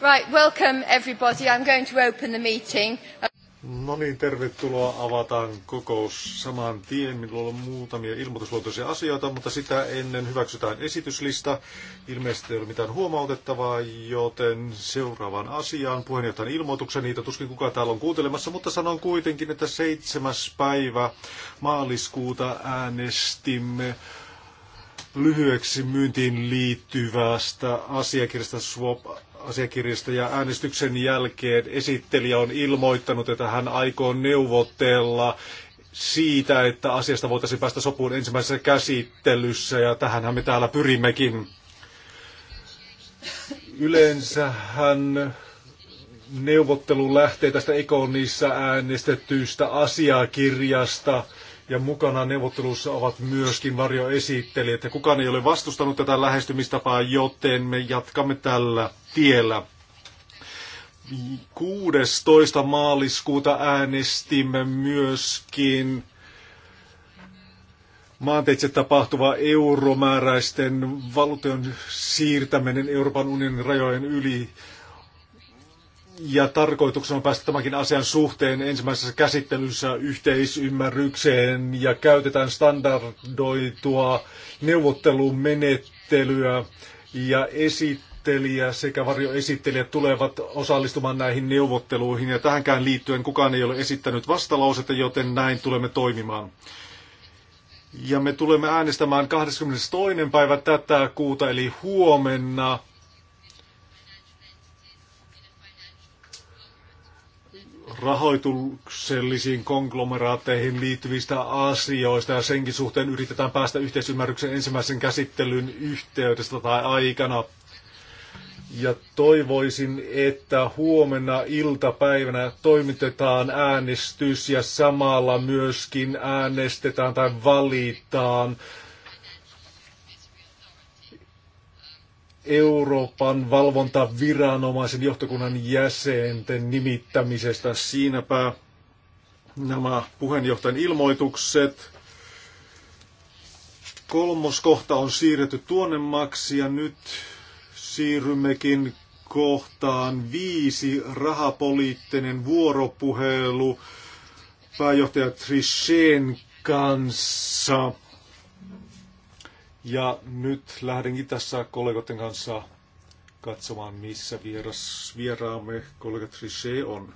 Right, welcome everybody. I'm going to open the meeting. No niin, tervetuloa. Avataan kokous saman tien. Minulla on muutamia ilmoitusluontoisia asioita, mutta sitä ennen hyväksytään esityslista. Ilmeisesti ei ole mitään huomautettavaa, joten seuraavaan asiaan puheenjohtajan ilmoituksen. Niitä tuskin kukaan täällä on kuuntelemassa, mutta sanon kuitenkin, että seitsemäs päivä maaliskuuta äänestimme lyhyeksi myyntiin liittyvästä asiakirjasta Swap asiakirjasta ja äänestyksen jälkeen esittelijä on ilmoittanut, että hän aikoo neuvotella siitä, että asiasta voitaisiin päästä sopuun ensimmäisessä käsittelyssä ja tähänhän me täällä pyrimmekin. Yleensähän neuvottelu lähtee tästä Ekonissa äänestetystä asiakirjasta – ja mukana neuvottelussa ovat myöskin varjoesittelijät. Ja kukaan ei ole vastustanut tätä lähestymistapaa, joten me jatkamme tällä tiellä. 16. maaliskuuta äänestimme myöskin maanteitse tapahtuva euromääräisten valuutojen siirtäminen Euroopan unionin rajojen yli ja tarkoituksena on päästä tämänkin asian suhteen ensimmäisessä käsittelyssä yhteisymmärrykseen ja käytetään standardoitua neuvottelumenettelyä ja esittelijä sekä varjoesittelijät tulevat osallistumaan näihin neuvotteluihin ja tähänkään liittyen kukaan ei ole esittänyt vastalausetta, joten näin tulemme toimimaan. Ja me tulemme äänestämään 22. päivä tätä kuuta eli huomenna rahoituksellisiin konglomeraatteihin liittyvistä asioista ja senkin suhteen yritetään päästä yhteisymmärryksen ensimmäisen käsittelyn yhteydestä tai aikana. Ja toivoisin, että huomenna iltapäivänä toimitetaan äänestys ja samalla myöskin äänestetään tai valitaan Euroopan valvontaviranomaisen johtokunnan jäsenten nimittämisestä. Siinäpä nämä puheenjohtajan ilmoitukset. Kolmos kohta on siirretty maksi ja nyt siirrymmekin kohtaan viisi rahapoliittinen vuoropuhelu pääjohtaja Trichén kanssa. Ja nyt lähdenkin tässä kollegoiden kanssa katsomaan, missä vieras, vieraamme kollega Trichet on.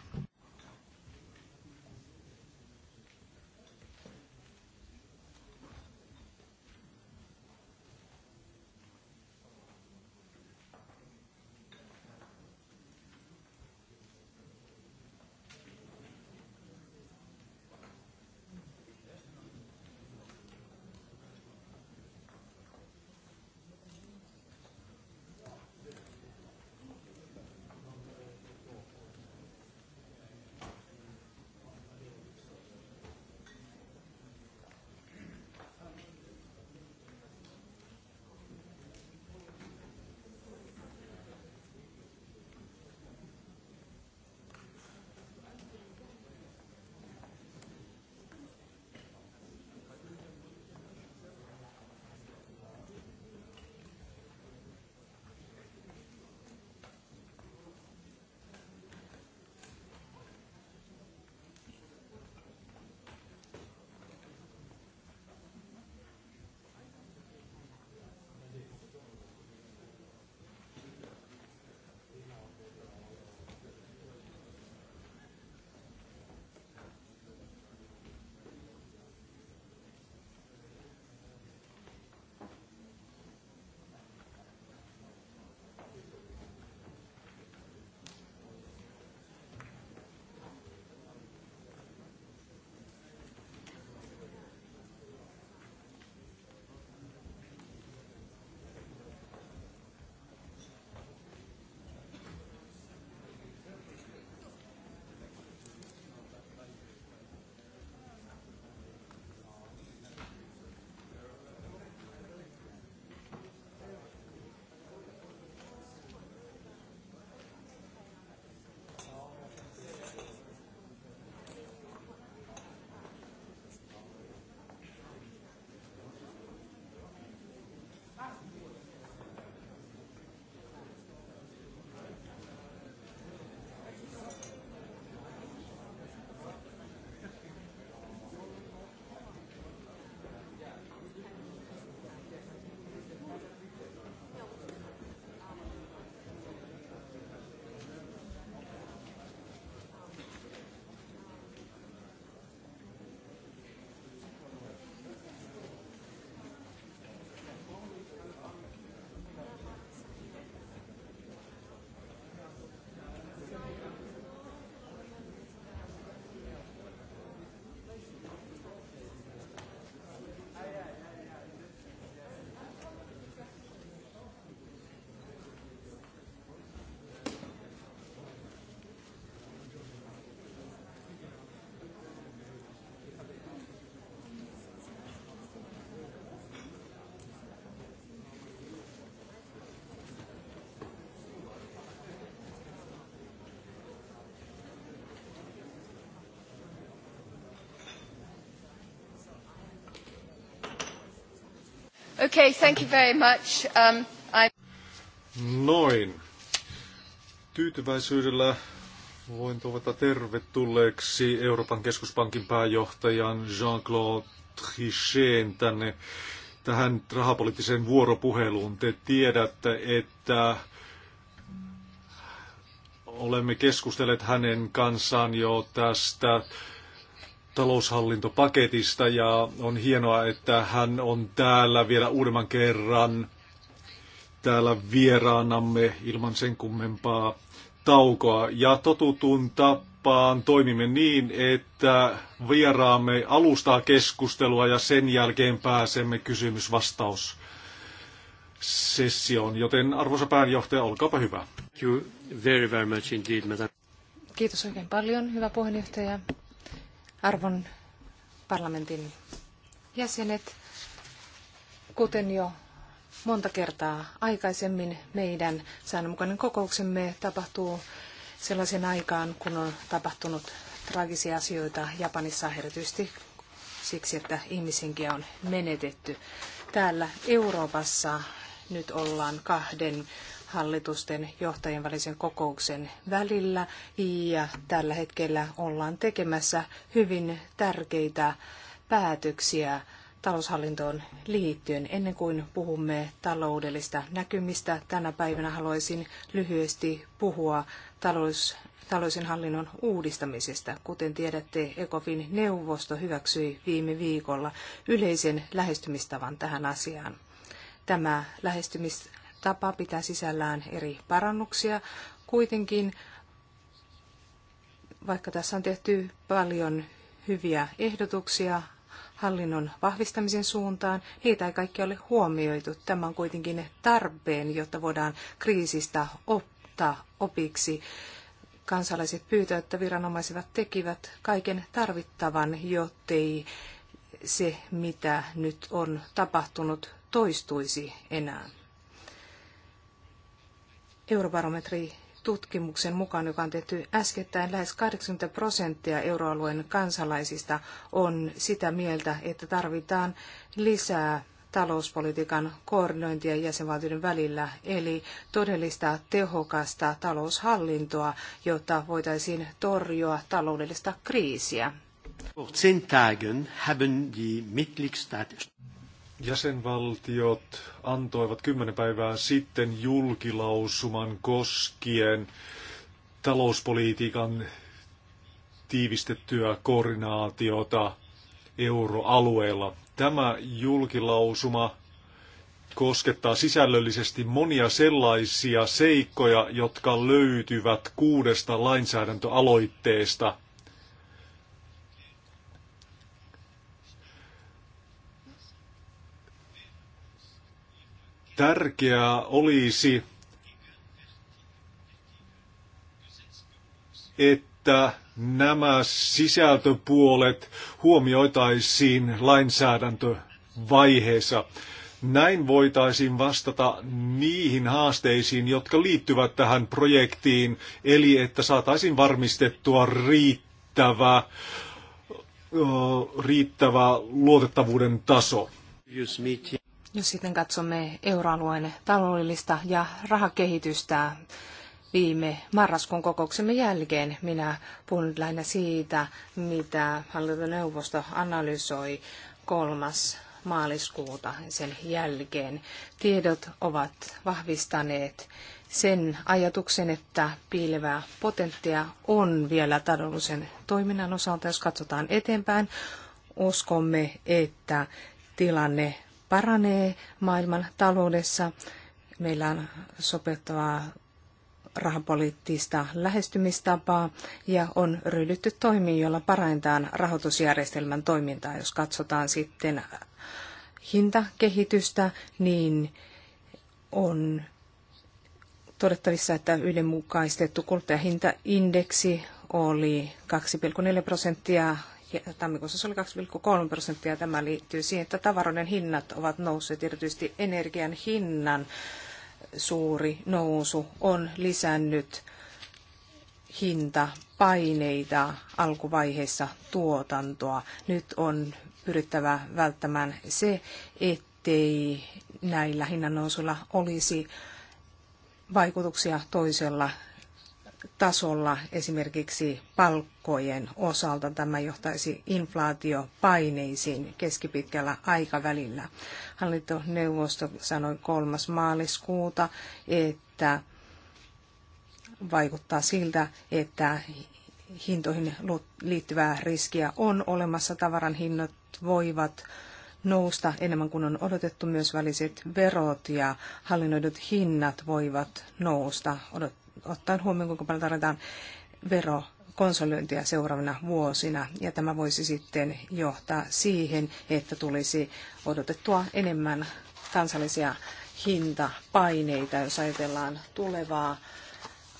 Okay, thank you very much. Um, I... Noin. Tyytyväisyydellä voin toivottaa tervetulleeksi Euroopan keskuspankin pääjohtajan Jean-Claude Trichet tänne tähän rahapoliittiseen vuoropuheluun. Te tiedätte, että olemme keskustelleet hänen kanssaan jo tästä taloushallintopaketista ja on hienoa, että hän on täällä vielä uudemman kerran täällä vieraanamme ilman sen kummempaa taukoa. Ja totutun tapaan toimimme niin, että vieraamme alustaa keskustelua ja sen jälkeen pääsemme kysymysvastaus sessioon. Joten arvoisa pääjohtaja, olkaapa hyvä. Thank you very, very much indeed, Kiitos oikein paljon, hyvä puheenjohtaja. Arvon parlamentin jäsenet, kuten jo monta kertaa aikaisemmin, meidän säännönmukainen kokouksemme tapahtuu sellaisen aikaan, kun on tapahtunut traagisia asioita Japanissa erityisesti siksi, että ihmisenkiä on menetetty. Täällä Euroopassa nyt ollaan kahden hallitusten johtajien välisen kokouksen välillä ja tällä hetkellä ollaan tekemässä hyvin tärkeitä päätöksiä taloushallintoon liittyen. Ennen kuin puhumme taloudellista näkymistä, tänä päivänä haluaisin lyhyesti puhua talous, taloudellisen hallinnon uudistamisesta. Kuten tiedätte, ECOFIN neuvosto hyväksyi viime viikolla yleisen lähestymistavan tähän asiaan. Tämä lähestymis tapa pitää sisällään eri parannuksia. Kuitenkin, vaikka tässä on tehty paljon hyviä ehdotuksia hallinnon vahvistamisen suuntaan, niitä ei kaikki ole huomioitu. Tämä on kuitenkin tarpeen, jotta voidaan kriisistä ottaa opiksi. Kansalaiset pyytävät, että viranomaiset tekivät kaiken tarvittavan, jottei se, mitä nyt on tapahtunut, toistuisi enää eurobarometri tutkimuksen mukaan, joka on tehty äskettäin, lähes 80 prosenttia euroalueen kansalaisista on sitä mieltä, että tarvitaan lisää talouspolitiikan koordinointia jäsenvaltioiden välillä, eli todellista tehokasta taloushallintoa, jotta voitaisiin torjua taloudellista kriisiä. Jäsenvaltiot antoivat kymmenen päivää sitten julkilausuman koskien talouspolitiikan tiivistettyä koordinaatiota euroalueella. Tämä julkilausuma koskettaa sisällöllisesti monia sellaisia seikkoja, jotka löytyvät kuudesta lainsäädäntöaloitteesta, Tärkeää olisi, että nämä sisältöpuolet huomioitaisiin lainsäädäntövaiheessa. Näin voitaisiin vastata niihin haasteisiin, jotka liittyvät tähän projektiin, eli että saataisiin varmistettua riittävä, riittävä luotettavuuden taso. Jos sitten katsomme euroalueen taloudellista ja rahakehitystä viime marraskuun kokouksemme jälkeen, minä puhun lähinnä siitä, mitä hallintoneuvosto analysoi kolmas maaliskuuta sen jälkeen. Tiedot ovat vahvistaneet sen ajatuksen, että piilevää potenttia on vielä taloudellisen toiminnan osalta, jos katsotaan eteenpäin. Uskomme, että tilanne paranee maailman taloudessa. Meillä on sopeuttavaa rahapoliittista lähestymistapaa ja on ryhdytty toimiin, jolla parantaa rahoitusjärjestelmän toimintaa. Jos katsotaan sitten hintakehitystä, niin on todettavissa, että yhdenmukaistettu kuluttajahintaindeksi oli 2,4 prosenttia tammikuussa se oli 2,3 prosenttia. Tämä liittyy siihen, että tavaroiden hinnat ovat nousseet, erityisesti energian hinnan suuri nousu on lisännyt hintapaineita alkuvaiheessa tuotantoa. Nyt on pyrittävä välttämään se, ettei näillä hinnannousuilla olisi vaikutuksia toisella tasolla esimerkiksi palkkojen osalta. Tämä johtaisi inflaatiopaineisiin keskipitkällä aikavälillä. Hallintoneuvosto sanoi 3. maaliskuuta, että vaikuttaa siltä, että hintoihin liittyvää riskiä on olemassa. Tavaran hinnat voivat nousta enemmän kuin on odotettu. Myös väliset verot ja hallinnoidut hinnat voivat nousta odot- ottaen huomioon, kuinka paljon tarvitaan vero seuraavina vuosina, ja tämä voisi sitten johtaa siihen, että tulisi odotettua enemmän kansallisia hintapaineita, jos ajatellaan tulevaa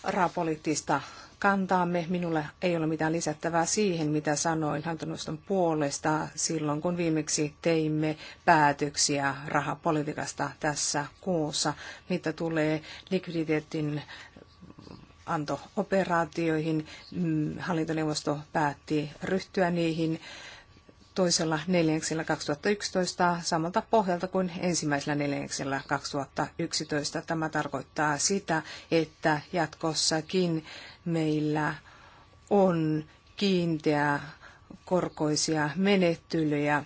rapoliittista kantaamme. Minulla ei ole mitään lisättävää siihen, mitä sanoin hallintoneuvoston puolesta silloin, kun viimeksi teimme päätöksiä rahapolitiikasta tässä kuussa, mitä tulee likviditeetin anto operaatioihin mm, Hallintoneuvosto päätti ryhtyä niihin toisella neljänneksellä 2011 samalta pohjalta kuin ensimmäisellä neljänneksellä 2011. Tämä tarkoittaa sitä, että jatkossakin meillä on kiinteä korkoisia menettelyjä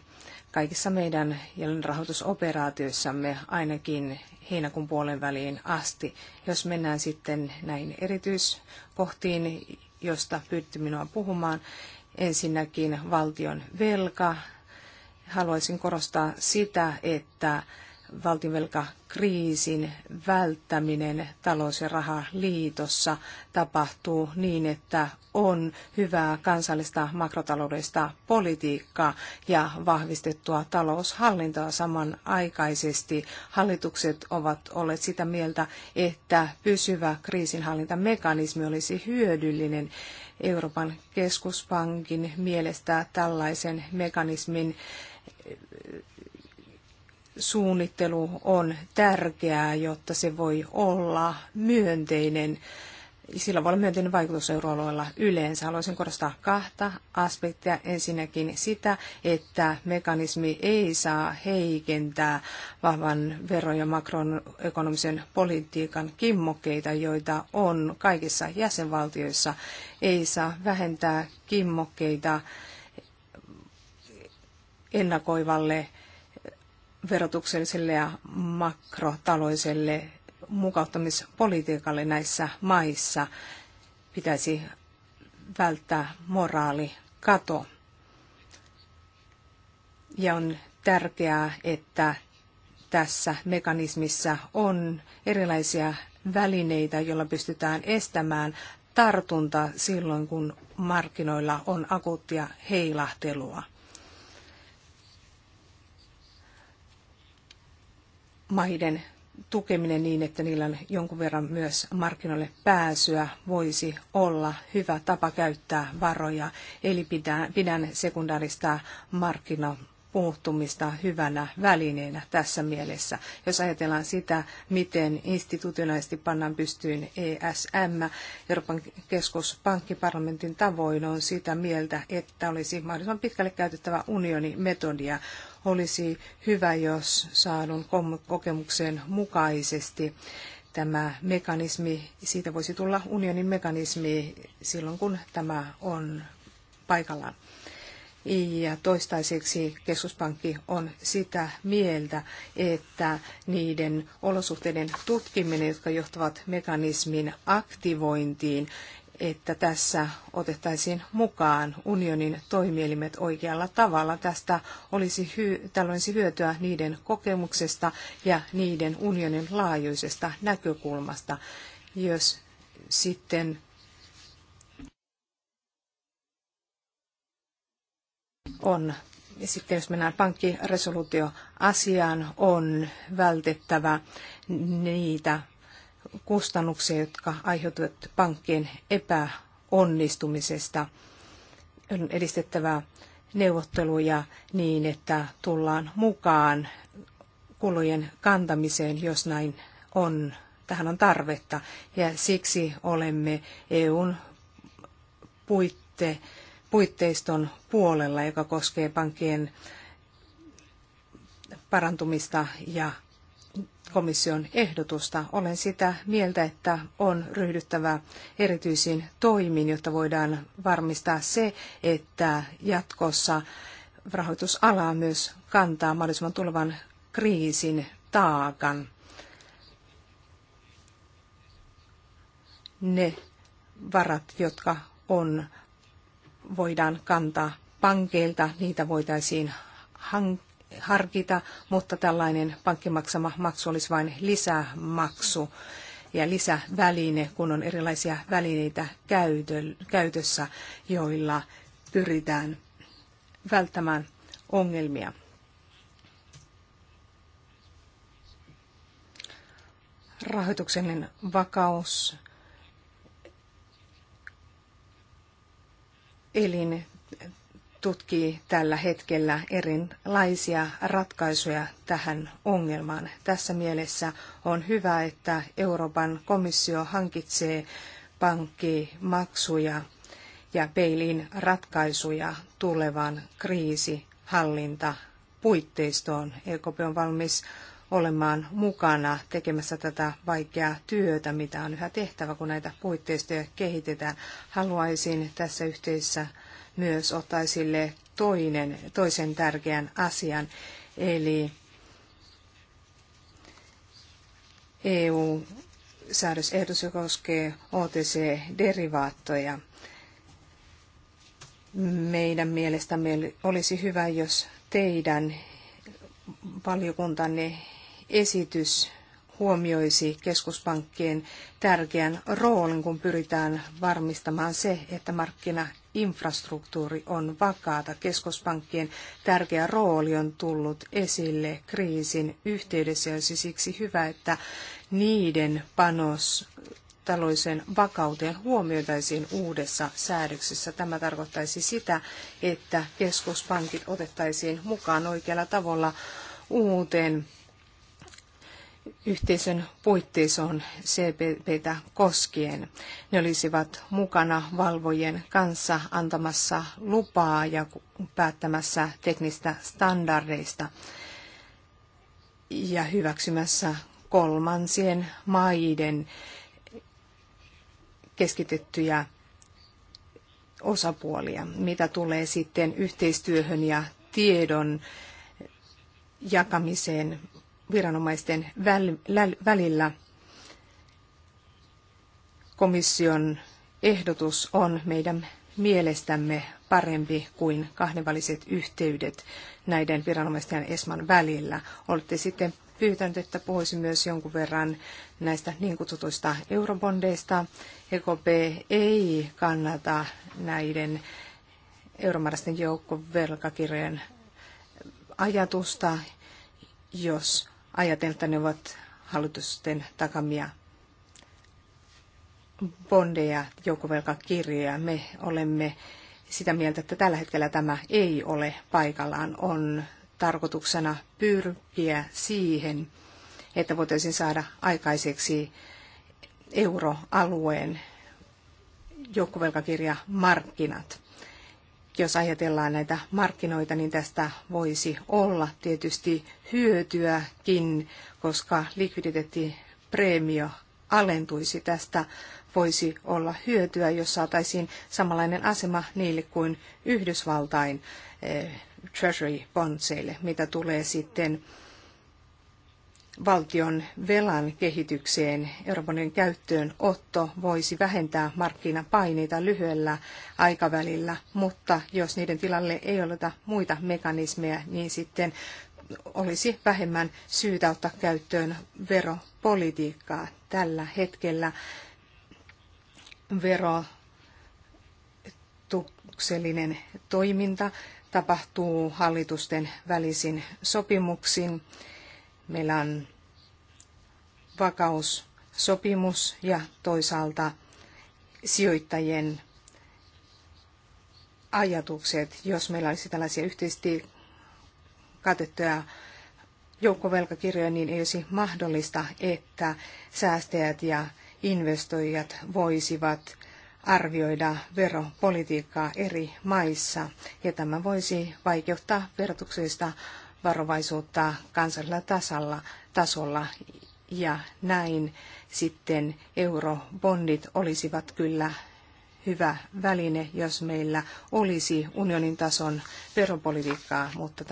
kaikissa meidän rahoitusoperaatioissamme ainakin heinäkuun puolen väliin asti. Jos mennään sitten näin erityiskohtiin, josta pyytti minua puhumaan, ensinnäkin valtion velka. Haluaisin korostaa sitä, että valtionvelkakriisin välttäminen talous- ja rahaliitossa tapahtuu niin, että on hyvää kansallista makrotaloudellista politiikkaa ja vahvistettua taloushallintoa samanaikaisesti. Hallitukset ovat olleet sitä mieltä, että pysyvä kriisinhallintamekanismi olisi hyödyllinen. Euroopan keskuspankin mielestä tällaisen mekanismin suunnittelu on tärkeää, jotta se voi olla myönteinen. Sillä voi olla myönteinen vaikutus euroalueella yleensä. Haluaisin korostaa kahta aspektia. Ensinnäkin sitä, että mekanismi ei saa heikentää vahvan vero- ja makroekonomisen politiikan kimmokkeita, joita on kaikissa jäsenvaltioissa. Ei saa vähentää kimmokkeita ennakoivalle verotukselliselle ja makrotaloiselle mukauttamispolitiikalle näissä maissa pitäisi välttää moraalikato. Ja on tärkeää, että tässä mekanismissa on erilaisia välineitä, joilla pystytään estämään tartunta silloin, kun markkinoilla on akuuttia heilahtelua. maiden tukeminen niin, että niillä on jonkun verran myös markkinoille pääsyä, voisi olla hyvä tapa käyttää varoja. Eli pidän, pidän sekundaarista markkinapuuttumista puuttumista hyvänä välineenä tässä mielessä. Jos ajatellaan sitä, miten institutionaalisesti pannaan pystyyn ESM, Euroopan keskuspankki parlamentin tavoin on sitä mieltä, että olisi mahdollisimman pitkälle käytettävä unioni metodia olisi hyvä, jos saadun kokemuksen mukaisesti tämä mekanismi, siitä voisi tulla unionin mekanismi silloin, kun tämä on paikallaan. Ja toistaiseksi keskuspankki on sitä mieltä, että niiden olosuhteiden tutkiminen, jotka johtavat mekanismin aktivointiin, että tässä otettaisiin mukaan unionin toimielimet oikealla tavalla. Tästä olisi hy- olisi hyötyä niiden kokemuksesta ja niiden unionin laajuisesta näkökulmasta. Jos sitten on sitten jos mennään pankkiresoluutioasiaan, on vältettävä niitä kustannuksia, jotka aiheutuvat pankkien epäonnistumisesta. On edistettävä neuvotteluja niin, että tullaan mukaan kulujen kantamiseen, jos näin on. Tähän on tarvetta ja siksi olemme EUn puitte, puitteiston puolella, joka koskee pankkien parantumista ja komission ehdotusta. Olen sitä mieltä, että on ryhdyttävä erityisiin toimiin, jotta voidaan varmistaa se, että jatkossa rahoitusalaa myös kantaa mahdollisimman tulevan kriisin taakan. Ne varat, jotka on, voidaan kantaa pankeilta, niitä voitaisiin hankkia harkita, mutta tällainen pankkimaksama maksu olisi vain lisämaksu ja lisäväline, kun on erilaisia välineitä käytössä, joilla pyritään välttämään ongelmia. Rahoituksellinen vakaus, elin tutkii tällä hetkellä erilaisia ratkaisuja tähän ongelmaan. Tässä mielessä on hyvä, että Euroopan komissio hankitsee pankkimaksuja ja peilin ratkaisuja tulevan kriisihallinta puitteistoon. EKP on valmis olemaan mukana tekemässä tätä vaikeaa työtä, mitä on yhä tehtävä, kun näitä puitteistoja kehitetään. Haluaisin tässä yhteisessä myös ottaa esille toinen, toisen tärkeän asian, eli EU-säädösehdotus, joka koskee OTC-derivaattoja. Meidän mielestämme olisi hyvä, jos teidän valiokuntanne esitys huomioisi keskuspankkien tärkeän roolin, kun pyritään varmistamaan se, että markkina infrastruktuuri on vakaata. Keskuspankkien tärkeä rooli on tullut esille kriisin yhteydessä ja siksi hyvä, että niiden panos taloisen vakauteen huomioitaisiin uudessa säädöksessä. Tämä tarkoittaisi sitä, että keskuspankit otettaisiin mukaan oikealla tavalla uuteen yhteisön puitteison CPPtä koskien. Ne olisivat mukana valvojien kanssa antamassa lupaa ja päättämässä teknistä standardeista ja hyväksymässä kolmansien maiden keskitettyjä osapuolia, mitä tulee sitten yhteistyöhön ja tiedon jakamiseen viranomaisten välillä komission ehdotus on meidän mielestämme parempi kuin kahdenväliset yhteydet näiden viranomaisten ja ESMAn välillä. Olette sitten pyytänyt, että puhuisin myös jonkun verran näistä niin kutsutuista eurobondeista. EKP ei kannata näiden euromääräisten joukkovelkakirjojen ajatusta, jos ajatellen, että ne ovat hallitusten takamia bondeja, joukkovelkakirjoja. Me olemme sitä mieltä, että tällä hetkellä tämä ei ole paikallaan. On tarkoituksena pyrkiä siihen, että voitaisiin saada aikaiseksi euroalueen joukkovelkakirjamarkkinat jos ajatellaan näitä markkinoita, niin tästä voisi olla tietysti hyötyäkin, koska likviditeettipreemio alentuisi tästä voisi olla hyötyä, jos saataisiin samanlainen asema niille kuin Yhdysvaltain eh, treasury bondseille, mitä tulee sitten valtion velan kehitykseen Euroopan käyttöön otto voisi vähentää markkinapaineita lyhyellä aikavälillä, mutta jos niiden tilalle ei oleta muita mekanismeja, niin sitten olisi vähemmän syytä ottaa käyttöön veropolitiikkaa tällä hetkellä. Verotuksellinen toiminta tapahtuu hallitusten välisin sopimuksin Meillä on vakaussopimus ja toisaalta sijoittajien ajatukset, jos meillä olisi tällaisia yhteisesti katettuja joukkovelkakirjoja, niin ei olisi mahdollista, että säästäjät ja investoijat voisivat arvioida veropolitiikkaa eri maissa, ja tämä voisi vaikeuttaa verotuksellista varovaisuutta kansallisella tasalla, tasolla ja näin sitten eurobondit olisivat kyllä hyvä väline, jos meillä olisi unionin tason veropolitiikkaa, mutta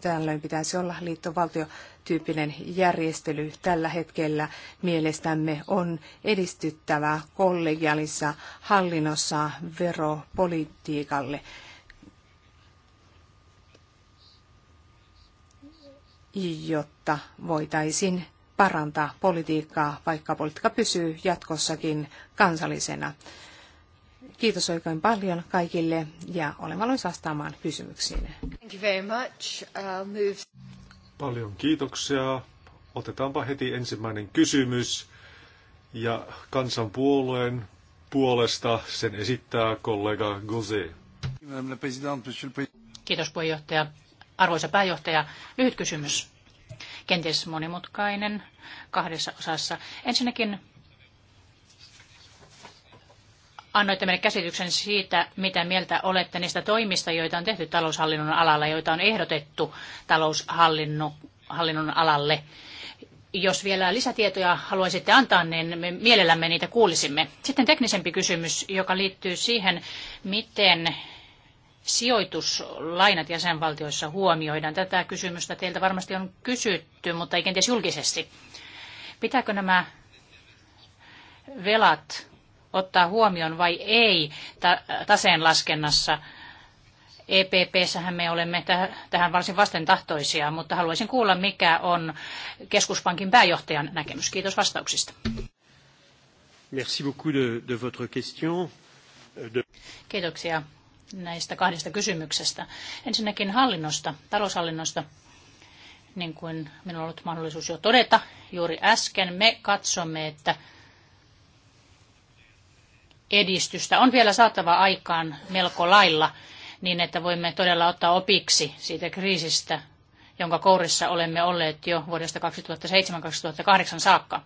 tällöin pitäisi olla liittovaltiotyyppinen järjestely. Tällä hetkellä mielestämme on edistyttävä kollegialissa hallinnossa veropolitiikalle. jotta voitaisiin parantaa politiikkaa, vaikka politiikka pysyy jatkossakin kansallisena. Kiitos oikein paljon kaikille ja olen valmis vastaamaan kysymyksiin. Thank you very much. I'll move... Paljon kiitoksia. Otetaanpa heti ensimmäinen kysymys. Ja kansanpuolueen puolesta sen esittää kollega Gose. Kiitos puheenjohtaja, Arvoisa pääjohtaja, lyhyt kysymys. Kenties monimutkainen kahdessa osassa. Ensinnäkin annoitte meille käsityksen siitä, mitä mieltä olette niistä toimista, joita on tehty taloushallinnon alalla, joita on ehdotettu taloushallinnon alalle. Jos vielä lisätietoja haluaisitte antaa, niin me mielellämme niitä kuulisimme. Sitten teknisempi kysymys, joka liittyy siihen, miten sijoituslainat jäsenvaltioissa huomioidaan? Tätä kysymystä teiltä varmasti on kysytty, mutta ei kenties julkisesti. Pitääkö nämä velat ottaa huomioon vai ei taseen laskennassa? EPP-sähän me olemme tähän varsin vastentahtoisia, mutta haluaisin kuulla, mikä on keskuspankin pääjohtajan näkemys. Kiitos vastauksista. Merci beaucoup de, de votre question. De... Kiitoksia näistä kahdesta kysymyksestä. Ensinnäkin hallinnosta, taloushallinnosta. Niin kuin minulla on ollut mahdollisuus jo todeta juuri äsken, me katsomme, että edistystä on vielä saatava aikaan melko lailla niin, että voimme todella ottaa opiksi siitä kriisistä, jonka kourissa olemme olleet jo vuodesta 2007-2008 saakka.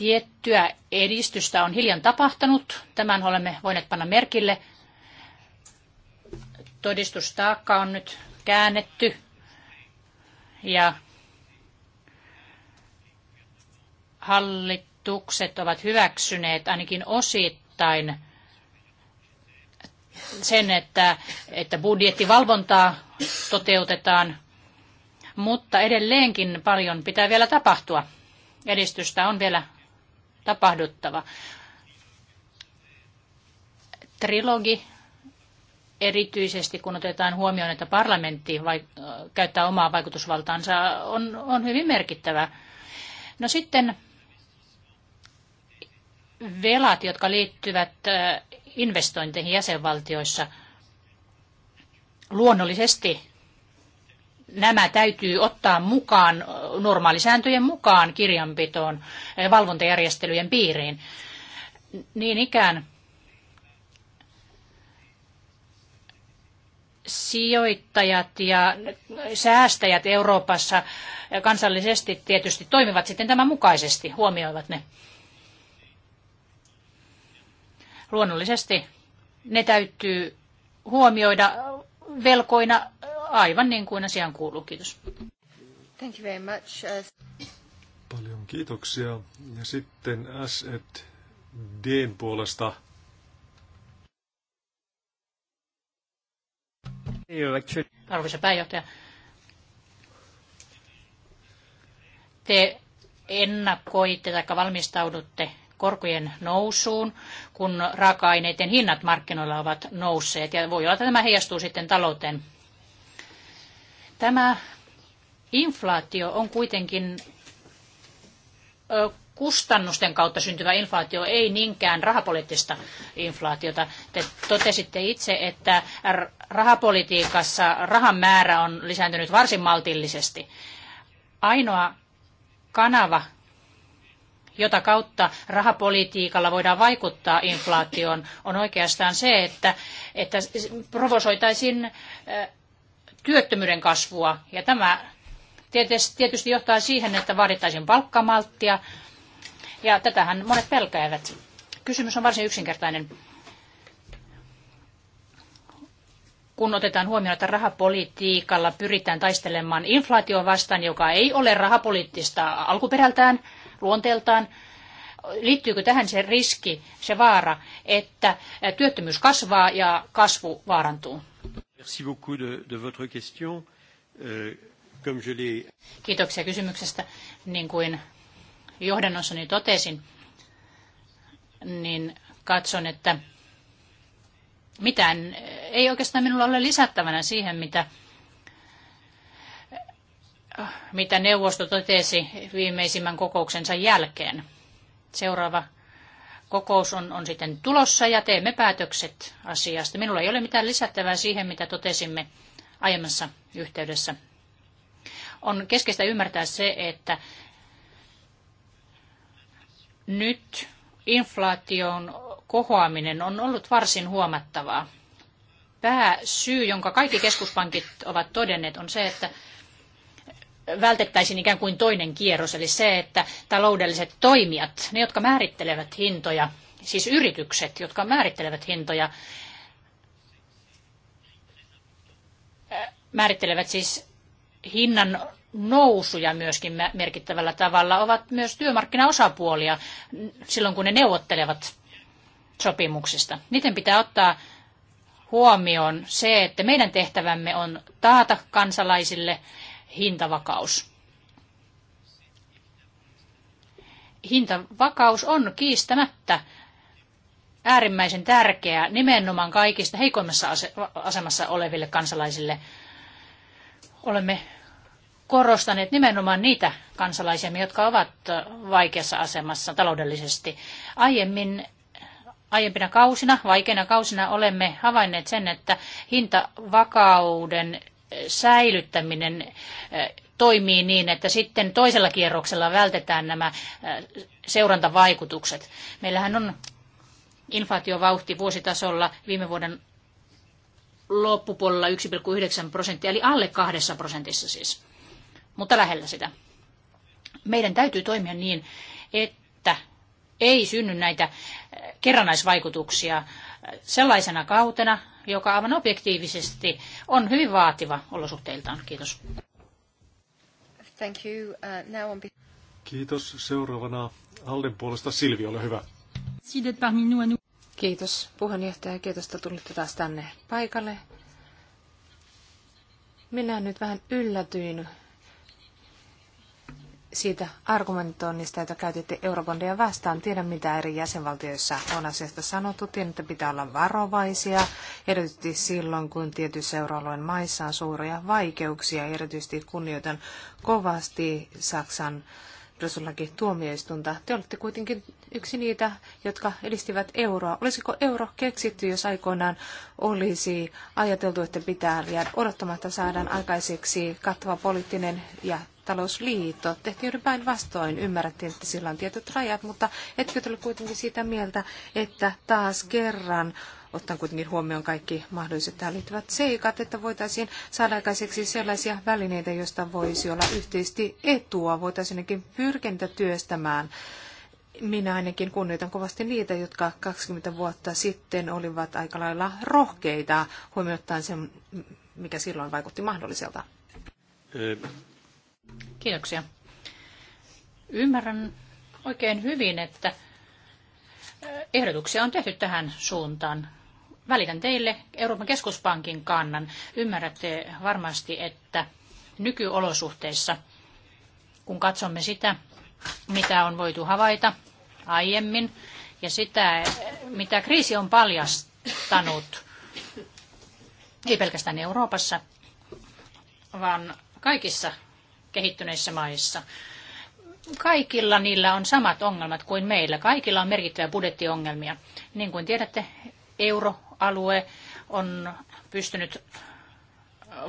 Tiettyä edistystä on hiljan tapahtunut. Tämän olemme voineet panna merkille. Todistustaakka on nyt käännetty ja hallitukset ovat hyväksyneet ainakin osittain sen, että, että budjettivalvontaa toteutetaan, mutta edelleenkin paljon pitää vielä tapahtua. Edistystä on vielä tapahduttava. Trilogi, erityisesti kun otetaan huomioon, että parlamentti käyttää omaa vaikutusvaltaansa, on, on hyvin merkittävä. No sitten velat, jotka liittyvät investointeihin jäsenvaltioissa, luonnollisesti nämä täytyy ottaa mukaan normaalisääntöjen mukaan kirjanpitoon eh, valvontajärjestelyjen piiriin. Niin ikään sijoittajat ja säästäjät Euroopassa kansallisesti tietysti toimivat sitten tämän mukaisesti, huomioivat ne. Luonnollisesti ne täytyy huomioida velkoina aivan niin kuin asiaan kuuluu. Kiitos. Thank you very much. Uh, Paljon kiitoksia. Ja sitten SEDn puolesta. Arvoisa pääjohtaja, te ennakoitte tai valmistaudutte korkojen nousuun, kun raaka-aineiden hinnat markkinoilla ovat nousseet. Ja voi olla, että tämä heijastuu sitten talouteen Tämä inflaatio on kuitenkin kustannusten kautta syntyvä inflaatio, ei niinkään rahapoliittista inflaatiota. Te totesitte itse, että rahapolitiikassa rahan määrä on lisääntynyt varsin maltillisesti. Ainoa kanava, jota kautta rahapolitiikalla voidaan vaikuttaa inflaatioon, on oikeastaan se, että, että provosoitaisiin työttömyyden kasvua. Ja tämä tietysti johtaa siihen, että vaadittaisiin palkkamalttia. Ja tätähän monet pelkäävät. Kysymys on varsin yksinkertainen. kun otetaan huomioon, että rahapolitiikalla pyritään taistelemaan inflaation vastaan, joka ei ole rahapoliittista alkuperältään, luonteeltaan, liittyykö tähän se riski, se vaara, että työttömyys kasvaa ja kasvu vaarantuu? Euh, Kiitoksia kysymyksestä. Niin kuin johdannossani totesin, niin katson, että mitään ei oikeastaan minulla ole lisättävänä siihen, mitä, mitä neuvosto totesi viimeisimmän kokouksensa jälkeen. Seuraava kokous on, on sitten tulossa ja teemme päätökset asiasta. Minulla ei ole mitään lisättävää siihen, mitä totesimme aiemmassa yhteydessä. On keskeistä ymmärtää se, että nyt inflaation kohoaminen on ollut varsin huomattavaa. Pääsyy, jonka kaikki keskuspankit ovat todenneet, on se, että vältettäisiin ikään kuin toinen kierros, eli se, että taloudelliset toimijat, ne jotka määrittelevät hintoja, siis yritykset, jotka määrittelevät hintoja, äh, määrittelevät siis hinnan nousuja myöskin merkittävällä tavalla, ovat myös työmarkkinaosapuolia silloin, kun ne neuvottelevat sopimuksista. Niiden pitää ottaa huomioon se, että meidän tehtävämme on taata kansalaisille hintavakaus. Hintavakaus on kiistämättä äärimmäisen tärkeää nimenomaan kaikista heikoimmassa asemassa oleville kansalaisille. Olemme korostaneet nimenomaan niitä kansalaisia, jotka ovat vaikeassa asemassa taloudellisesti. Aiemmin, aiempina kausina, vaikeina kausina olemme havainneet sen, että hintavakauden säilyttäminen toimii niin, että sitten toisella kierroksella vältetään nämä seurantavaikutukset. Meillähän on inflaatiovauhti vuositasolla viime vuoden loppupuolella 1,9 prosenttia, eli alle kahdessa prosentissa siis, mutta lähellä sitä. Meidän täytyy toimia niin, että ei synny näitä kerranaisvaikutuksia, sellaisena kautena, joka aivan objektiivisesti on hyvin vaativa olosuhteiltaan. Kiitos. Thank you. Uh, now on... Kiitos. Seuraavana Alden puolesta Silvi, ole hyvä. Kiitos puheenjohtaja, kiitos, että tulitte taas tänne paikalle. Minä nyt vähän yllätyin, siitä argumentoinnista, jota käytitte eurobondeja vastaan. Tiedän, mitä eri jäsenvaltioissa on asiasta sanottu. Tiedän, että pitää olla varovaisia, erityisesti silloin, kun tietyissä euroalueen maissa on suuria vaikeuksia. Erityisesti kunnioitan kovasti Saksan perustuslaki tuomioistunta. Te olette kuitenkin yksi niitä, jotka edistivät euroa. Olisiko euro keksitty, jos aikoinaan olisi ajateltu, että pitää jäädä odottamatta saadaan aikaiseksi kattava poliittinen ja maatalousliitto. Tehtiin juuri päinvastoin. Ymmärrettiin, että sillä on tietyt rajat, mutta etkö ole kuitenkin sitä mieltä, että taas kerran ottaen kuitenkin huomioon kaikki mahdolliset tähän liittyvät seikat, että voitaisiin saada aikaiseksi sellaisia välineitä, joista voisi olla yhteisesti etua, voitaisiin ainakin pyrkintä työstämään. Minä ainakin kunnioitan kovasti niitä, jotka 20 vuotta sitten olivat aika lailla rohkeita, huomioittain sen, mikä silloin vaikutti mahdolliselta. Kiitoksia. Ymmärrän oikein hyvin, että ehdotuksia on tehty tähän suuntaan. Välitän teille Euroopan keskuspankin kannan. Ymmärrätte varmasti, että nykyolosuhteissa, kun katsomme sitä, mitä on voitu havaita aiemmin ja sitä, mitä kriisi on paljastanut, ei pelkästään Euroopassa, vaan kaikissa kehittyneissä maissa. Kaikilla niillä on samat ongelmat kuin meillä. Kaikilla on merkittäviä budjettiongelmia. Niin kuin tiedätte, euroalue on pystynyt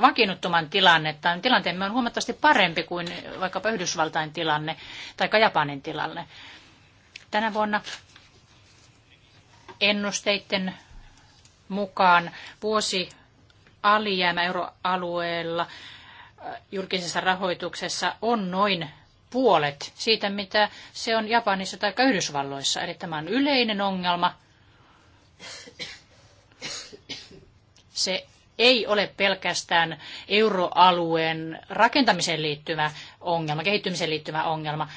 vakiinnuttumaan tilannetta. Tilanteemme on huomattavasti parempi kuin vaikkapa Yhdysvaltain tilanne tai Japanin tilanne. Tänä vuonna ennusteiden mukaan vuosi alijäämä euroalueella julkisessa rahoituksessa on noin puolet siitä, mitä se on Japanissa tai Yhdysvalloissa. Eli tämä on yleinen ongelma. Se ei ole pelkästään euroalueen rakentamiseen liittyvä ongelma, kehittymiseen liittyvä ongelma,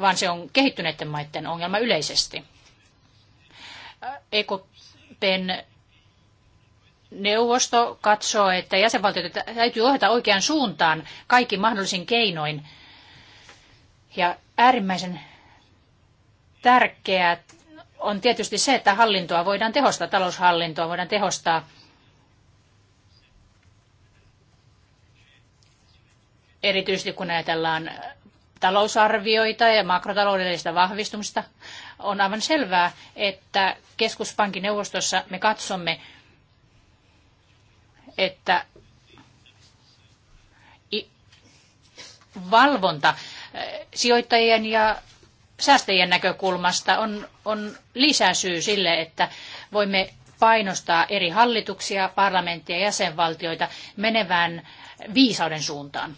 vaan se on kehittyneiden maiden ongelma yleisesti. EKPn neuvosto katsoo, että jäsenvaltioita täytyy ohjata oikeaan suuntaan kaikki mahdollisin keinoin. Ja äärimmäisen tärkeää on tietysti se, että hallintoa voidaan tehostaa, taloushallintoa voidaan tehostaa. Erityisesti kun ajatellaan talousarvioita ja makrotaloudellista vahvistumista, on aivan selvää, että keskuspankin neuvostossa me katsomme, että valvonta eh, sijoittajien ja säästäjien näkökulmasta on, on lisäsyy sille, että voimme painostaa eri hallituksia, parlamenttia ja jäsenvaltioita menevään viisauden suuntaan.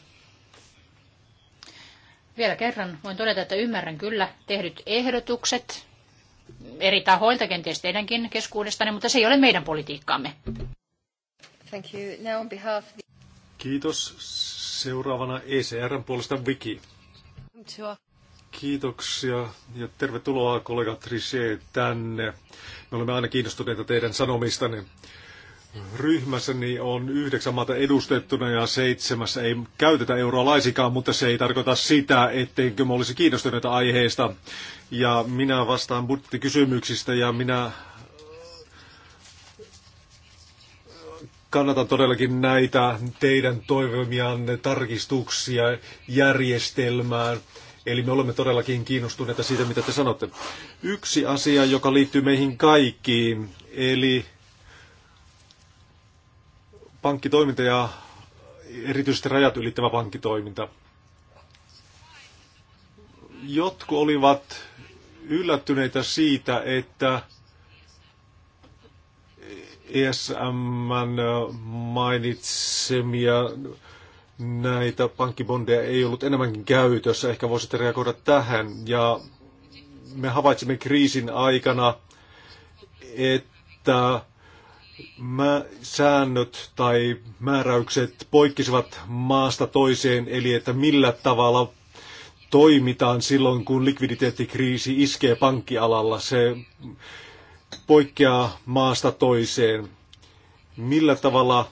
Vielä kerran voin todeta, että ymmärrän kyllä tehdyt ehdotukset eri tahoilta, kenties teidänkin keskuudestanne, mutta se ei ole meidän politiikkaamme. Thank you. Now on behalf of... Kiitos. Seuraavana ECRn puolesta Viki. Kiitoksia ja tervetuloa kollega Trichet tänne. Me olemme aina kiinnostuneita teidän sanomistanne. Ryhmässäni on yhdeksän maata edustettuna ja seitsemässä ei käytetä euroa laisikaan, mutta se ei tarkoita sitä, etteikö me olisi kiinnostuneita aiheesta. Ja minä vastaan budjettikysymyksistä ja minä kannatan todellakin näitä teidän toivomianne tarkistuksia järjestelmään. Eli me olemme todellakin kiinnostuneita siitä, mitä te sanotte. Yksi asia, joka liittyy meihin kaikkiin, eli pankkitoiminta ja erityisesti rajat ylittävä pankkitoiminta. Jotkut olivat yllättyneitä siitä, että ESMn äh, mainitsemia näitä pankkibondeja ei ollut enemmänkin käytössä. Ehkä voisitte reagoida tähän. Ja me havaitsimme kriisin aikana, että mä, säännöt tai määräykset poikkisivat maasta toiseen, eli että millä tavalla toimitaan silloin, kun likviditeettikriisi iskee pankkialalla. Se poikkeaa maasta toiseen. Millä tavalla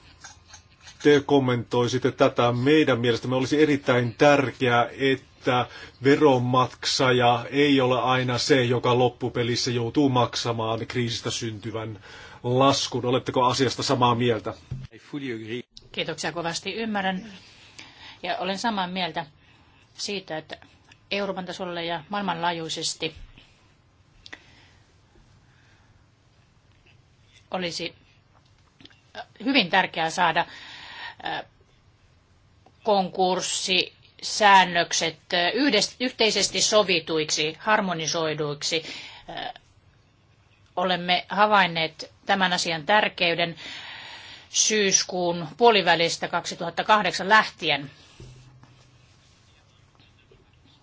te kommentoisitte tätä? Meidän mielestämme olisi erittäin tärkeää, että veronmaksaja ei ole aina se, joka loppupelissä joutuu maksamaan kriisistä syntyvän laskun. Oletteko asiasta samaa mieltä? Kiitoksia kovasti. Ymmärrän ja olen samaa mieltä siitä, että Euroopan tasolla ja maailmanlaajuisesti – olisi hyvin tärkeää saada konkurssi säännökset yhteisesti sovituiksi, harmonisoiduiksi. Olemme havainneet tämän asian tärkeyden syyskuun puolivälistä 2008 lähtien.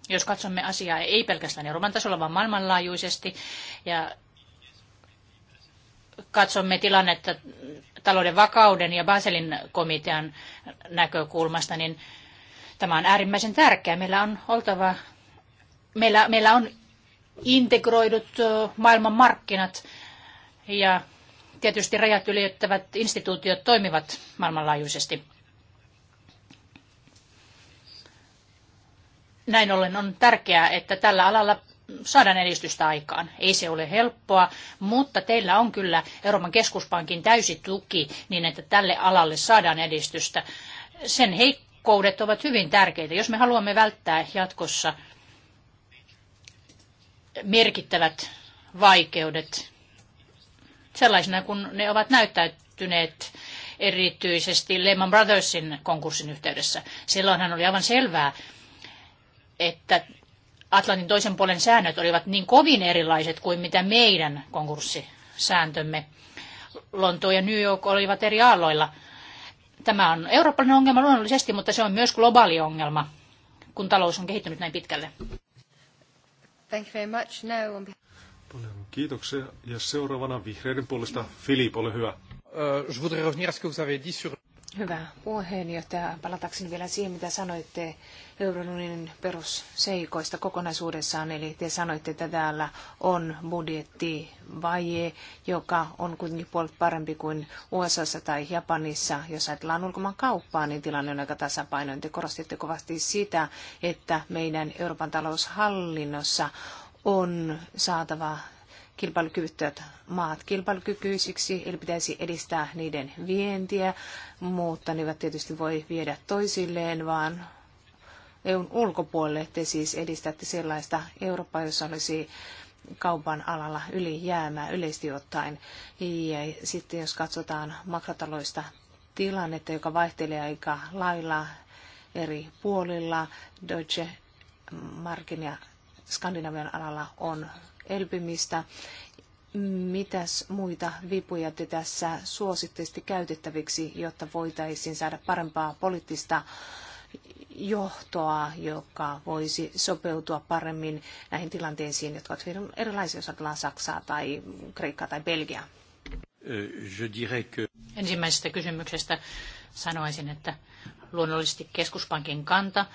Jos katsomme asiaa ei pelkästään Euroopan tasolla, vaan maailmanlaajuisesti ja katsomme tilannetta talouden vakauden ja Baselin komitean näkökulmasta, niin tämä on äärimmäisen tärkeää. Meillä on oltava, meillä, meillä on integroidut maailman markkinat ja tietysti rajat ylittävät instituutiot toimivat maailmanlaajuisesti. Näin ollen on tärkeää, että tällä alalla saadaan edistystä aikaan. Ei se ole helppoa, mutta teillä on kyllä Euroopan keskuspankin täysi tuki niin, että tälle alalle saadaan edistystä. Sen heikkoudet ovat hyvin tärkeitä. Jos me haluamme välttää jatkossa merkittävät vaikeudet sellaisena kuin ne ovat näyttäytyneet erityisesti Lehman Brothersin konkurssin yhteydessä. Silloinhan oli aivan selvää, että Atlantin toisen puolen säännöt olivat niin kovin erilaiset kuin mitä meidän konkurssisääntömme. Lonto ja New York olivat eri aalloilla. Tämä on eurooppalainen ongelma luonnollisesti, mutta se on myös globaali ongelma, kun talous on kehittynyt näin pitkälle. Thank you very much. No, on... Paljon kiitoksia. Ja seuraavana vihreiden puolesta Filip, ole hyvä. Uh, je voudrais revenir à ce que vous avez dit sur... Hyvä puheenjohtaja. Palatakseni vielä siihen, mitä sanoitte unionin perusseikoista kokonaisuudessaan. Eli te sanoitte, että täällä on budjettivaje, joka on kuitenkin puolet parempi kuin USA tai Japanissa. Jos ajatellaan ulkomaan kauppaa, niin tilanne on aika tasapainoinen. Te korostitte kovasti sitä, että meidän Euroopan taloushallinnossa on saatava kilpailukyvyttömät maat kilpailukykyisiksi, eli pitäisi edistää niiden vientiä, mutta ne eivät tietysti voi viedä toisilleen, vaan EUn ulkopuolelle te siis edistätte sellaista Eurooppaa, jossa olisi kaupan alalla ylijäämää yleisesti ottaen. Ja sitten jos katsotaan makrotaloista tilannetta, joka vaihtelee aika lailla eri puolilla, Deutsche Markin ja Skandinavian alalla on elpymistä. Mitäs muita vipuja te tässä suositteisesti käytettäviksi, jotta voitaisiin saada parempaa poliittista johtoa, joka voisi sopeutua paremmin näihin tilanteisiin, jotka ovat hyvin erilaisia, jos ajatellaan Saksaa tai Kreikkaa tai Belgiaa? Euh, Ensimmäisestä kysymyksestä sanoisin, että luonnollisesti keskuspankin kanta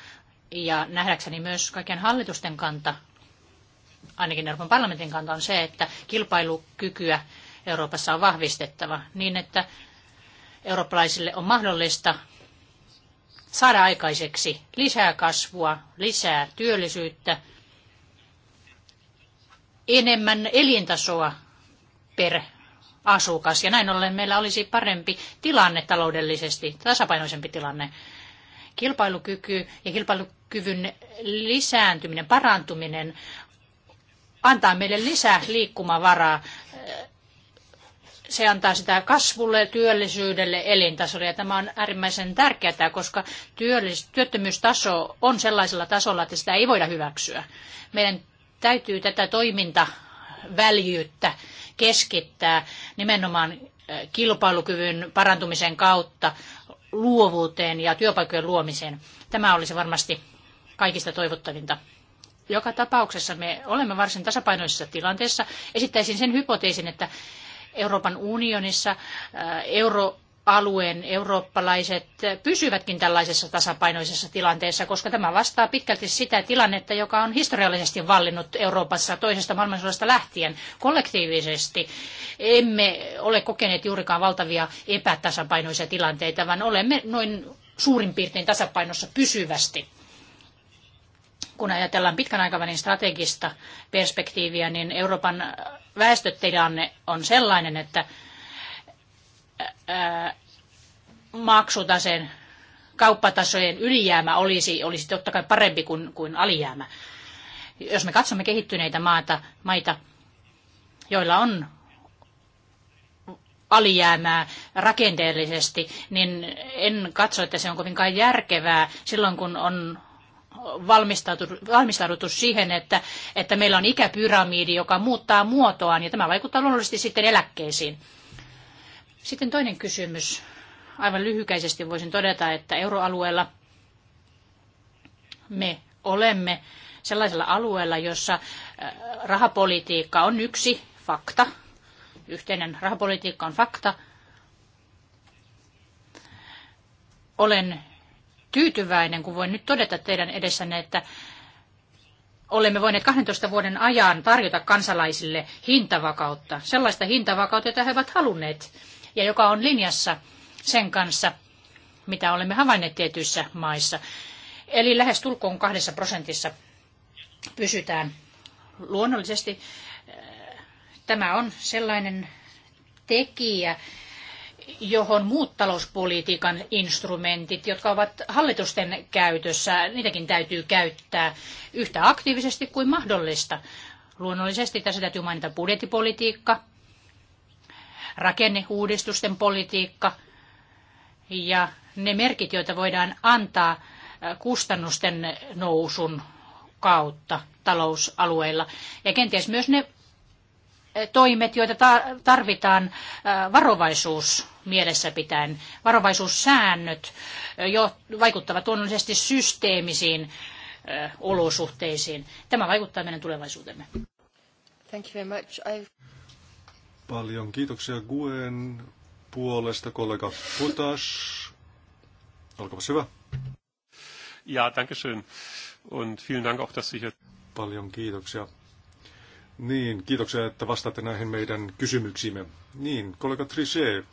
ja nähdäkseni myös kaikkien hallitusten kanta ainakin Euroopan parlamentin kanta on se, että kilpailukykyä Euroopassa on vahvistettava niin, että eurooppalaisille on mahdollista saada aikaiseksi lisää kasvua, lisää työllisyyttä, enemmän elintasoa per asukas. Ja näin ollen meillä olisi parempi tilanne taloudellisesti, tasapainoisempi tilanne. Kilpailukyky ja kilpailukyvyn lisääntyminen, parantuminen antaa meille lisää liikkumavaraa. Se antaa sitä kasvulle, työllisyydelle, elintasolle. Ja tämä on äärimmäisen tärkeää, koska työttömyystaso on sellaisella tasolla, että sitä ei voida hyväksyä. Meidän täytyy tätä toimintaväljyyttä keskittää nimenomaan kilpailukyvyn parantumisen kautta luovuuteen ja työpaikkojen luomiseen. Tämä olisi varmasti kaikista toivottavinta joka tapauksessa me olemme varsin tasapainoisessa tilanteessa. Esittäisin sen hypoteesin, että Euroopan unionissa äh, euroalueen eurooppalaiset pysyvätkin tällaisessa tasapainoisessa tilanteessa, koska tämä vastaa pitkälti sitä tilannetta, joka on historiallisesti vallinnut Euroopassa toisesta maailmansodasta lähtien. Kollektiivisesti emme ole kokeneet juurikaan valtavia epätasapainoisia tilanteita, vaan olemme noin suurin piirtein tasapainossa pysyvästi kun ajatellaan pitkän aikavälin strategista perspektiiviä, niin Euroopan väestötilanne on sellainen, että maksutaseen kauppatasojen ylijäämä olisi, olisi totta kai parempi kuin, kuin alijäämä. Jos me katsomme kehittyneitä maata, maita, joilla on alijäämää rakenteellisesti, niin en katso, että se on kovinkaan järkevää silloin, kun on valmistauduttu siihen, että, että meillä on ikäpyramidi, joka muuttaa muotoaan, ja tämä vaikuttaa luonnollisesti sitten eläkkeisiin. Sitten toinen kysymys. Aivan lyhykäisesti voisin todeta, että euroalueella me olemme sellaisella alueella, jossa äh, rahapolitiikka on yksi fakta, yhteinen rahapolitiikka on fakta. Olen tyytyväinen, kun voin nyt todeta teidän edessänne, että olemme voineet 12 vuoden ajan tarjota kansalaisille hintavakautta, sellaista hintavakautta, jota he ovat halunneet ja joka on linjassa sen kanssa, mitä olemme havainneet tietyissä maissa. Eli lähes tulkoon kahdessa prosentissa pysytään. Luonnollisesti äh, tämä on sellainen tekijä, johon muut talouspolitiikan instrumentit, jotka ovat hallitusten käytössä, niitäkin täytyy käyttää yhtä aktiivisesti kuin mahdollista. Luonnollisesti tässä täytyy mainita budjettipolitiikka, rakenneuudistusten politiikka ja ne merkit, joita voidaan antaa kustannusten nousun kautta talousalueilla. Ja kenties myös ne toimet, joita tarvitaan varovaisuus mielessä pitäen. Varovaisuussäännöt jo vaikuttavat luonnollisesti systeemisiin olosuhteisiin. Tämä vaikuttaa meidän tulevaisuutemme. Thank you very much. I've... Paljon kiitoksia Guen puolesta kollega Putas. Olkaa hyvä. Ja, danke schön. Und vielen Dank auch, dass Sie hier... Paljon kiitoksia. Niin, kiitoksia, että vastaatte näihin meidän kysymyksiimme. Niin, kollega Trichet,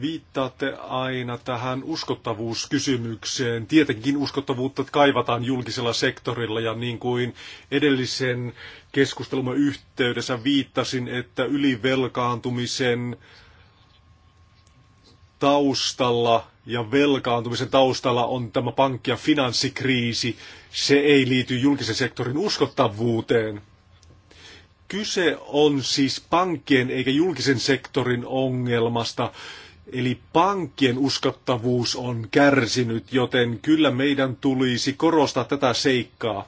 viittaatte aina tähän uskottavuuskysymykseen. Tietenkin uskottavuutta kaivataan julkisella sektorilla ja niin kuin edellisen keskustelun yhteydessä viittasin, että ylivelkaantumisen taustalla ja velkaantumisen taustalla on tämä pankki- ja finanssikriisi. Se ei liity julkisen sektorin uskottavuuteen. Kyse on siis pankkien eikä julkisen sektorin ongelmasta. Eli pankkien uskottavuus on kärsinyt, joten kyllä meidän tulisi korostaa tätä seikkaa.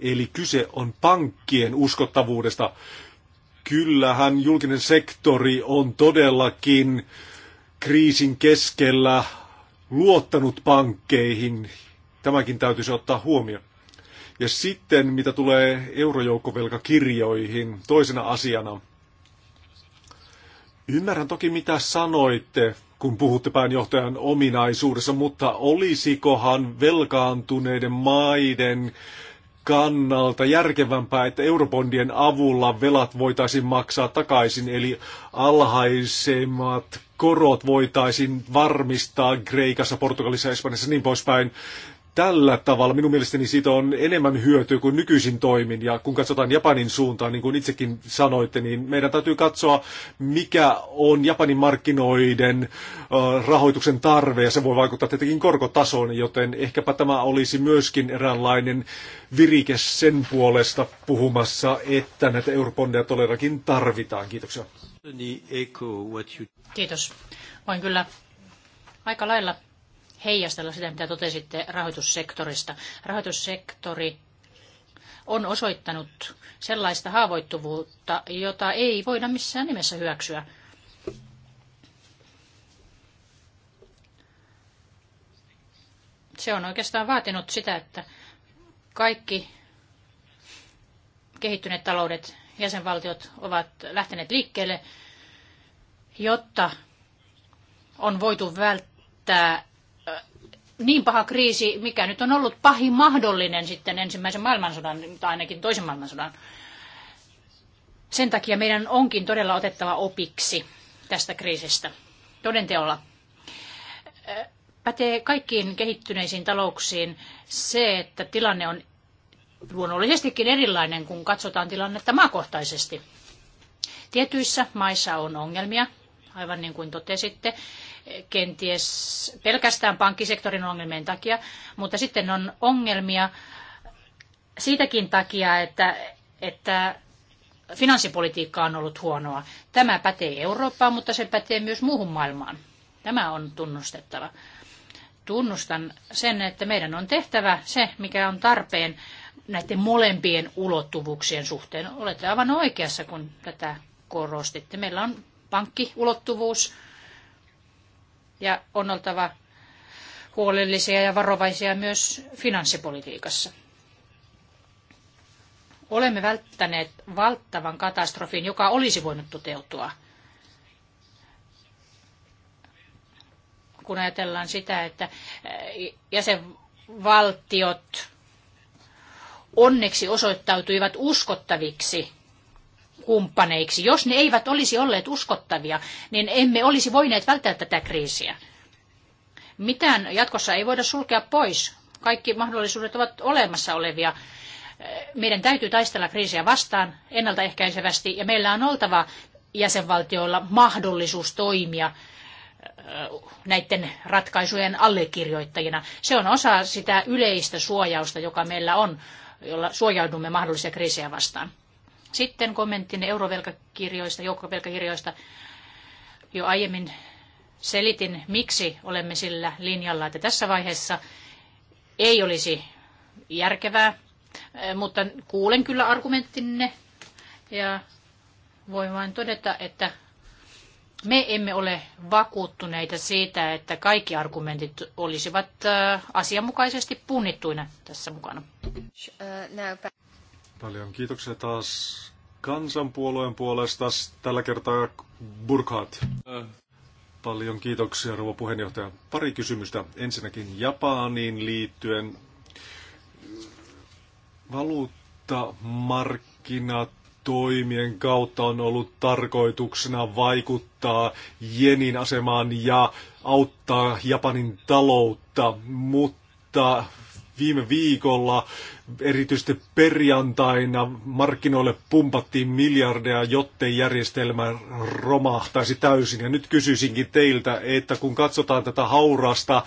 Eli kyse on pankkien uskottavuudesta. Kyllähän julkinen sektori on todellakin kriisin keskellä luottanut pankkeihin. Tämäkin täytyisi ottaa huomioon. Ja sitten, mitä tulee eurojoukkovelkakirjoihin toisena asiana. Ymmärrän toki, mitä sanoitte, kun puhutte pääjohtajan ominaisuudessa, mutta olisikohan velkaantuneiden maiden kannalta järkevämpää, että eurobondien avulla velat voitaisiin maksaa takaisin, eli alhaisemmat korot voitaisiin varmistaa Kreikassa, Portugalissa, Espanjassa ja niin poispäin, tällä tavalla minun mielestäni siitä on enemmän hyötyä kuin nykyisin toimin. Ja kun katsotaan Japanin suuntaan, niin kuin itsekin sanoitte, niin meidän täytyy katsoa, mikä on Japanin markkinoiden rahoituksen tarve. Ja se voi vaikuttaa tietenkin korkotasoon, joten ehkäpä tämä olisi myöskin eräänlainen virike sen puolesta puhumassa, että näitä eurobondeja todellakin tarvitaan. Kiitoksia. Kiitos. Voin kyllä aika lailla heijastella sitä, mitä totesitte rahoitussektorista. Rahoitussektori on osoittanut sellaista haavoittuvuutta, jota ei voida missään nimessä hyväksyä. Se on oikeastaan vaatinut sitä, että kaikki kehittyneet taloudet, jäsenvaltiot ovat lähteneet liikkeelle, jotta on voitu välttää niin paha kriisi, mikä nyt on ollut pahin mahdollinen sitten ensimmäisen maailmansodan, tai ainakin toisen maailmansodan. Sen takia meidän onkin todella otettava opiksi tästä kriisistä. Todenteolla. Pätee kaikkiin kehittyneisiin talouksiin se, että tilanne on luonnollisestikin erilainen, kun katsotaan tilannetta maakohtaisesti. Tietyissä maissa on ongelmia, aivan niin kuin totesitte kenties pelkästään pankkisektorin ongelmien takia, mutta sitten on ongelmia siitäkin takia, että, että finanssipolitiikka on ollut huonoa. Tämä pätee Eurooppaan, mutta se pätee myös muuhun maailmaan. Tämä on tunnustettava. Tunnustan sen, että meidän on tehtävä se, mikä on tarpeen näiden molempien ulottuvuuksien suhteen. Olette aivan oikeassa, kun tätä korostitte. Meillä on pankkiulottuvuus, ja on oltava huolellisia ja varovaisia myös finanssipolitiikassa. Olemme välttäneet valtavan katastrofin, joka olisi voinut toteutua. Kun ajatellaan sitä, että jäsenvaltiot onneksi osoittautuivat uskottaviksi kumppaneiksi. Jos ne eivät olisi olleet uskottavia, niin emme olisi voineet välttää tätä kriisiä. Mitään jatkossa ei voida sulkea pois. Kaikki mahdollisuudet ovat olemassa olevia. Meidän täytyy taistella kriisiä vastaan ennaltaehkäisevästi ja meillä on oltava jäsenvaltioilla mahdollisuus toimia näiden ratkaisujen allekirjoittajina. Se on osa sitä yleistä suojausta, joka meillä on, jolla suojaudumme mahdollisia kriisejä vastaan. Sitten kommenttini eurovelkakirjoista, joukkovelkakirjoista. Jo aiemmin selitin, miksi olemme sillä linjalla, että tässä vaiheessa ei olisi järkevää, eh, mutta kuulen kyllä argumenttinne ja voin vain todeta, että me emme ole vakuuttuneita siitä, että kaikki argumentit olisivat eh, asianmukaisesti punnittuina tässä mukana. Eh, Paljon kiitoksia taas kansanpuolueen puolesta. Tällä kertaa Burkhardt. Paljon kiitoksia, rouva puheenjohtaja. Pari kysymystä. Ensinnäkin Japaniin liittyen. Valuuttamarkkinat toimien kautta on ollut tarkoituksena vaikuttaa jenin asemaan ja auttaa Japanin taloutta, mutta viime viikolla, erityisesti perjantaina, markkinoille pumpattiin miljardeja, jottei järjestelmä romahtaisi täysin. Ja nyt kysyisinkin teiltä, että kun katsotaan tätä haurasta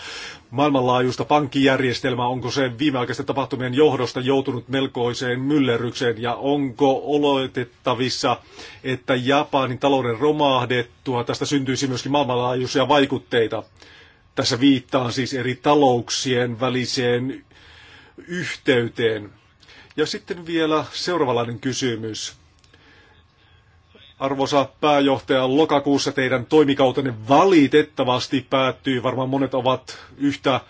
maailmanlaajuista pankkijärjestelmää, onko se viimeaikaisten tapahtumien johdosta joutunut melkoiseen myllerrykseen ja onko oletettavissa, että Japanin talouden romahdettua tästä syntyisi myöskin maailmanlaajuisia vaikutteita? Tässä viittaan siis eri talouksien väliseen yhteyteen. Ja sitten vielä seuraavalainen kysymys. Arvoisa pääjohtaja, lokakuussa teidän toimikautenne valitettavasti päättyy. Varmaan monet ovat yhtä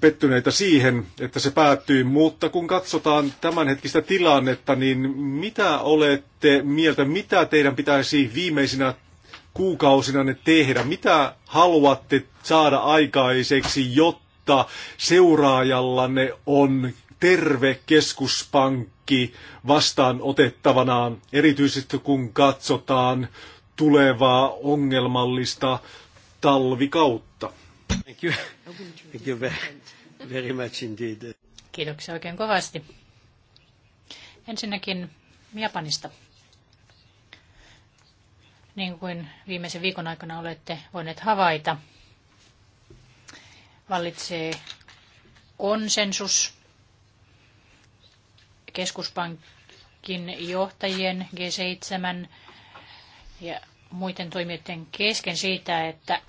pettyneitä siihen, että se päättyy, mutta kun katsotaan tämänhetkistä tilannetta, niin mitä olette mieltä, mitä teidän pitäisi viimeisinä kuukausina ne tehdä? Mitä haluatte saada aikaiseksi, jotta mutta seuraajallanne on terve keskuspankki vastaan otettavanaan, erityisesti kun katsotaan tulevaa ongelmallista talvikautta. Thank you. Thank you very much indeed. Kiitoksia oikein kovasti. Ensinnäkin Japanista. Niin kuin viimeisen viikon aikana olette voineet havaita, Vallitsee konsensus keskuspankin johtajien G7 ja muiden toimijoiden kesken siitä, että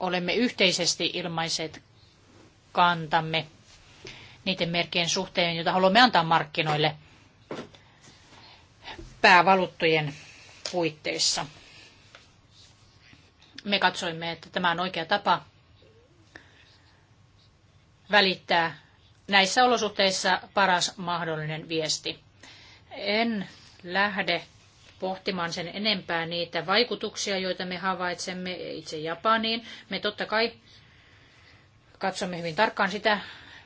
olemme yhteisesti ilmaiset kantamme niiden merkien suhteen, joita haluamme antaa markkinoille päävaluuttojen puitteissa. Me katsoimme, että tämä on oikea tapa välittää näissä olosuhteissa paras mahdollinen viesti. En lähde pohtimaan sen enempää niitä vaikutuksia, joita me havaitsemme itse Japaniin. Me totta kai katsomme hyvin tarkkaan sitä,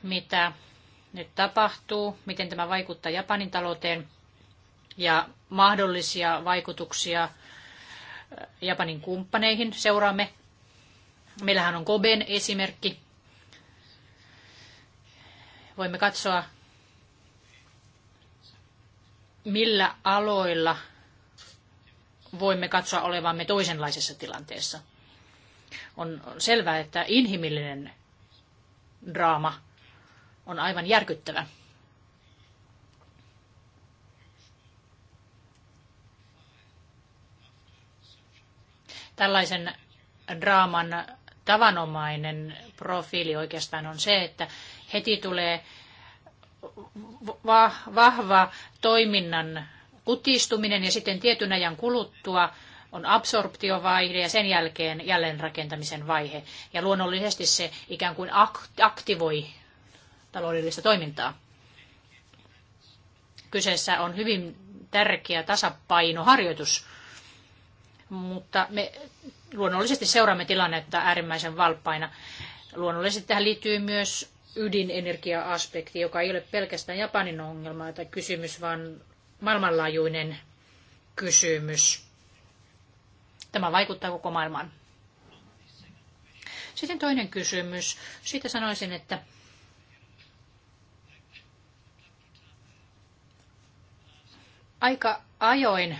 mitä nyt tapahtuu, miten tämä vaikuttaa Japanin talouteen ja mahdollisia vaikutuksia äh, Japanin kumppaneihin seuraamme. Meillähän on Koben esimerkki Voimme katsoa, millä aloilla voimme katsoa olevamme toisenlaisessa tilanteessa. On selvää, että inhimillinen draama on aivan järkyttävä. Tällaisen draaman tavanomainen profiili oikeastaan on se, että heti tulee vahva toiminnan kutistuminen ja sitten tietyn ajan kuluttua on absorptiovaihe ja sen jälkeen jälleenrakentamisen vaihe. Ja luonnollisesti se ikään kuin aktivoi taloudellista toimintaa. Kyseessä on hyvin tärkeä tasapainoharjoitus, mutta me luonnollisesti seuraamme tilannetta äärimmäisen valppaina. Luonnollisesti tähän liittyy myös ydinenergia-aspekti, joka ei ole pelkästään Japanin ongelma tai kysymys, vaan maailmanlaajuinen kysymys. Tämä vaikuttaa koko maailmaan. Sitten toinen kysymys. Siitä sanoisin, että aika ajoin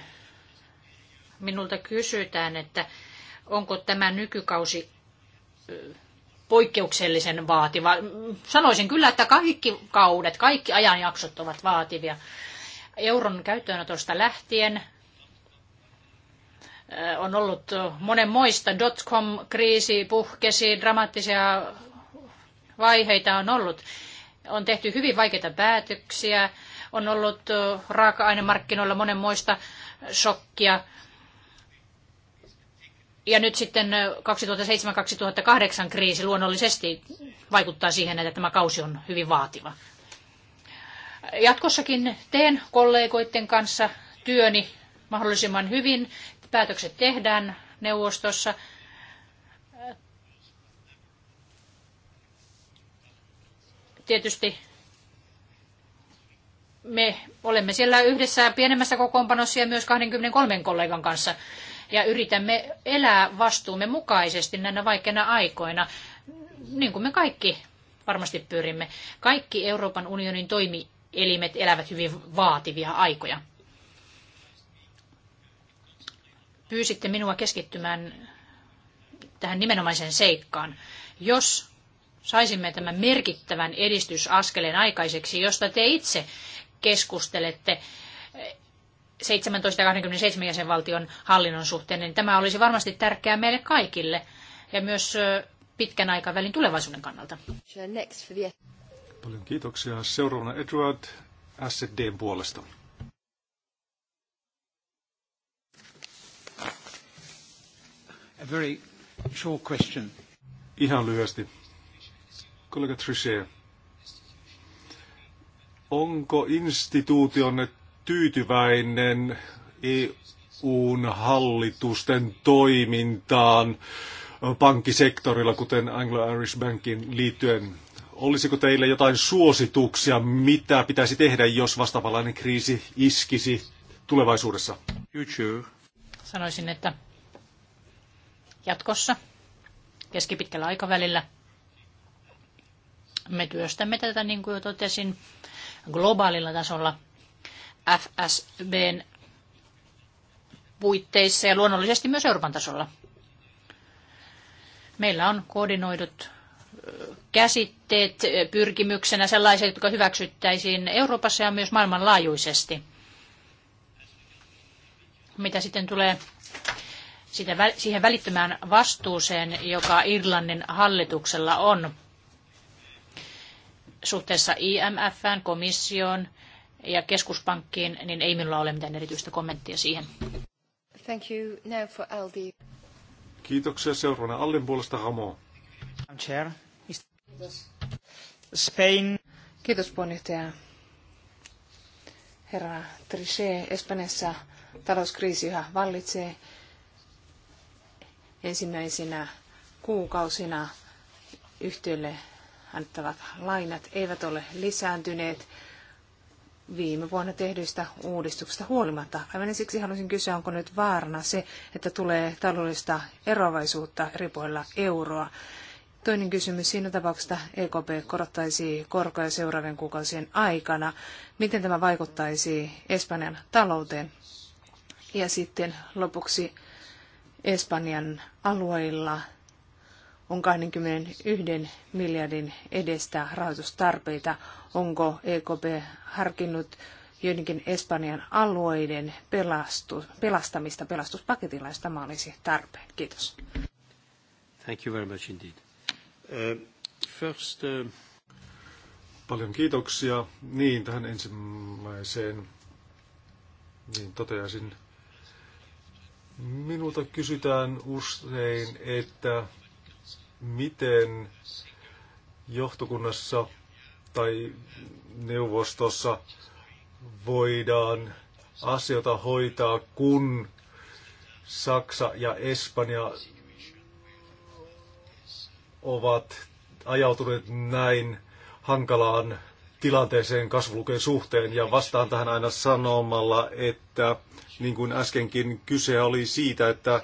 minulta kysytään, että onko tämä nykykausi poikkeuksellisen vaativa. Sanoisin kyllä, että kaikki kaudet, kaikki ajanjaksot ovat vaativia. Euron käyttöönotosta lähtien eh, on ollut monenmoista. Dotcom-kriisi puhkesi, dramaattisia vaiheita on ollut. On tehty hyvin vaikeita päätöksiä, on ollut eh, raaka-ainemarkkinoilla monenmoista shokkia ja nyt sitten 2007-2008 kriisi luonnollisesti vaikuttaa siihen, että tämä kausi on hyvin vaativa. Jatkossakin teen kollegoiden kanssa työni mahdollisimman hyvin. Päätökset tehdään neuvostossa. Tietysti me olemme siellä yhdessä pienemmässä kokoonpanossa ja myös 23 kollegan kanssa ja yritämme elää vastuumme mukaisesti näinä vaikeina aikoina, niin kuin me kaikki varmasti pyrimme. Kaikki Euroopan unionin toimielimet elävät hyvin vaativia aikoja. Pyysitte minua keskittymään tähän nimenomaiseen seikkaan. Jos saisimme tämän merkittävän edistysaskeleen aikaiseksi, josta te itse keskustelette 17 ja 27 jäsenvaltion hallinnon suhteen, niin tämä olisi varmasti tärkeää meille kaikille ja myös pitkän aikavälin tulevaisuuden kannalta. Paljon kiitoksia. Seuraavana Edward SD puolesta. A very short question. Ihan lyhyesti. Kollega Trichet, onko instituutionne tyytyväinen EUn hallitusten toimintaan pankkisektorilla, kuten Anglo-Irish Bankin liittyen. Olisiko teillä jotain suosituksia, mitä pitäisi tehdä, jos vastaavanlainen kriisi iskisi tulevaisuudessa? YouTube. Sanoisin, että jatkossa keskipitkällä aikavälillä me työstämme tätä, niin kuin jo totesin, globaalilla tasolla – FSBn puitteissa ja luonnollisesti myös Euroopan tasolla. Meillä on koordinoidut käsitteet pyrkimyksenä sellaiset, jotka hyväksyttäisiin Euroopassa ja myös maailmanlaajuisesti. Mitä sitten tulee sitä, siihen välittömään vastuuseen, joka Irlannin hallituksella on suhteessa IMFn, komission ja keskuspankkiin, niin ei minulla ole mitään erityistä kommenttia siihen. Thank you. Now for Aldi. Kiitoksia. Seuraavana Aldin puolesta Hamo. Chair. Kiitos. Spain. Kiitos puheenjohtaja. Herra Trichet, Espanjassa talouskriisi yhä vallitsee ensimmäisinä kuukausina yhtiölle annettavat lainat eivät ole lisääntyneet viime vuonna tehdyistä uudistuksista huolimatta. Aivan siksi haluaisin kysyä, onko nyt vaarana se, että tulee taloudellista eroavaisuutta eri puolilla euroa. Toinen kysymys siinä tapauksessa, EKP korottaisi korkoja seuraavien kuukausien aikana. Miten tämä vaikuttaisi Espanjan talouteen? Ja sitten lopuksi Espanjan alueilla on 21 miljardin edestä rahoitustarpeita. Onko EKP harkinnut joidenkin Espanjan alueiden pelastu, pelastamista pelastuspaketilla, jos tämä olisi tarpeen? Kiitos. Thank you very much indeed. Uh, first, uh... Paljon kiitoksia. Niin, tähän ensimmäiseen niin toteaisin, Minulta kysytään usein, että miten johtokunnassa tai neuvostossa voidaan asioita hoitaa, kun Saksa ja Espanja ovat ajautuneet näin hankalaan tilanteeseen kasvulukeen suhteen ja vastaan tähän aina sanomalla, että niin kuin äskenkin kyse oli siitä, että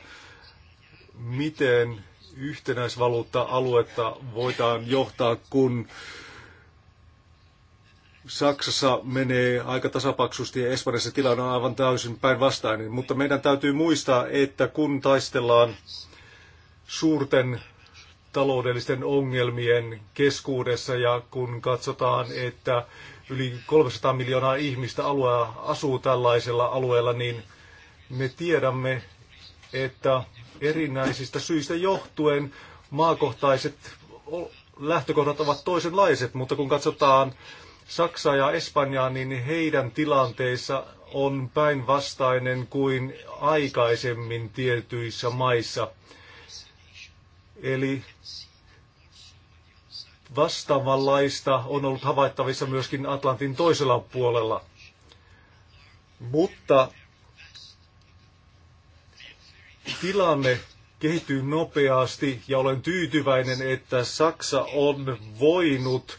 miten yhtenäisvaluutta-aluetta voidaan johtaa, kun Saksassa menee aika tasapaksusti ja Espanjassa tilanne on aivan täysin päinvastainen. Mutta meidän täytyy muistaa, että kun taistellaan suurten taloudellisten ongelmien keskuudessa ja kun katsotaan, että yli 300 miljoonaa ihmistä alueella asuu tällaisella alueella, niin me tiedämme, että erinäisistä syistä johtuen maakohtaiset lähtökohdat ovat toisenlaiset, mutta kun katsotaan Saksaa ja Espanjaa, niin heidän tilanteissa on päinvastainen kuin aikaisemmin tietyissä maissa. Eli vastaavanlaista on ollut havaittavissa myöskin Atlantin toisella puolella. Mutta tilanne kehittyy nopeasti ja olen tyytyväinen, että Saksa on voinut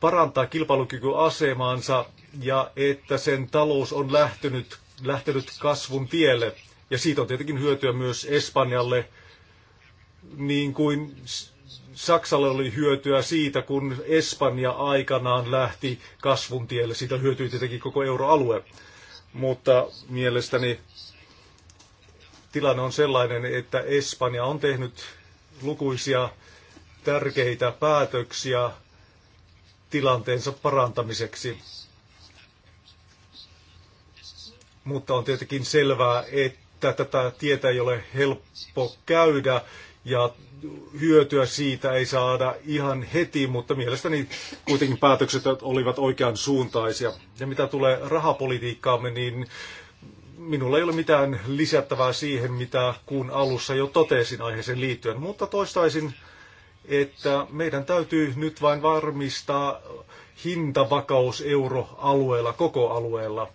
parantaa kilpailukykyasemaansa ja että sen talous on lähtenyt, lähtenyt kasvun tielle. Ja siitä on tietenkin hyötyä myös Espanjalle, niin kuin Saksalle oli hyötyä siitä, kun Espanja aikanaan lähti kasvun tielle. Siitä hyötyi tietenkin koko euroalue. Mutta mielestäni tilanne on sellainen, että Espanja on tehnyt lukuisia tärkeitä päätöksiä tilanteensa parantamiseksi. Mutta on tietenkin selvää, että tätä tietä ei ole helppo käydä ja hyötyä siitä ei saada ihan heti, mutta mielestäni kuitenkin päätökset olivat oikean suuntaisia. Ja mitä tulee rahapolitiikkaamme, niin minulla ei ole mitään lisättävää siihen, mitä kuun alussa jo totesin aiheeseen liittyen, mutta toistaisin, että meidän täytyy nyt vain varmistaa hintavakaus euroalueella, koko alueella.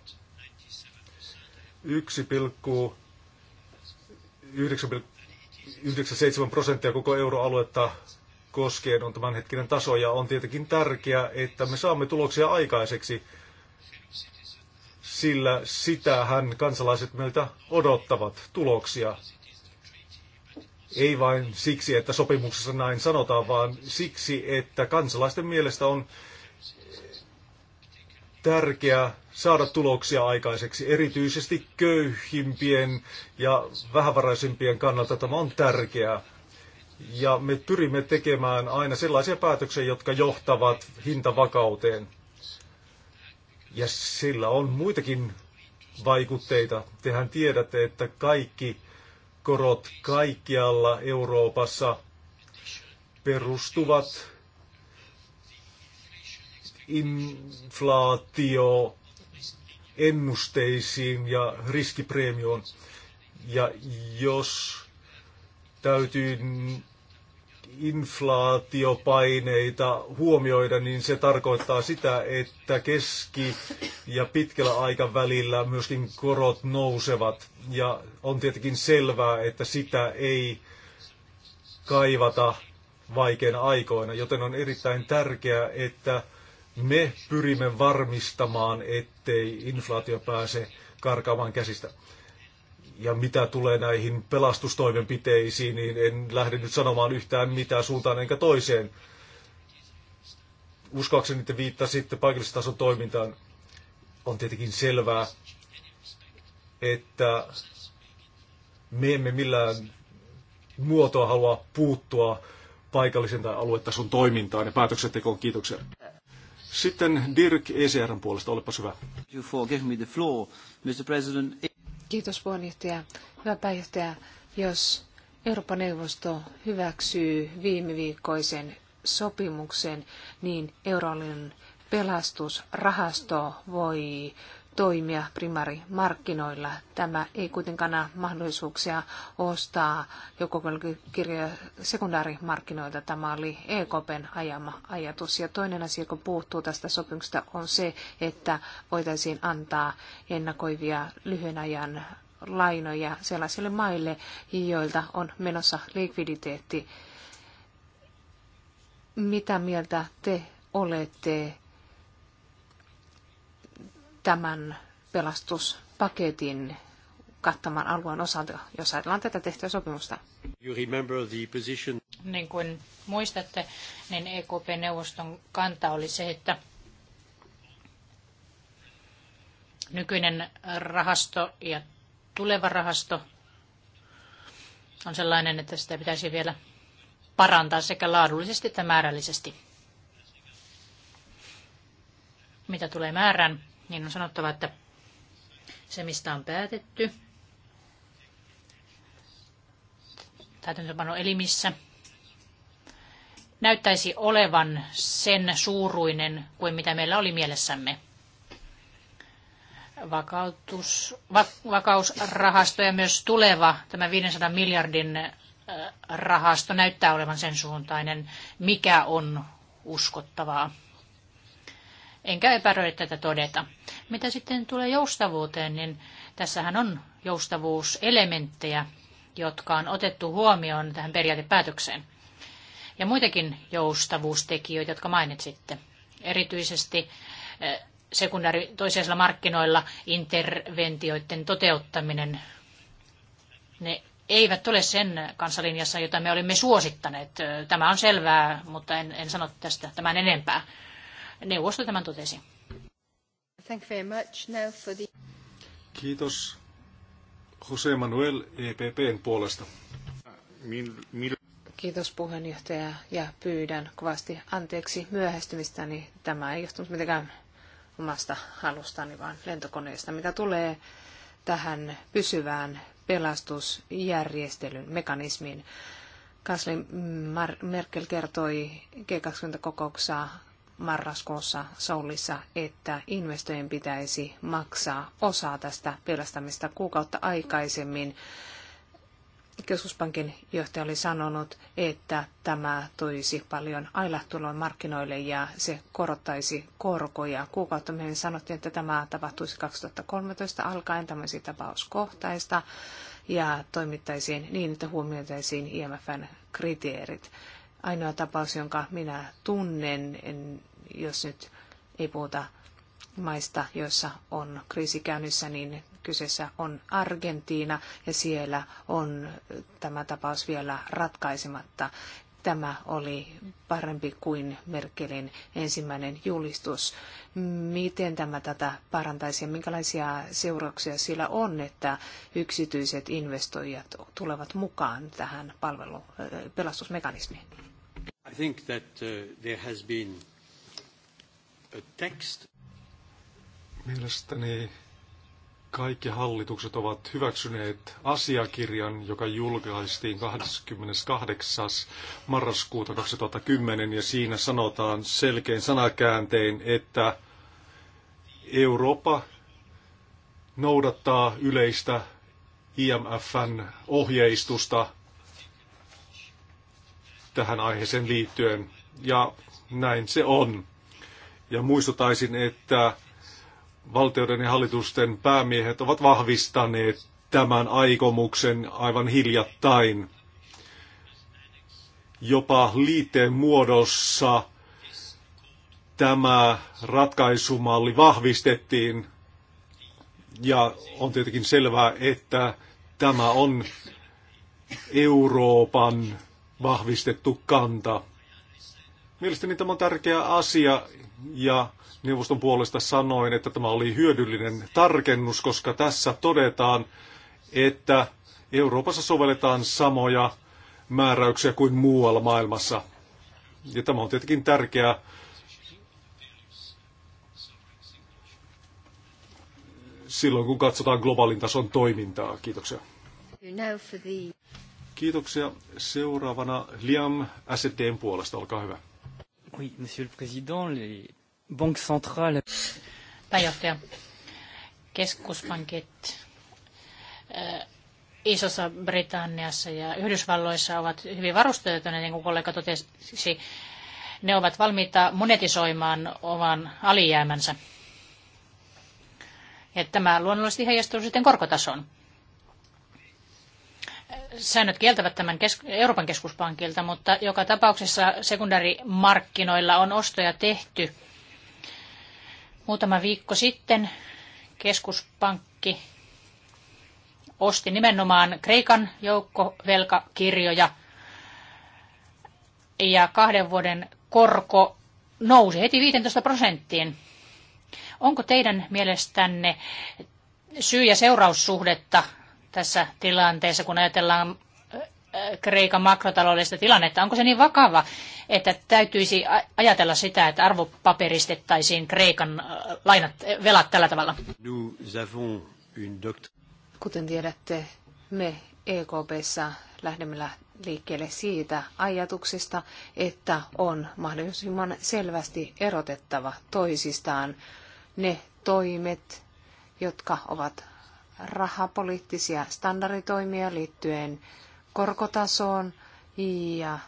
1,97 prosenttia koko euroaluetta koskien on tämänhetkinen taso ja on tietenkin tärkeää, että me saamme tuloksia aikaiseksi – sillä sitähän kansalaiset meiltä odottavat tuloksia. Ei vain siksi, että sopimuksessa näin sanotaan, vaan siksi, että kansalaisten mielestä on tärkeää saada tuloksia aikaiseksi. Erityisesti köyhimpien ja vähävaraisimpien kannalta tämä on tärkeää. Ja me pyrimme tekemään aina sellaisia päätöksiä, jotka johtavat hintavakauteen. Ja sillä on muitakin vaikutteita. Tehän tiedätte, että kaikki korot kaikkialla Euroopassa perustuvat inflaatio ennusteisiin ja riskipreemioon. Ja jos täytyy inflaatiopaineita huomioida, niin se tarkoittaa sitä, että keski- ja pitkällä aikavälillä myöskin korot nousevat. Ja on tietenkin selvää, että sitä ei kaivata vaikeina aikoina, joten on erittäin tärkeää, että me pyrimme varmistamaan, ettei inflaatio pääse karkaamaan käsistä. Ja mitä tulee näihin pelastustoimenpiteisiin, niin en lähde nyt sanomaan yhtään mitään suuntaan enkä toiseen. Uskoakseni te viittasitte paikallistason toimintaan. On tietenkin selvää, että me emme millään muotoa halua puuttua paikallisen tai aluetason toimintaan ja päätöksentekoon. Kiitoksia. Sitten Dirk ECRn puolesta, olepas hyvä. You me the floor, Mr. President. Kiitos puheenjohtaja. Hyvä pääjohtaja, jos Euroopan neuvosto hyväksyy viime viikkoisen sopimuksen, niin euroalueen pelastusrahasto voi toimia primarimarkkinoilla. Tämä ei kuitenkaan anna mahdollisuuksia ostaa joukkovelkakirjoja sekundaarimarkkinoilta. Tämä oli EKPn ajama ajatus. Ja toinen asia, joka puuttuu tästä sopimuksesta, on se, että voitaisiin antaa ennakoivia lyhyen ajan lainoja sellaisille maille, joilta on menossa likviditeetti. Mitä mieltä te olette tämän pelastuspaketin kattaman alueen osalta, jos ajatellaan tätä tehtyä sopimusta. Niin kuin muistatte, niin EKP-neuvoston kanta oli se, että nykyinen rahasto ja tuleva rahasto on sellainen, että sitä pitäisi vielä parantaa sekä laadullisesti että määrällisesti. Mitä tulee määrään, niin on sanottava, että se mistä on päätetty täytäntöpano elimissä näyttäisi olevan sen suuruinen kuin mitä meillä oli mielessämme. Vakautus, va, vakausrahasto ja myös tuleva tämä 500 miljardin rahasto näyttää olevan sen suuntainen, mikä on uskottavaa enkä epäröi tätä todeta. Mitä sitten tulee joustavuuteen, niin tässähän on joustavuuselementtejä, jotka on otettu huomioon tähän periaatepäätökseen. Ja muitakin joustavuustekijöitä, jotka mainitsitte. Erityisesti eh, sekundaari toisella markkinoilla interventioiden toteuttaminen. Ne eivät ole sen kansalinjassa, jota me olimme suosittaneet. Eh, tämä on selvää, mutta en, en sano tästä tämän enempää neuvosto tämän totesi. Thank very much now for the... Kiitos Jose Manuel EPPn puolesta. Kiitos puheenjohtaja ja pyydän kovasti anteeksi myöhästymistäni. Tämä ei johtunut mitenkään omasta halustani, vaan lentokoneesta, mitä tulee tähän pysyvään pelastusjärjestelyn mekanismiin. Kansli Merkel kertoi G20-kokouksessa marraskuussa Soulissa, että investojen pitäisi maksaa osa tästä pelastamista kuukautta aikaisemmin. Keskuspankin johtaja oli sanonut, että tämä toisi paljon ailahtuloa markkinoille ja se korottaisi korkoja. Kuukautta myöhemmin sanottiin, että tämä tapahtuisi 2013 alkaen, tämä olisi tapauskohtaista ja toimittaisiin niin, että huomioitaisiin IMFn kriteerit ainoa tapaus, jonka minä tunnen, en, jos nyt ei puhuta maista, joissa on kriisi käynnissä, niin kyseessä on Argentiina ja siellä on tämä tapaus vielä ratkaisematta. Tämä oli parempi kuin Merkelin ensimmäinen julistus. Miten tämä tätä parantaisi ja minkälaisia seurauksia sillä on, että yksityiset investoijat tulevat mukaan tähän palvelu- äh, pelastusmekanismiin? I think that uh, there has been a text. Mielestäni kaikki hallitukset ovat hyväksyneet asiakirjan, joka julkaistiin 28. marraskuuta 2010, ja siinä sanotaan selkein sanakääntein, että Eurooppa noudattaa yleistä IMFn ohjeistusta – tähän aiheeseen liittyen. Ja näin se on. Ja muistutaisin, että valtioiden ja hallitusten päämiehet ovat vahvistaneet tämän aikomuksen aivan hiljattain. Jopa liitteen muodossa tämä ratkaisumalli vahvistettiin ja on tietenkin selvää, että tämä on Euroopan vahvistettu kanta. Mielestäni tämä on tärkeä asia ja neuvoston puolesta sanoin, että tämä oli hyödyllinen tarkennus, koska tässä todetaan, että Euroopassa sovelletaan samoja määräyksiä kuin muualla maailmassa. Ja tämä on tietenkin tärkeää silloin, kun katsotaan globaalin tason toimintaa. Kiitoksia. Kiitoksia. Seuraavana Liam SDn puolesta, olkaa hyvä. Oui, monsieur le président, les banques centrales... Pääjohtaja, keskuspankit eh, Isossa Britanniassa ja Yhdysvalloissa ovat hyvin varustautuneet, niin kuin kollega totesi. Ne ovat valmiita monetisoimaan oman alijäämänsä. Ja tämä luonnollisesti heijastuu sitten korkotason säännöt kieltävät tämän kesk- Euroopan keskuspankilta, mutta joka tapauksessa sekundärimarkkinoilla on ostoja tehty. Muutama viikko sitten keskuspankki osti nimenomaan Kreikan joukkovelkakirjoja ja kahden vuoden korko nousi heti 15 prosenttiin. Onko teidän mielestänne syy- ja seuraussuhdetta tässä tilanteessa, kun ajatellaan Kreikan makrotaloudellista tilannetta. Onko se niin vakava, että täytyisi ajatella sitä, että arvopaperistettaisiin Kreikan lainat, velat tällä tavalla? Kuten tiedätte, me EKPssä lähdemme liikkeelle siitä ajatuksesta, että on mahdollisimman selvästi erotettava toisistaan ne toimet, jotka ovat rahapoliittisia standarditoimia liittyen korkotasoon ja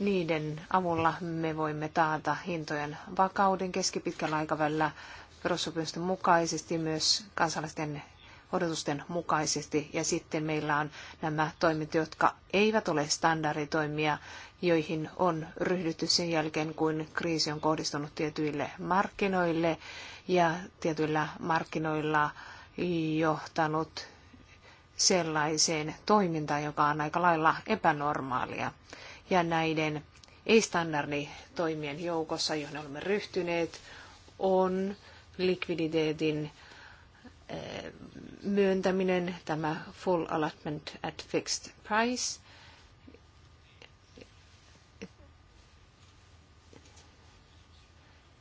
niiden avulla me voimme taata hintojen vakauden keskipitkällä aikavälillä perussopimusten mukaisesti myös kansalaisten odotusten mukaisesti. Ja sitten meillä on nämä toimet, jotka eivät ole standarditoimia, joihin on ryhdytty sen jälkeen, kun kriisi on kohdistunut tietyille markkinoille ja tietyillä markkinoilla johtanut sellaiseen toimintaan, joka on aika lailla epänormaalia. Ja näiden ei-standarditoimien joukossa, johon olemme ryhtyneet, on likviditeetin eh, myöntäminen, tämä full allotment at fixed price.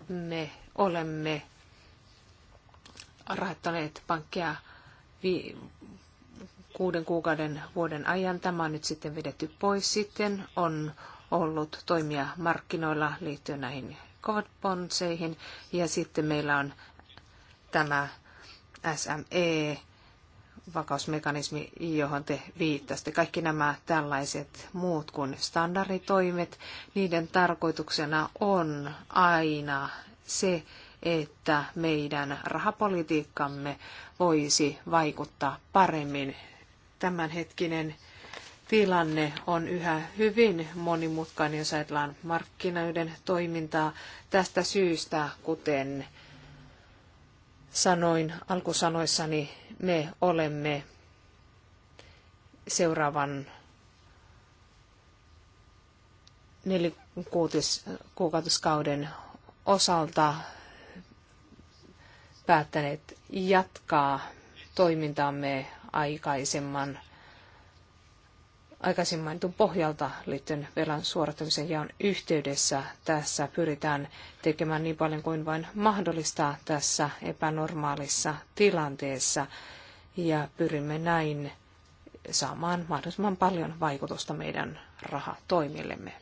Me olemme rahoittaneet pankkia vi- kuuden kuukauden vuoden ajan. Tämä on nyt sitten vedetty pois. Sitten on ollut toimia markkinoilla liittyen näihin bondseihin Ja sitten meillä on tämä SME, vakausmekanismi, johon te viittasitte. Kaikki nämä tällaiset muut kuin standarditoimet, niiden tarkoituksena on aina se, että meidän rahapolitiikkamme voisi vaikuttaa paremmin. Tämänhetkinen tilanne on yhä hyvin monimutkainen, jos ajatellaan markkinoiden toimintaa tästä syystä, kuten sanoin alkusanoissani, me olemme seuraavan nelikuukautiskauden osalta päättäneet jatkaa toimintaamme aikaisemman aikaisemmin mainitun pohjalta liittyen velan suorittamisen jaon yhteydessä. Tässä pyritään tekemään niin paljon kuin vain mahdollista tässä epänormaalissa tilanteessa ja pyrimme näin saamaan mahdollisimman paljon vaikutusta meidän rahatoimillemme.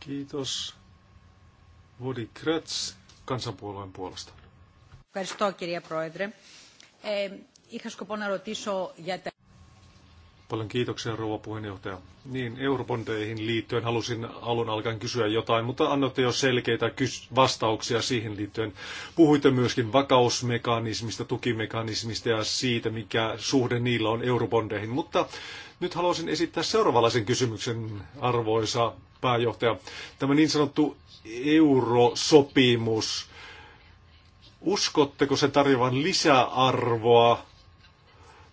Kiitos. Vodi Kratz kansanpuolueen puolesta. Ευχαριστώ, κυρία Πρόεδρε. Ε, είχα σκοπό να ρωτήσω για τα... Paljon kiitoksia, rouva puheenjohtaja. Niin, eurobondeihin liittyen halusin alun alkaen kysyä jotain, mutta annoitte jo selkeitä vastauksia siihen liittyen. Puhuitte myöskin vakausmekanismista, tukimekanismista ja siitä, mikä suhde niillä on eurobondeihin. Mutta nyt haluaisin esittää seuraavanlaisen kysymyksen, arvoisa pääjohtaja. Tämä niin sanottu eurosopimus, uskotteko se tarjoavan lisäarvoa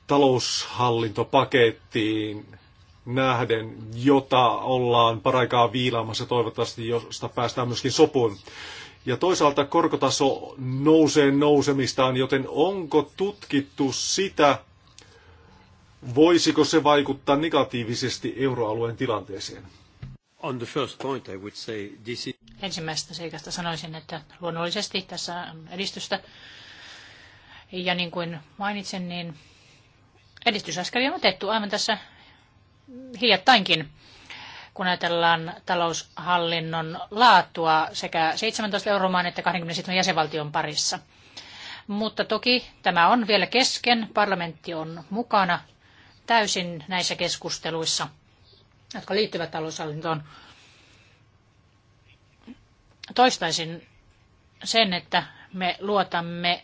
taloushallintopakettiin nähden, jota ollaan paraikaa viilaamassa toivottavasti, josta päästään myöskin sopuun. Ja toisaalta korkotaso nousee nousemistaan, joten onko tutkittu sitä, voisiko se vaikuttaa negatiivisesti euroalueen tilanteeseen? On the first point, I would say this is... Ensimmäisestä seikasta sanoisin, että luonnollisesti tässä on edistystä. Ja niin kuin mainitsin, niin edistysaskelia on otettu aivan tässä hiljattainkin, kun ajatellaan taloushallinnon laatua sekä 17 euromaan että 27 jäsenvaltion parissa. Mutta toki tämä on vielä kesken. Parlamentti on mukana täysin näissä keskusteluissa, jotka liittyvät taloushallintoon. Toistaisin sen, että me luotamme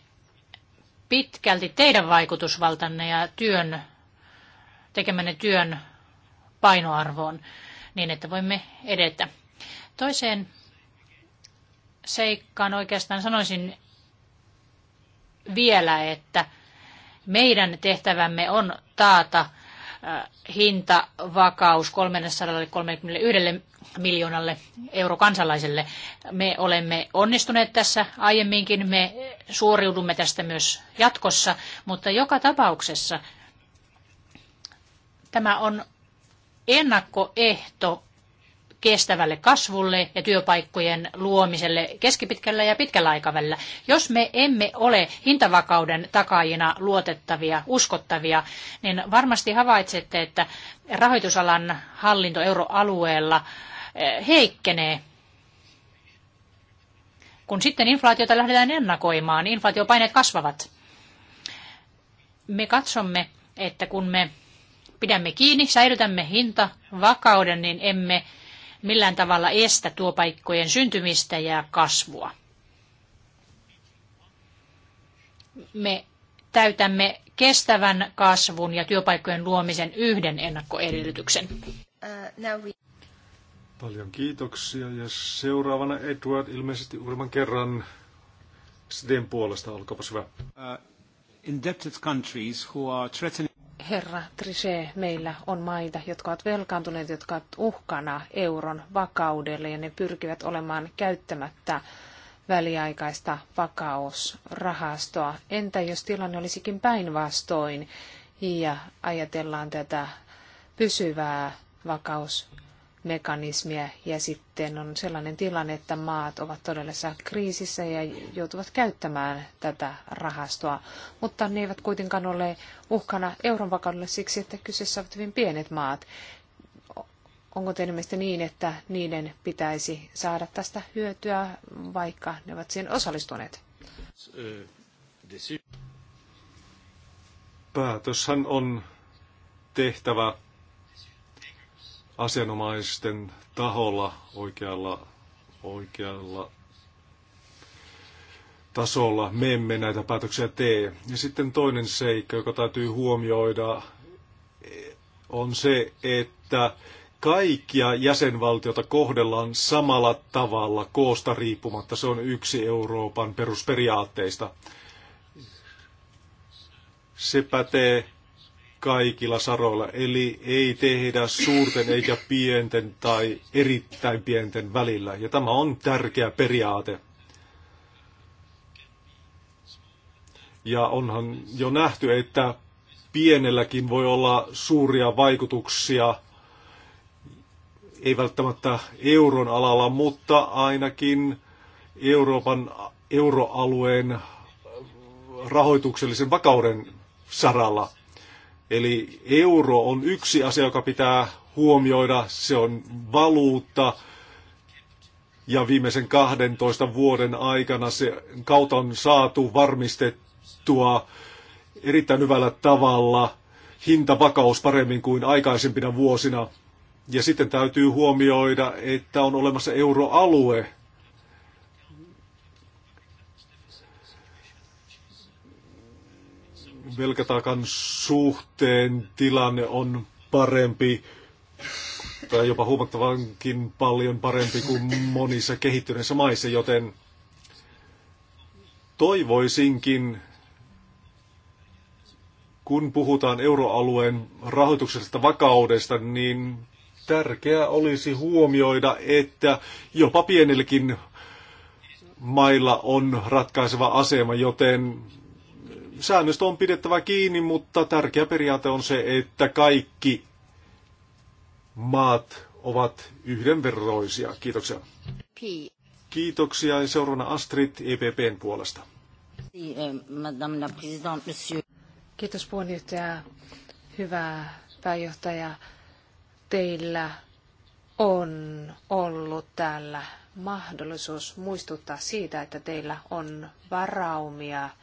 pitkälti teidän vaikutusvaltanne ja työn, tekemänne työn painoarvoon niin, että voimme edetä. Toiseen seikkaan oikeastaan sanoisin vielä, että meidän tehtävämme on taata äh, hintavakaus 331 miljoonalle eurokansalaiselle. Me olemme onnistuneet tässä aiemminkin, me suoriudumme tästä myös jatkossa, mutta joka tapauksessa tämä on ennakkoehto kestävälle kasvulle ja työpaikkojen luomiselle keskipitkällä ja pitkällä aikavälillä. Jos me emme ole hintavakauden takaajina luotettavia, uskottavia, niin varmasti havaitsette, että rahoitusalan hallinto euroalueella Eh, heikkenee. Kun sitten inflaatiota lähdetään ennakoimaan, niin inflaatiopaineet kasvavat. Me katsomme, että kun me pidämme kiinni, säilytämme hinta, vakauden, niin emme millään tavalla estä tuopaikkojen syntymistä ja kasvua. Me täytämme kestävän kasvun ja työpaikkojen luomisen yhden ennakkoedellytyksen. Uh, Paljon kiitoksia ja seuraavana Edward ilmeisesti uudemman kerran Sitten puolesta, olkaapas hyvä. Uh, Herra Trichet, meillä on maita, jotka ovat velkaantuneet, jotka ovat uhkana euron vakaudelle ja ne pyrkivät olemaan käyttämättä väliaikaista vakausrahastoa. Entä jos tilanne olisikin päinvastoin ja ajatellaan tätä pysyvää vakaus mekanismia ja sitten on sellainen tilanne, että maat ovat todellisessa kriisissä ja joutuvat käyttämään tätä rahastoa, mutta ne eivät kuitenkaan ole uhkana euron vakaudelle siksi, että kyseessä ovat hyvin pienet maat. Onko teidän mielestä niin, että niiden pitäisi saada tästä hyötyä, vaikka ne ovat siihen osallistuneet? Päätöshän on tehtävä asianomaisten taholla oikealla, oikealla tasolla. Me emme näitä päätöksiä tee. Ja sitten toinen seikka, joka täytyy huomioida, on se, että kaikkia jäsenvaltiota kohdellaan samalla tavalla koosta riippumatta. Se on yksi Euroopan perusperiaatteista. Se pätee kaikilla saroilla, eli ei tehdä suurten eikä pienten tai erittäin pienten välillä. Ja tämä on tärkeä periaate. Ja onhan jo nähty, että pienelläkin voi olla suuria vaikutuksia, ei välttämättä euron alalla, mutta ainakin Euroopan euroalueen rahoituksellisen vakauden saralla. Eli euro on yksi asia, joka pitää huomioida. Se on valuutta ja viimeisen 12 vuoden aikana se kautta on saatu varmistettua erittäin hyvällä tavalla hintavakaus paremmin kuin aikaisempina vuosina. Ja sitten täytyy huomioida, että on olemassa euroalue, velkataakan suhteen tilanne on parempi tai jopa huomattavankin paljon parempi kuin monissa kehittyneissä maissa, joten toivoisinkin, kun puhutaan euroalueen rahoituksesta vakaudesta, niin tärkeää olisi huomioida, että jopa pienilläkin mailla on ratkaiseva asema, joten säännöstä on pidettävä kiinni, mutta tärkeä periaate on se, että kaikki maat ovat yhdenveroisia. Kiitoksia. P. Kiitoksia ja seuraavana Astrid EPPn puolesta. Eh, Kiitos puheenjohtaja. Hyvä pääjohtaja. Teillä on ollut täällä mahdollisuus muistuttaa siitä, että teillä on varaumia –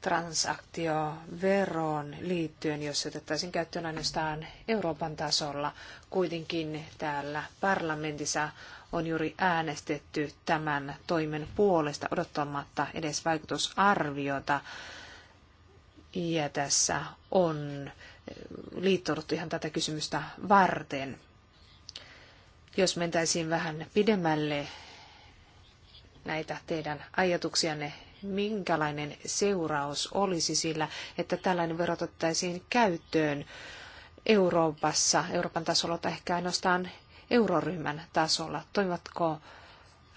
transaktioveroon liittyen, jos se otettaisiin käyttöön ainoastaan Euroopan tasolla. Kuitenkin täällä parlamentissa on juuri äänestetty tämän toimen puolesta odottamatta edes vaikutusarviota. Ja tässä on liittouduttu ihan tätä kysymystä varten. Jos mentäisiin vähän pidemmälle näitä teidän ajatuksianne minkälainen seuraus olisi sillä, että tällainen vero otettaisiin käyttöön Euroopassa, Euroopan tasolla tai ehkä ainoastaan euroryhmän tasolla. Toimivatko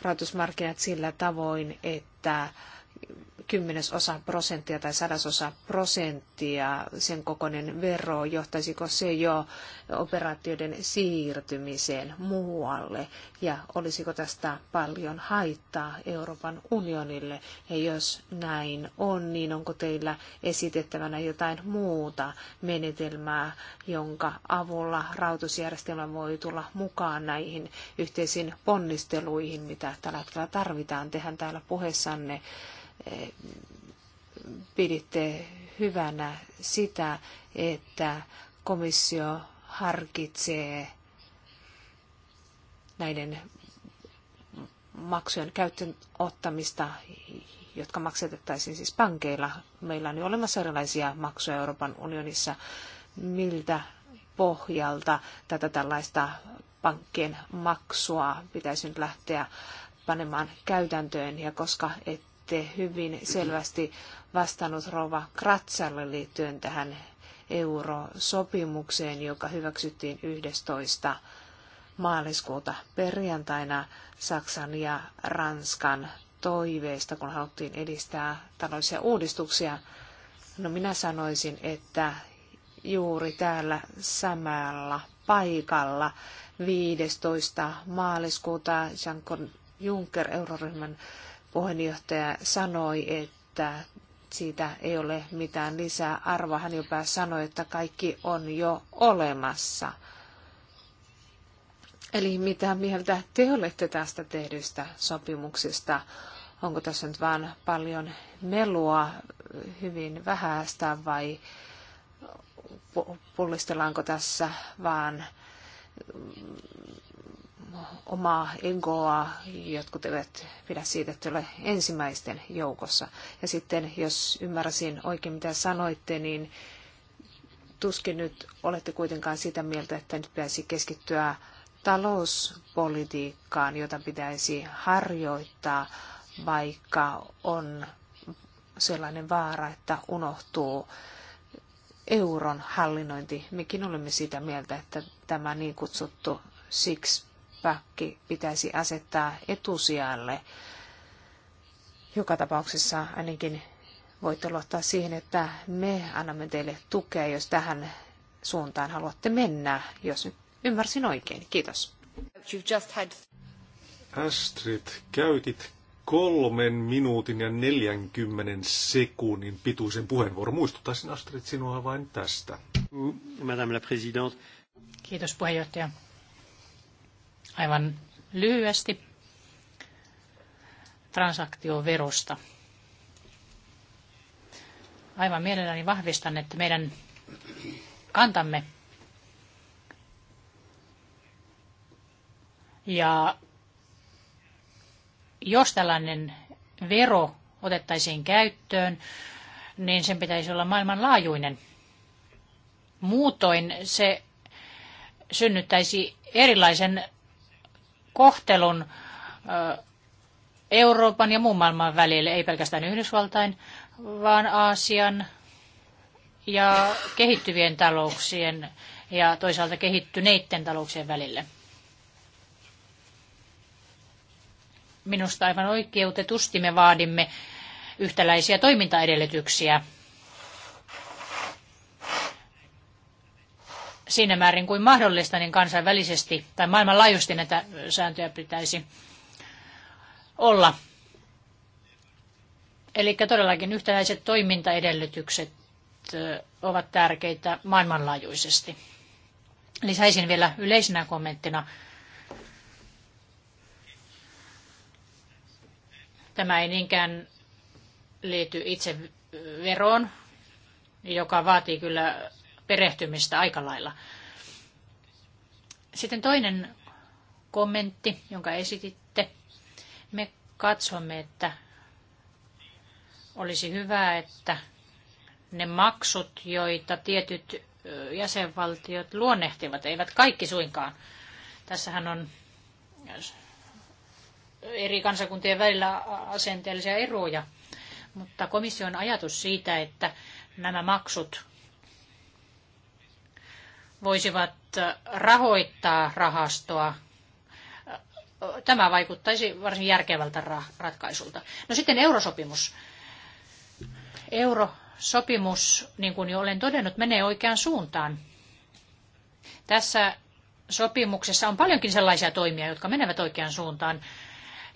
rahoitusmarkkinat sillä tavoin, että kymmenesosa prosenttia tai sadasosa prosenttia sen kokoinen vero, johtaisiko se jo operaatioiden siirtymiseen muualle ja olisiko tästä paljon haittaa Euroopan unionille ja jos näin on, niin onko teillä esitettävänä jotain muuta menetelmää, jonka avulla rautusjärjestelmä voi tulla mukaan näihin yhteisiin ponnisteluihin, mitä tällä hetkellä tarvitaan. Tehän täällä puheessanne piditte hyvänä sitä, että komissio harkitsee näiden maksujen käyttöön ottamista, jotka maksetettaisiin siis pankeilla. Meillä on jo olemassa erilaisia maksuja Euroopan unionissa. Miltä pohjalta tätä tällaista pankkien maksua pitäisi nyt lähteä panemaan käytäntöön ja koska et olette hyvin selvästi vastannut Rova Kratsalle liittyen tähän eurosopimukseen, joka hyväksyttiin 11 maaliskuuta perjantaina Saksan ja Ranskan toiveesta, kun haluttiin edistää taloudellisia uudistuksia. No minä sanoisin, että juuri täällä samalla paikalla 15. maaliskuuta Jean Juncker euroryhmän puheenjohtaja sanoi, että siitä ei ole mitään lisää arvoa. Hän jopa sanoi, että kaikki on jo olemassa. Eli mitä mieltä te olette tästä tehdystä sopimuksesta? Onko tässä nyt vaan paljon melua, hyvin vähäistä vai pullistellaanko tässä vaan omaa egoa, jotkut eivät pidä siitä, että ole ensimmäisten joukossa. Ja sitten, jos ymmärsin oikein mitä sanoitte, niin tuskin nyt olette kuitenkaan sitä mieltä, että nyt pitäisi keskittyä talouspolitiikkaan, jota pitäisi harjoittaa, vaikka on sellainen vaara, että unohtuu euron hallinnointi. Mekin olemme sitä mieltä, että tämä niin kutsuttu six pakki pitäisi asettaa etusijalle. Joka tapauksessa ainakin voitte luottaa siihen, että me annamme teille tukea, jos tähän suuntaan haluatte mennä, jos nyt ymmärsin oikein. Kiitos. Astrid, käytit kolmen minuutin ja 40 sekunnin pituisen puheenvuoron. Muistuttaisin Astrid sinua vain tästä. Madame la Présidente. Kiitos puheenjohtaja. Aivan lyhyesti transaktioverosta. Aivan mielelläni vahvistan, että meidän kantamme ja jos tällainen vero otettaisiin käyttöön, niin sen pitäisi olla maailmanlaajuinen. Muutoin se synnyttäisi erilaisen kohtelun Euroopan ja muun maailman välille, ei pelkästään Yhdysvaltain, vaan Aasian ja kehittyvien talouksien ja toisaalta kehittyneiden talouksien välille. Minusta aivan oikeutetusti me vaadimme yhtäläisiä toimintaedellytyksiä siinä määrin kuin mahdollista, niin kansainvälisesti tai maailmanlaajuisesti näitä sääntöjä pitäisi olla. Eli todellakin yhtäläiset toimintaedellytykset ovat tärkeitä maailmanlaajuisesti. Lisäisin vielä yleisenä kommenttina. Tämä ei niinkään liity itse veroon, joka vaatii kyllä perehtymistä aika lailla. Sitten toinen kommentti, jonka esititte. Me katsomme, että olisi hyvä, että ne maksut, joita tietyt jäsenvaltiot luonnehtivat, eivät kaikki suinkaan. Tässähän on eri kansakuntien välillä asenteellisia eroja, mutta komission ajatus siitä, että nämä maksut voisivat rahoittaa rahastoa. Tämä vaikuttaisi varsin järkevältä ratkaisulta. No sitten eurosopimus. Eurosopimus, niin kuin jo olen todennut, menee oikeaan suuntaan. Tässä sopimuksessa on paljonkin sellaisia toimia, jotka menevät oikeaan suuntaan.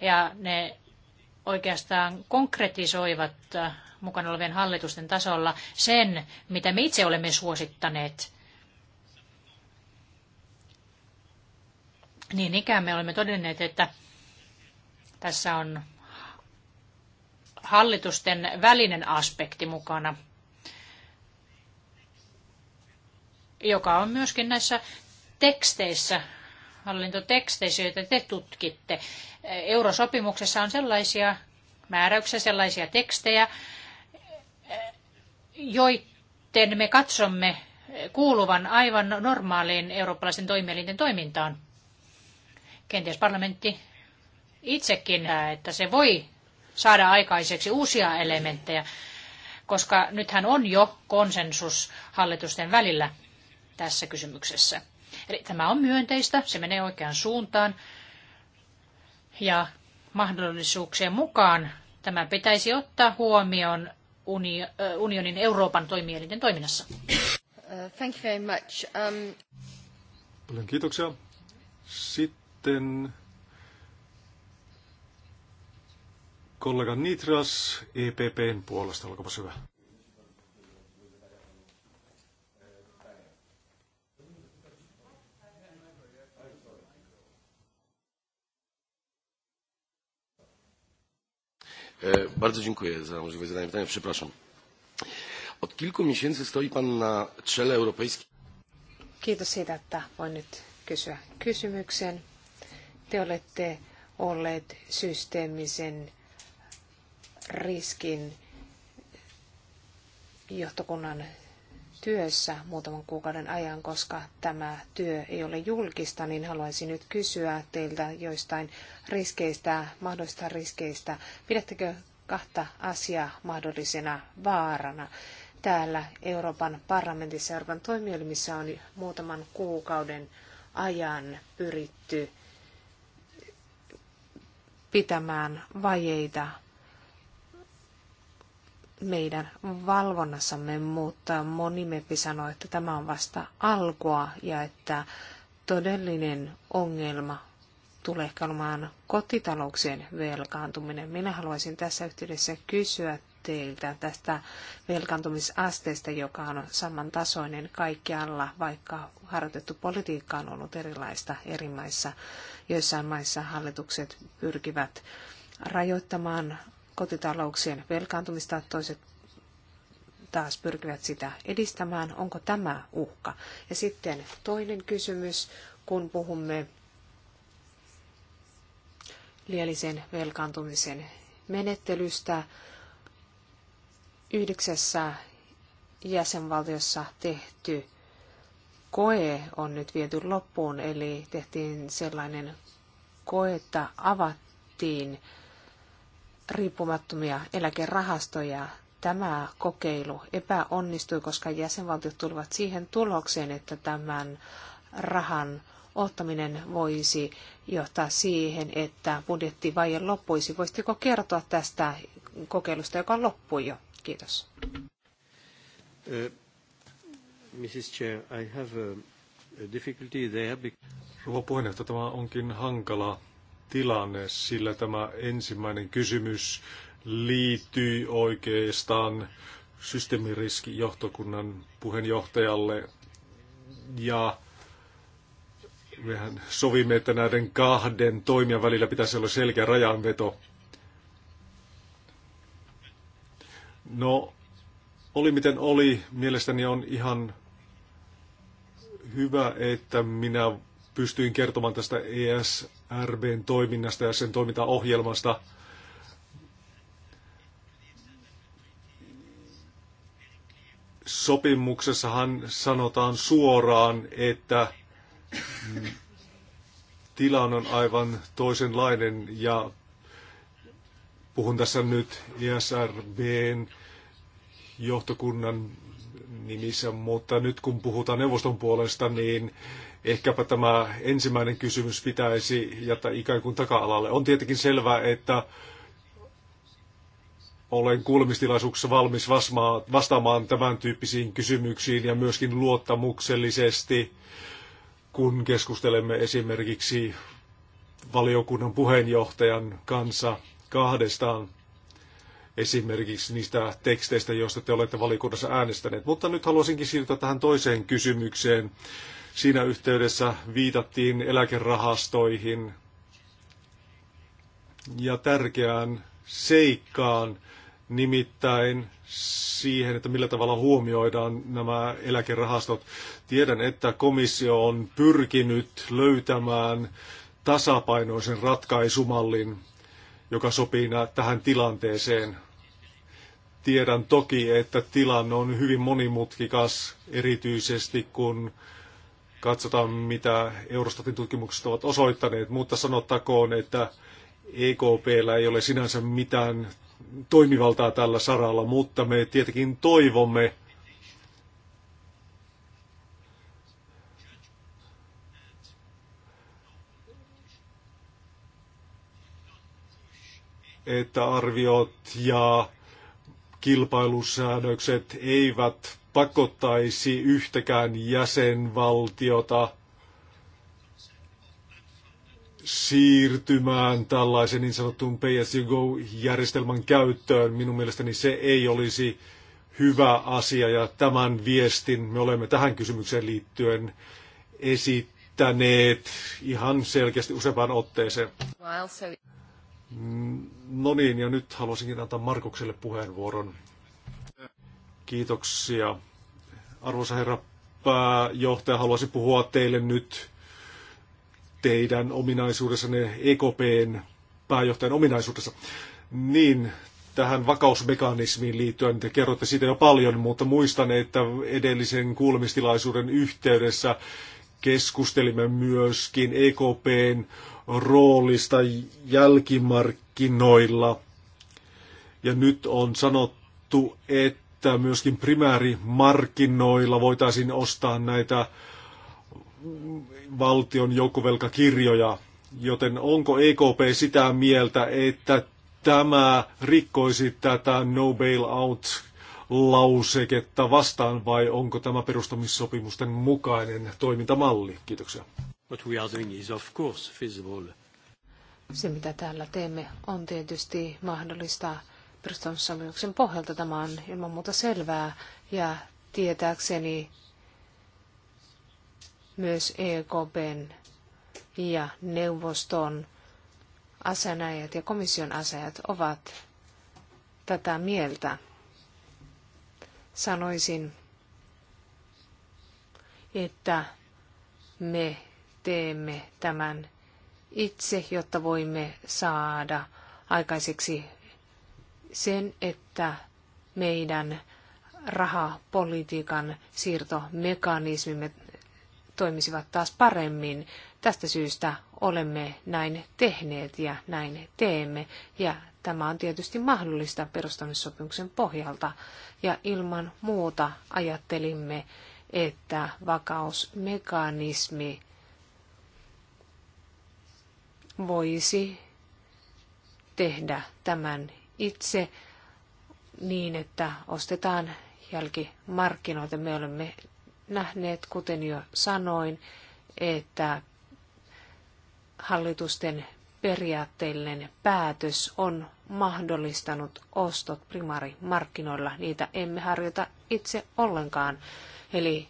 Ja ne oikeastaan konkretisoivat mukana olevien hallitusten tasolla sen, mitä me itse olemme suosittaneet Niin ikään me olemme todenneet, että tässä on hallitusten välinen aspekti mukana, joka on myöskin näissä teksteissä, hallintoteksteissä, joita te tutkitte. Eurosopimuksessa on sellaisia määräyksiä, sellaisia tekstejä, joiden me katsomme kuuluvan aivan normaaliin eurooppalaisen toimielinten toimintaan. Kenties parlamentti itsekin, että se voi saada aikaiseksi uusia elementtejä, koska nythän on jo konsensus hallitusten välillä tässä kysymyksessä. Eli tämä on myönteistä, se menee oikeaan suuntaan ja mahdollisuuksien mukaan tämä pitäisi ottaa huomioon unionin Euroopan toimielinten toiminnassa. Uh, thank you very much. Um... Paljon kiitoksia. Sitten sitten kollega Nitras EPPn puolesta, olkaa hyvä. E, bardzo dziękuję za możliwość zadania pytania. Przepraszam. Od kilku miesięcy stoi Pan na czele europejskiej... Kiitos siitä, että voin nyt kysyä kysymyksen te olette olleet systeemisen riskin johtokunnan työssä muutaman kuukauden ajan, koska tämä työ ei ole julkista, niin haluaisin nyt kysyä teiltä joistain riskeistä, mahdollisista riskeistä. Pidättekö kahta asiaa mahdollisena vaarana? Täällä Euroopan parlamentissa, Euroopan toimielimissä on muutaman kuukauden ajan pyritty pitämään vajeita meidän valvonnassamme, mutta moni meppi sanoi, että tämä on vasta alkua ja että todellinen ongelma tulee ehkä olemaan kotitalouksien velkaantuminen. Minä haluaisin tässä yhteydessä kysyä teiltä tästä velkaantumisasteesta, joka on samantasoinen kaikkialla, vaikka harjoitettu politiikka on ollut erilaista eri maissa. Joissain maissa hallitukset pyrkivät rajoittamaan kotitalouksien velkaantumista, toiset taas pyrkivät sitä edistämään. Onko tämä uhka? Ja sitten toinen kysymys, kun puhumme liiallisen velkaantumisen menettelystä, Yhdeksässä jäsenvaltiossa tehty koe on nyt viety loppuun, eli tehtiin sellainen koe, että avattiin riippumattomia eläkerahastoja. Tämä kokeilu epäonnistui, koska jäsenvaltiot tulivat siihen tulokseen, että tämän rahan ottaminen voisi johtaa siihen, että budjettivaje loppuisi. Voisitko kertoa tästä kokeilusta, joka loppui jo? Kiitos. Uh, Rouva puheenjohtaja, tämä onkin hankala tilanne, sillä tämä ensimmäinen kysymys liittyy oikeastaan systeemiriskijohtokunnan puheenjohtajalle. Ja mehän sovimme, että näiden kahden toimijan välillä pitäisi olla selkeä rajanveto. No, oli miten oli, mielestäni on ihan hyvä, että minä pystyin kertomaan tästä ESRBn toiminnasta ja sen toimintaohjelmasta. Sopimuksessahan sanotaan suoraan, että tilanne on aivan toisenlainen ja Puhun tässä nyt ESRBn johtokunnan nimissä, mutta nyt kun puhutaan neuvoston puolesta, niin ehkäpä tämä ensimmäinen kysymys pitäisi jättää ikään kuin taka-alalle. On tietenkin selvää, että olen kuulemistilaisuuksessa valmis vastaamaan tämän tyyppisiin kysymyksiin ja myöskin luottamuksellisesti, kun keskustelemme esimerkiksi valiokunnan puheenjohtajan kanssa – kahdestaan esimerkiksi niistä teksteistä, joista te olette valikunnassa äänestäneet. Mutta nyt haluaisinkin siirtyä tähän toiseen kysymykseen. Siinä yhteydessä viitattiin eläkerahastoihin ja tärkeään seikkaan, nimittäin siihen, että millä tavalla huomioidaan nämä eläkerahastot. Tiedän, että komissio on pyrkinyt löytämään tasapainoisen ratkaisumallin joka sopii tähän tilanteeseen. Tiedän toki, että tilanne on hyvin monimutkikas, erityisesti kun katsotaan, mitä Eurostatin tutkimukset ovat osoittaneet, mutta sanottakoon, että EKPllä ei ole sinänsä mitään toimivaltaa tällä saralla, mutta me tietenkin toivomme, että arviot ja kilpailusäännökset eivät pakottaisi yhtäkään jäsenvaltiota siirtymään tällaisen niin sanottuun pay as go järjestelmän käyttöön. Minun mielestäni se ei olisi hyvä asia ja tämän viestin me olemme tähän kysymykseen liittyen esittäneet ihan selkeästi useampaan otteeseen. Mm, no niin, ja nyt haluaisinkin antaa Markukselle puheenvuoron. Kiitoksia. Arvoisa herra pääjohtaja, haluaisin puhua teille nyt teidän ominaisuudessanne EKPn pääjohtajan ominaisuudessa. Niin, tähän vakausmekanismiin liittyen te kerrotte siitä jo paljon, mutta muistan, että edellisen kuulemistilaisuuden yhteydessä keskustelimme myöskin EKPn roolista jälkimarkkinoilla. Ja nyt on sanottu, että myöskin primäärimarkkinoilla voitaisiin ostaa näitä valtion joukkovelkakirjoja. Joten onko EKP sitä mieltä, että tämä rikkoisi tätä no bailout lauseketta vastaan vai onko tämä perustamissopimusten mukainen toimintamalli? Kiitoksia. What we are doing is of course feasible. Se, mitä täällä teemme, on tietysti mahdollista perustamissopimuksen pohjalta. Tämä on ilman muuta selvää ja tietääkseni myös EKPn ja neuvoston asenajat ja komission asenajat ovat tätä mieltä. Sanoisin, että me teemme tämän itse, jotta voimme saada aikaiseksi sen, että meidän rahapolitiikan siirtomekanismimme toimisivat taas paremmin. Tästä syystä olemme näin tehneet ja näin teemme. Ja tämä on tietysti mahdollista perustamissopimuksen pohjalta. Ja ilman muuta ajattelimme, että vakausmekanismi voisi tehdä tämän itse niin, että ostetaan jälkimarkkinoita. Me olemme nähneet, kuten jo sanoin, että hallitusten periaatteellinen päätös on mahdollistanut ostot primaarimarkkinoilla. Niitä emme harjoita itse ollenkaan. Eli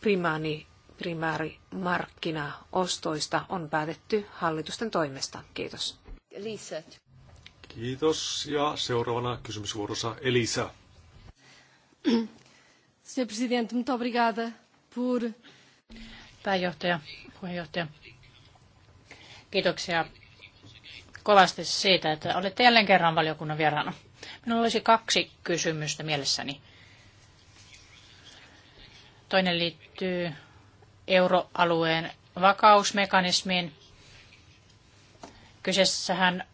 primaani primäärimarkkinaostoista on päätetty hallitusten toimesta. Kiitos. Elisa. Kiitos. Ja seuraavana kysymysvuorossa Elisa. Senhor Presidente, muito obrigada por... Pääjohtaja, puheenjohtaja. Kiitoksia kovasti siitä, että olette jälleen kerran valiokunnan vieraana. Minulla olisi kaksi kysymystä mielessäni. Toinen liittyy euroalueen vakausmekanismiin. Kyseessähän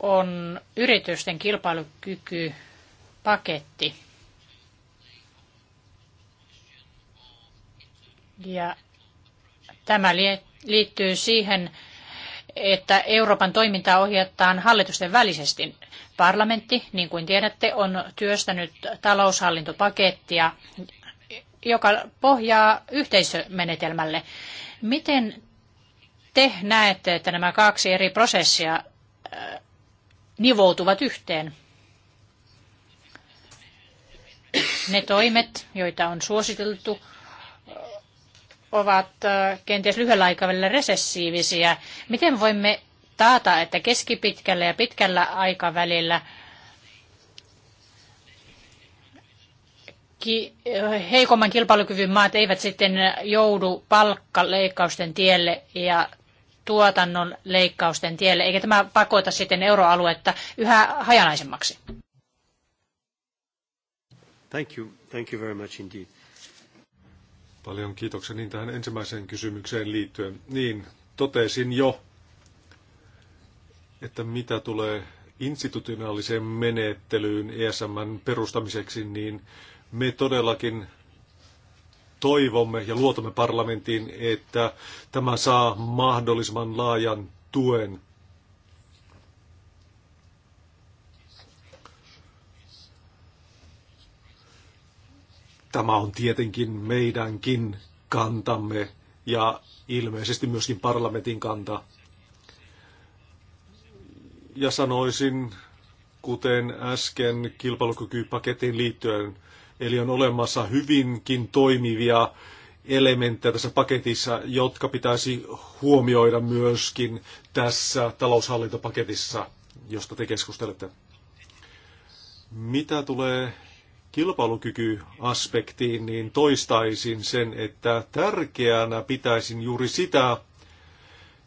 on yritysten kilpailukykypaketti. Ja tämä liittyy siihen, että Euroopan toimintaa ohjataan hallitusten välisesti. Parlamentti, niin kuin tiedätte, on työstänyt taloushallintopakettia, joka pohjaa yhteisömenetelmälle. Miten te näette, että nämä kaksi eri prosessia äh, nivoutuvat yhteen? Ne toimet, joita on suositeltu, äh, ovat äh, kenties lyhyellä aikavälillä resessiivisiä. Miten voimme taata, että keskipitkällä ja pitkällä aikavälillä – kaikki eh, heikomman kilpailukyvyn maat eivät sitten joudu palkkaleikkausten tielle ja tuotannon leikkausten tielle, eikä tämä pakota sitten euroaluetta yhä hajanaisemmaksi. Thank you. Thank you very much indeed. Paljon kiitoksia niin tähän ensimmäiseen kysymykseen liittyen. Niin, totesin jo, että mitä tulee institutionaaliseen menettelyyn ESMn perustamiseksi, niin me todellakin toivomme ja luotamme parlamenttiin, että tämä saa mahdollisimman laajan tuen. Tämä on tietenkin meidänkin kantamme ja ilmeisesti myöskin parlamentin kanta. Ja sanoisin, kuten äsken kilpailukykypakettiin liittyen, Eli on olemassa hyvinkin toimivia elementtejä tässä paketissa, jotka pitäisi huomioida myöskin tässä taloushallintopaketissa, josta te keskustelette. Mitä tulee kilpailukykyaspektiin, niin toistaisin sen, että tärkeänä pitäisin juuri sitä,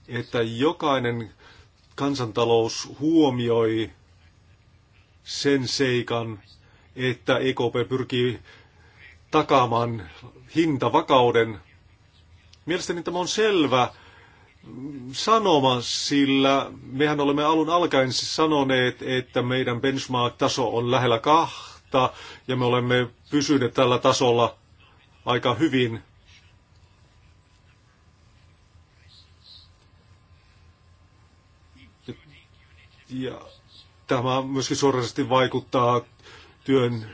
että jokainen kansantalous huomioi sen seikan, että EKP pyrkii takaamaan hintavakauden. Mielestäni tämä on selvä sanoma, sillä mehän olemme alun alkaen siis sanoneet, että meidän benchmark-taso on lähellä kahta ja me olemme pysyneet tällä tasolla aika hyvin. Ja tämä myöskin suorasti vaikuttaa työn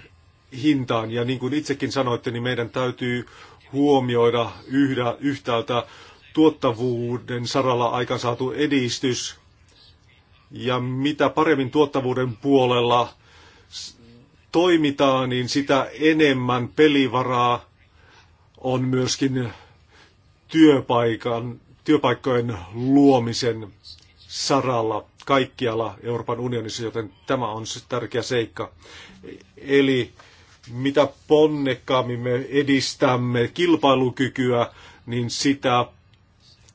hintaan. Ja niin kuin itsekin sanoitte, niin meidän täytyy huomioida yhdä, yhtäältä tuottavuuden saralla aikaan saatu edistys ja mitä paremmin tuottavuuden puolella toimitaan, niin sitä enemmän pelivaraa on myöskin työpaikan, työpaikkojen luomisen saralla kaikkialla Euroopan unionissa, joten tämä on se tärkeä seikka. Eli mitä ponnekkaammin me edistämme kilpailukykyä, niin sitä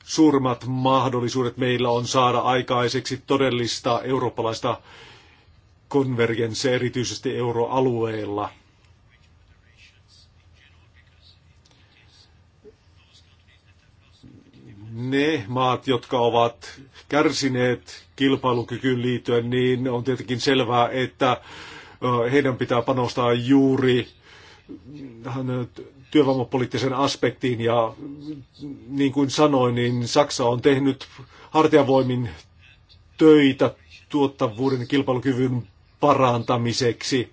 suurimmat mahdollisuudet meillä on saada aikaiseksi todellista eurooppalaista konvergenssia, erityisesti euroalueella. Ne maat, jotka ovat kärsineet kilpailukykyyn liittyen, niin on tietenkin selvää, että heidän pitää panostaa juuri äh, työvoimapoliittisen aspektiin ja niin kuin sanoin, niin Saksa on tehnyt hartiavoimin töitä tuottavuuden kilpailukyvyn parantamiseksi.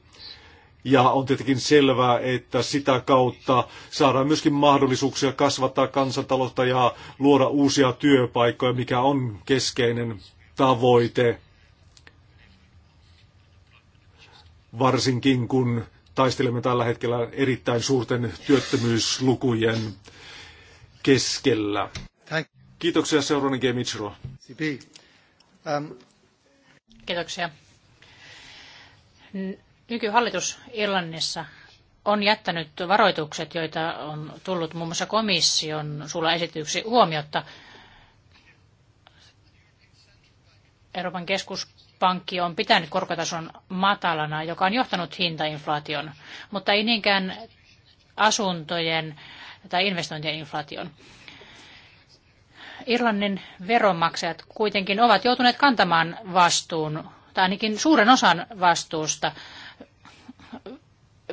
Ja on tietenkin selvää, että sitä kautta saadaan myöskin mahdollisuuksia kasvattaa kansantaloutta ja luoda uusia työpaikkoja, mikä on keskeinen tavoite. Varsinkin kun taistelemme tällä hetkellä erittäin suurten työttömyyslukujen keskellä. Kiitoksia seuraavana Gemichiro. Um, Kiitoksia Nykyhallitus Irlannissa on jättänyt varoitukset, joita on tullut muun muassa komission sulla esityksi huomiota. Euroopan keskuspankki on pitänyt korkotason matalana, joka on johtanut hintainflaation, mutta ei niinkään asuntojen tai investointien inflaation. Irlannin veronmaksajat kuitenkin ovat joutuneet kantamaan vastuun, tai ainakin suuren osan vastuusta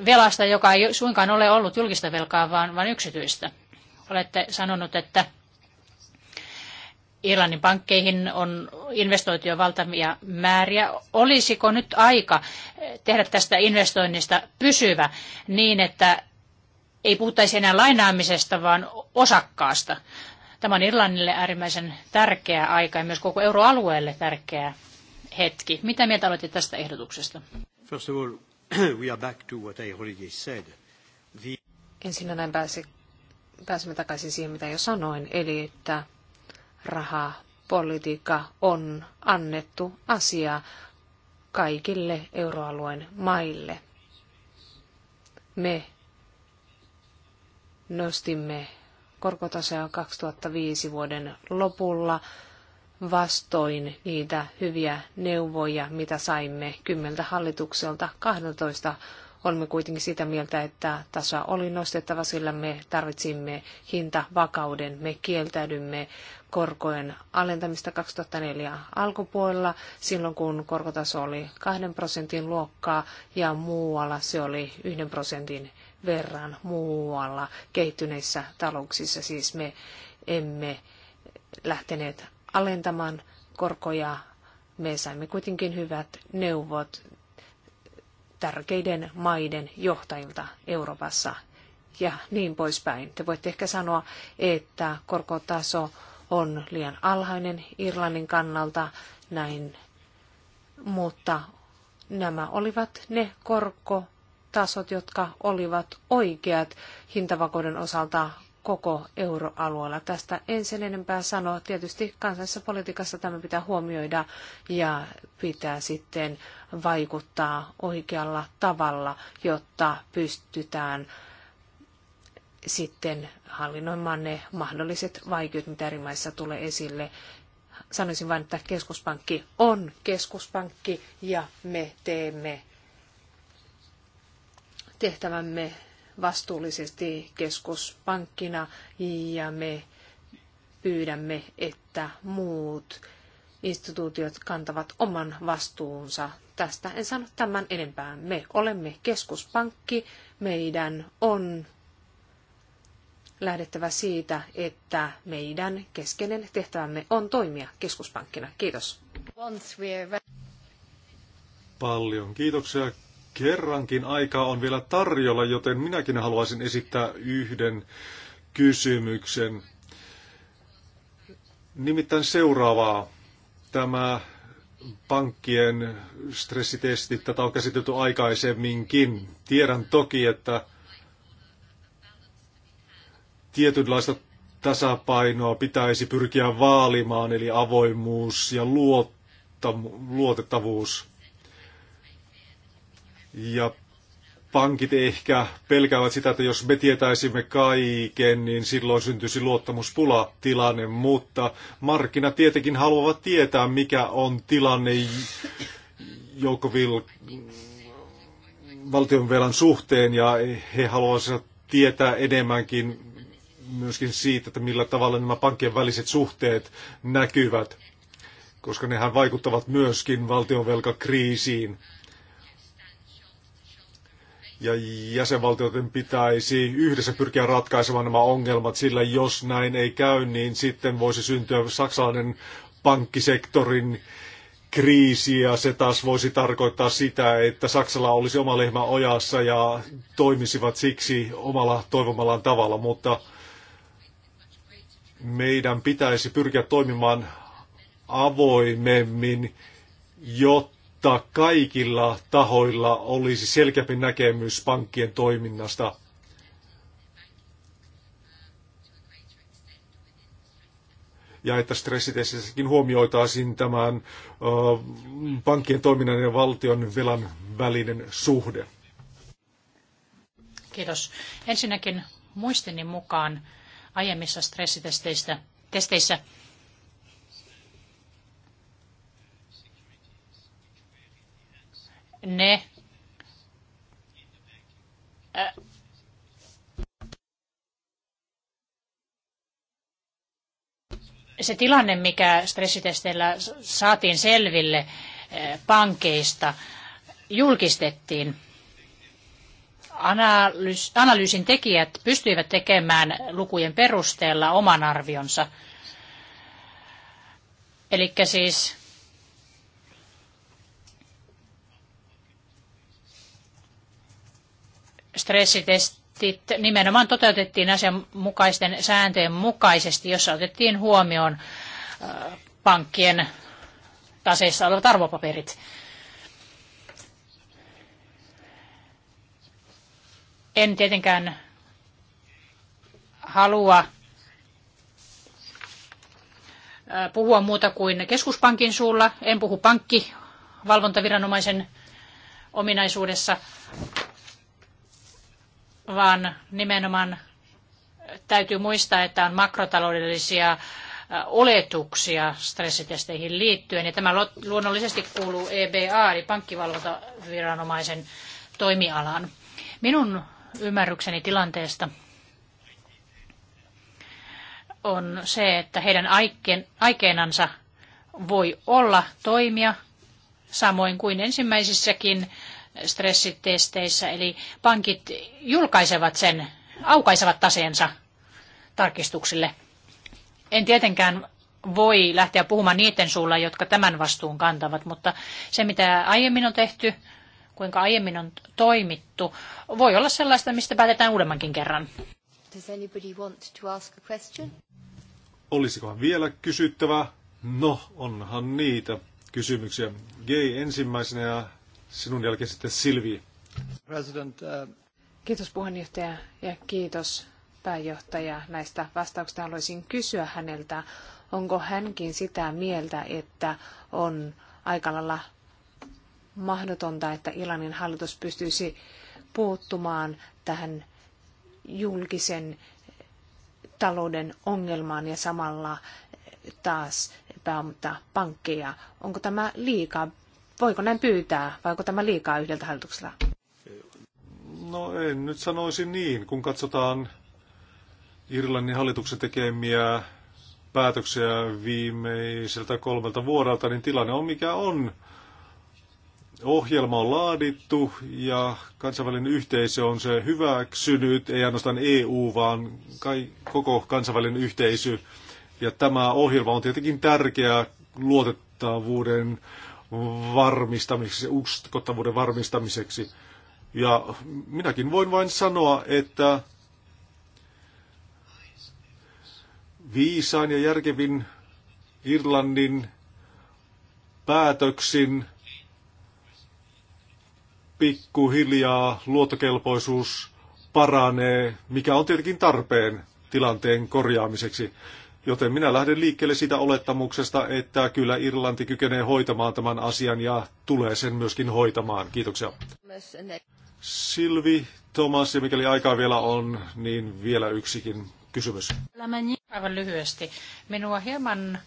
velasta, joka ei suinkaan ole ollut julkista velkaa, vaan, vaan yksityistä. Olette sanonut, että Irlannin pankkeihin on investoitu jo valtavia määriä. Olisiko nyt aika tehdä tästä investoinnista pysyvä niin, että ei puhuttaisi enää lainaamisesta, vaan osakkaasta? Tämä on Irlannille äärimmäisen tärkeä aika ja myös koko euroalueelle tärkeä hetki. Mitä mieltä olette tästä ehdotuksesta? First of all, we are back to what I already said. The... näin pääsi, pääsemme takaisin siihen, mitä jo sanoin, eli että rahapolitiikka on annettu asia kaikille euroalueen maille. Me nostimme korkotasoa 2005 vuoden lopulla vastoin niitä hyviä neuvoja, mitä saimme kymmeneltä hallitukselta 12 Olemme kuitenkin sitä mieltä, että tasoa oli nostettava, sillä me tarvitsimme hintavakauden. Me kieltäydymme korkojen alentamista 2004 alkupuolella, silloin kun korkotaso oli 2 prosentin luokkaa ja muualla se oli 1 prosentin verran muualla kehittyneissä talouksissa. Siis me emme lähteneet alentamaan korkoja. Me saimme kuitenkin hyvät neuvot tärkeiden maiden johtajilta Euroopassa ja niin poispäin. Te voitte ehkä sanoa, että korkotaso on liian alhainen Irlannin kannalta näin, mutta nämä olivat ne korkotasot, jotka olivat oikeat hintavakauden osalta koko euroalueella. Tästä en sen enempää sano. Tietysti kansallisessa politiikassa tämä pitää huomioida ja pitää sitten vaikuttaa oikealla tavalla, jotta pystytään sitten hallinnoimaan ne mahdolliset vaikeudet, mitä eri maissa tulee esille. Sanoisin vain, että keskuspankki on keskuspankki ja me teemme tehtävämme vastuullisesti keskuspankkina ja me pyydämme, että muut instituutiot kantavat oman vastuunsa. Tästä en sano tämän enempää. Me olemme keskuspankki. Meidän on lähdettävä siitä, että meidän keskeinen tehtävämme on toimia keskuspankkina. Kiitos. Paljon kiitoksia kerrankin aikaa on vielä tarjolla, joten minäkin haluaisin esittää yhden kysymyksen. Nimittäin seuraavaa. Tämä pankkien stressitestit, tätä on käsitelty aikaisemminkin. Tiedän toki, että tietynlaista tasapainoa pitäisi pyrkiä vaalimaan, eli avoimuus ja luottamu- luotettavuus. Ja pankit ehkä pelkäävät sitä, että jos me tietäisimme kaiken, niin silloin syntyisi luottamuspula tilanne, mutta markkina tietenkin haluavat tietää, mikä on tilanne Joukoville valtionvelan suhteen ja he haluaisivat tietää enemmänkin myöskin siitä, että millä tavalla nämä pankkien väliset suhteet näkyvät, koska nehän vaikuttavat myöskin valtionvelkakriisiin. kriisiin ja jäsenvaltioiden pitäisi yhdessä pyrkiä ratkaisemaan nämä ongelmat, sillä jos näin ei käy, niin sitten voisi syntyä saksalainen pankkisektorin kriisi ja se taas voisi tarkoittaa sitä, että Saksalla olisi oma lehmä ojassa ja toimisivat siksi omalla toivomallaan tavalla, mutta meidän pitäisi pyrkiä toimimaan avoimemmin, jotta jotta kaikilla tahoilla olisi selkeämpi näkemys pankkien toiminnasta. Ja että stressitestissäkin huomioitaisiin tämän ö, pankkien toiminnan ja valtion velan välinen suhde. Kiitos. Ensinnäkin muistini mukaan aiemmissa stressitesteissä testeissä ne se tilanne, mikä stressitesteillä saatiin selville eh, pankeista, julkistettiin. Analyysin tekijät pystyivät tekemään lukujen perusteella oman arvionsa. Eli siis stressitestit nimenomaan toteutettiin asianmukaisten sääntöjen mukaisesti, jossa otettiin huomioon pankkien taseissa olevat arvopaperit. En tietenkään halua puhua muuta kuin keskuspankin suulla. En puhu pankkivalvontaviranomaisen ominaisuudessa, vaan nimenomaan täytyy muistaa, että on makrotaloudellisia oletuksia stressitesteihin liittyen. Ja tämä luonnollisesti kuuluu EBA, eli pankkivalvontaviranomaisen toimialaan. Minun ymmärrykseni tilanteesta on se, että heidän aikeenansa voi olla toimia samoin kuin ensimmäisissäkin stressitesteissä, eli pankit julkaisevat sen, aukaisevat taseensa tarkistuksille. En tietenkään voi lähteä puhumaan niiden suulla, jotka tämän vastuun kantavat, mutta se mitä aiemmin on tehty, kuinka aiemmin on toimittu, voi olla sellaista, mistä päätetään uudemmankin kerran. Does anybody want to ask a question? Olisikohan vielä kysyttävää? No, onhan niitä kysymyksiä. Gei ensimmäisenä ja Sinun jälkeen sitten Silvi. President, uh... Kiitos puheenjohtaja ja kiitos pääjohtaja näistä vastauksista. Haluaisin kysyä häneltä, onko hänkin sitä mieltä, että on aika lailla mahdotonta, että Iranin hallitus pystyisi puuttumaan tähän julkisen talouden ongelmaan ja samalla taas pääomittaa pankkeja. Onko tämä liikaa? Voiko näin pyytää, vai onko tämä liikaa yhdeltä hallitukselta? No en nyt sanoisi niin, kun katsotaan Irlannin hallituksen tekemiä päätöksiä viimeiseltä kolmelta vuodelta, niin tilanne on mikä on. Ohjelma on laadittu ja kansainvälinen yhteisö on se hyväksynyt, ei ainoastaan EU, vaan kai, koko kansainvälinen yhteisö. Ja tämä ohjelma on tietenkin tärkeä luotettavuuden varmistamiseksi, uskottavuuden varmistamiseksi. Ja minäkin voin vain sanoa, että viisaan ja järkevin Irlannin päätöksin pikkuhiljaa luottokelpoisuus paranee, mikä on tietenkin tarpeen tilanteen korjaamiseksi. Joten minä lähden liikkeelle siitä olettamuksesta, että kyllä Irlanti kykenee hoitamaan tämän asian ja tulee sen myöskin hoitamaan. Kiitoksia. Silvi, Thomas ja mikäli aikaa vielä on, niin vielä yksikin kysymys. Aivan lyhyesti. Minua hieman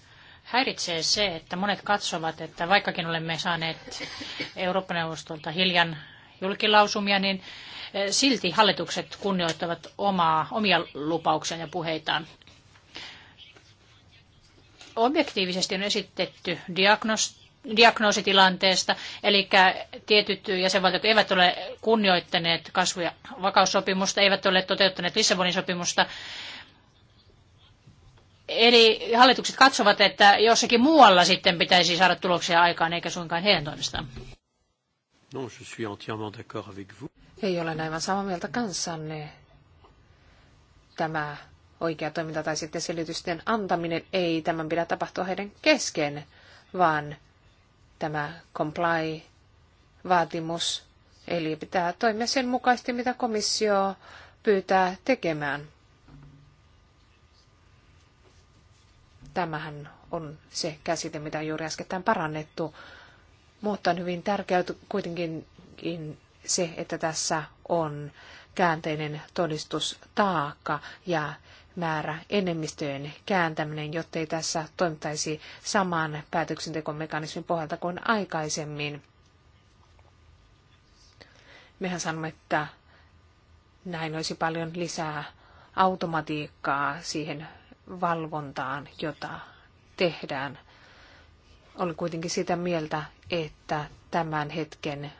häiritsee se, että monet katsovat, että vaikkakin olemme saaneet Eurooppa-neuvostolta hiljan julkilausumia, niin eh, silti hallitukset kunnioittavat omaa, omia lupauksiaan ja puheitaan objektiivisesti on esitetty diagnosti diagnoositilanteesta, eli tietyt jäsenvaltiot eivät ole kunnioittaneet kasvu- ja vakaussopimusta, eivät ole toteuttaneet Lissabonin sopimusta. Eli hallitukset katsovat, että jossakin muualla sitten pitäisi saada tuloksia aikaan, eikä suinkaan heidän toimestaan. No, je suis entièrement d'accord avec vous. Ei ole aivan samaa mieltä kanssanne. Tämä oikea toiminta tai sitten selitysten antaminen ei tämän pidä tapahtua heidän kesken, vaan tämä comply-vaatimus, eli pitää toimia sen mukaisesti, mitä komissio pyytää tekemään. Tämähän on se käsite, mitä juuri äskettäin parannettu, mutta on hyvin tärkeää kuitenkin se, että tässä on käänteinen todistustaakka ja määrä enemmistöjen kääntäminen, jottei tässä toimittaisi saman päätöksentekomekanismin pohjalta kuin aikaisemmin. Mehän sanomme, että näin olisi paljon lisää automatiikkaa siihen valvontaan, jota tehdään. Olen kuitenkin sitä mieltä, että tämän hetken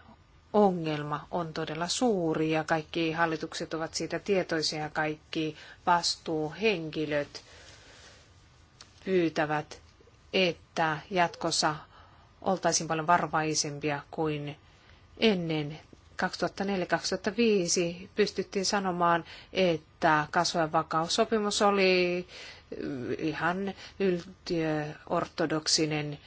ongelma on todella suuri ja kaikki hallitukset ovat siitä tietoisia ja kaikki vastuuhenkilöt pyytävät, että jatkossa oltaisiin paljon varvaisempia kuin ennen 2004-2005 pystyttiin sanomaan, että kasvojen vakaussopimus oli ihan yltiöortodoksinen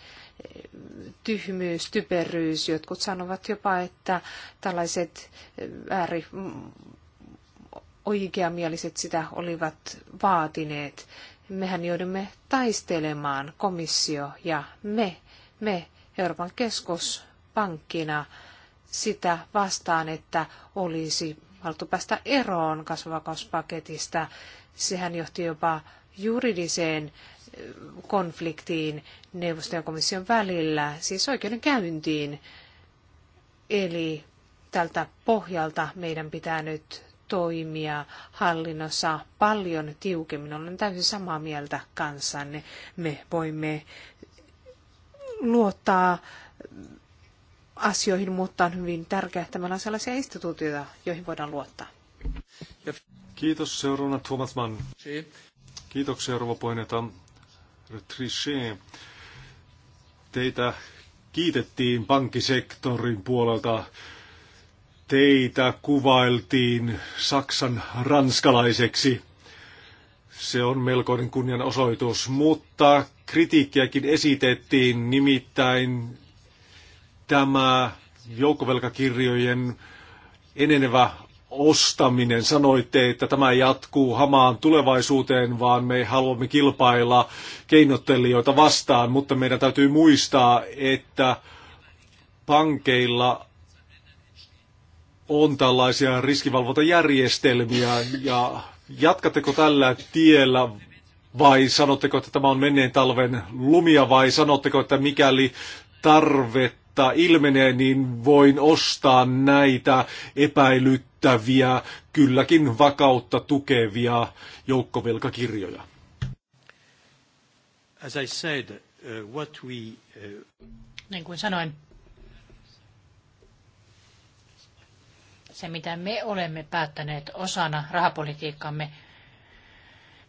tyhmyys, typeryys. Jotkut sanovat jopa, että tällaiset ääri oikeamieliset sitä olivat vaatineet. Mehän joudumme taistelemaan, komissio ja me, me Euroopan keskuspankkina sitä vastaan, että olisi haluttu päästä eroon kasvavakauspaketista. Sehän johti jopa juridiseen konfliktiin neuvoston ja komission välillä, siis oikeudenkäyntiin. Eli tältä pohjalta meidän pitää nyt toimia hallinnossa paljon tiukemmin. Olen täysin samaa mieltä kanssanne. Me voimme luottaa asioihin, mutta on hyvin tärkeää, että meillä on sellaisia instituutioita, joihin voidaan luottaa. Kiitos seuraavana Thomas Mann. Kiitoksia rouva puheenjohtaja. Trichet, teitä kiitettiin pankkisektorin puolelta. Teitä kuvailtiin Saksan ranskalaiseksi. Se on melkoinen kunnianosoitus, mutta kritiikkiäkin esitettiin, nimittäin tämä joukkovelkakirjojen enenevä ostaminen. Sanoitte, että tämä jatkuu hamaan tulevaisuuteen, vaan me haluamme kilpailla keinottelijoita vastaan, mutta meidän täytyy muistaa, että pankeilla on tällaisia riskivalvontajärjestelmiä ja jatkatteko tällä tiellä vai sanotteko, että tämä on menneen talven lumia vai sanotteko, että mikäli tarve kautta ilmenee, niin voin ostaa näitä epäilyttäviä, kylläkin vakautta tukevia joukkovelkakirjoja. As I said, uh, what we, uh... Niin kuin sanoin, se mitä me olemme päättäneet osana rahapolitiikkamme,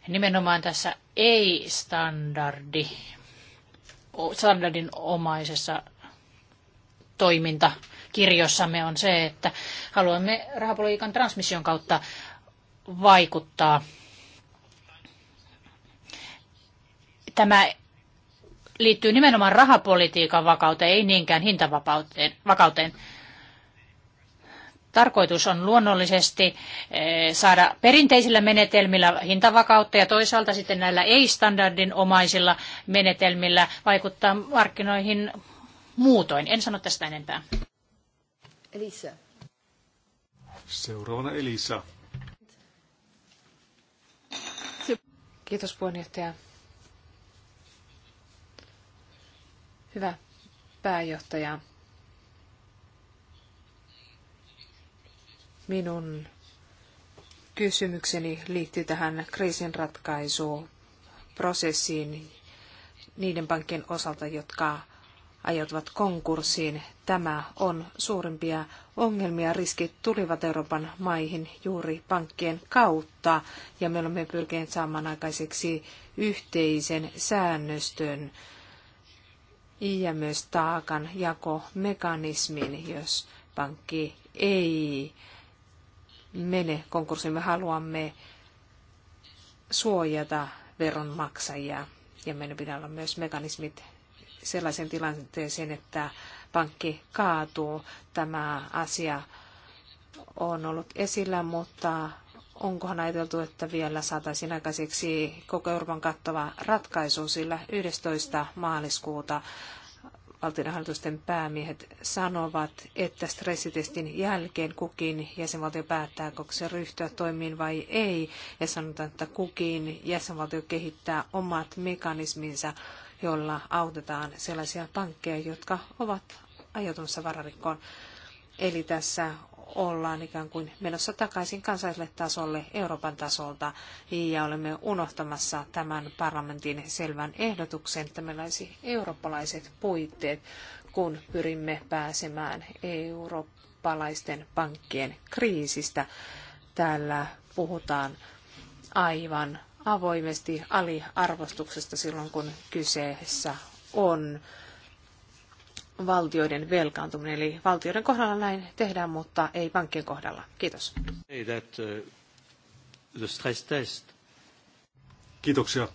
nimenomaan tässä ei-standardi, standardin omaisessa toiminta kirjossamme on se, että haluamme rahapolitiikan transmission kautta vaikuttaa. Tämä liittyy nimenomaan rahapolitiikan vakauteen, ei niinkään hintavapauteen. Vakauteen. Tarkoitus on luonnollisesti eh, saada perinteisillä menetelmillä hintavakautta ja toisaalta sitten näillä ei standardin omaisilla menetelmillä vaikuttaa markkinoihin muutoin. En sano tästä enempää. Elisa. Seuraavana Elisa. Kiitos puheenjohtaja. Hyvä pääjohtaja. Minun kysymykseni liittyy tähän kriisinratkaisuprosessiin prosessiin niiden pankkien osalta, jotka ajautuvat konkurssiin. Tämä on suurimpia ongelmia. Riskit tulivat Euroopan maihin juuri pankkien kautta ja me olemme pyrkineet saamaan aikaiseksi yhteisen säännöstön ja myös taakan jakomekanismin, jos pankki ei mene konkurssiin. Me haluamme suojata veronmaksajia ja meidän pitää olla myös mekanismit sellaisen tilanteeseen, että pankki kaatuu. Tämä asia on ollut esillä, mutta onkohan ajateltu, että vielä saataisiin aikaiseksi koko Euroopan kattava ratkaisu, sillä 11. maaliskuuta valtionhallitusten päämiehet sanovat, että stressitestin jälkeen kukin jäsenvaltio päättää, onko se ryhtyä toimiin vai ei, ja sanotaan, että kukin jäsenvaltio kehittää omat mekanisminsa, jolla autetaan sellaisia pankkeja, jotka ovat ajautumassa vararikkoon. Eli tässä ollaan ikään kuin menossa takaisin kansalliselle tasolle Euroopan tasolta ja olemme unohtamassa tämän parlamentin selvän ehdotuksen, että meillä olisi eurooppalaiset puitteet, kun pyrimme pääsemään eurooppalaisten pankkien kriisistä. Täällä puhutaan aivan avoimesti aliarvostuksesta silloin, kun kyseessä on valtioiden velkaantuminen. Eli valtioiden kohdalla näin tehdään, mutta ei pankkien kohdalla. Kiitos. Uh, Kiitoksia.